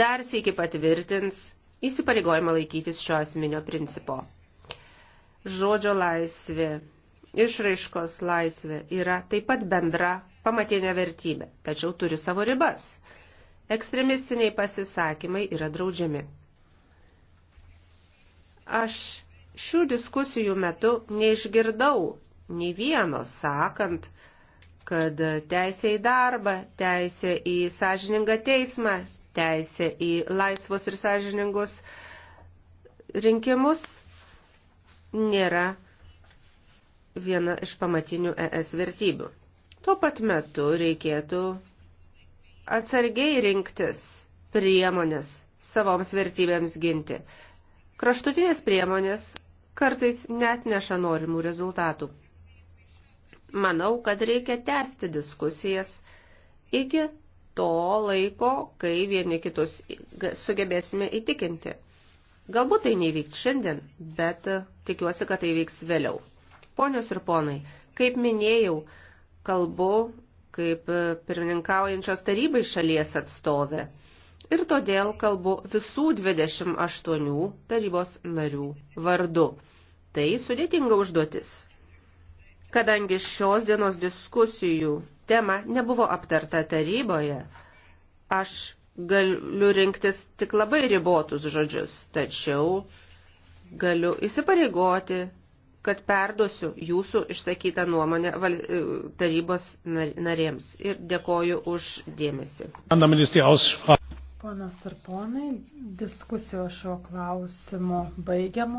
S2: dar sėki patvirtins įsipareigojimą laikytis šio asmenio principo. Žodžio laisvė, išraiškos laisvė yra taip pat bendra pamatinė vertybė, tačiau turi savo ribas – ekstremistiniai pasisakymai yra draudžiami. Aš šių diskusijų metu neišgirdau nei vieno sakant, kad teisė į darbą, teisė į sąžiningą teismą, teisė į laisvos ir sąžiningus rinkimus nėra viena iš pamatinių ES vertybių. Tuo pat metu reikėtų atsargiai rinktis priemonės savoms vertybėms ginti. Kraštutinės priemonės kartais net neša norimų rezultatų. Manau, kad reikia tęsti diskusijas iki to laiko, kai vieni kitus sugebėsime įtikinti. Galbūt tai nevyks šiandien, bet tikiuosi, kad tai vyks vėliau. Ponios ir ponai, kaip minėjau, kalbu kaip e, pirmininkaujančios tarybai šalies atstovė. Ir todėl kalbu visų 28 tarybos narių vardu. Tai sudėtinga užduotis. Kadangi šios dienos diskusijų tema nebuvo aptarta taryboje, aš galiu rinktis tik labai ribotus žodžius, tačiau galiu įsipareigoti kad perdosiu jūsų išsakytą nuomonę e, tarybos narėms ir dėkoju už dėmesį.
S7: Ponas ir ponai, diskusijos šio klausimo baigiamo.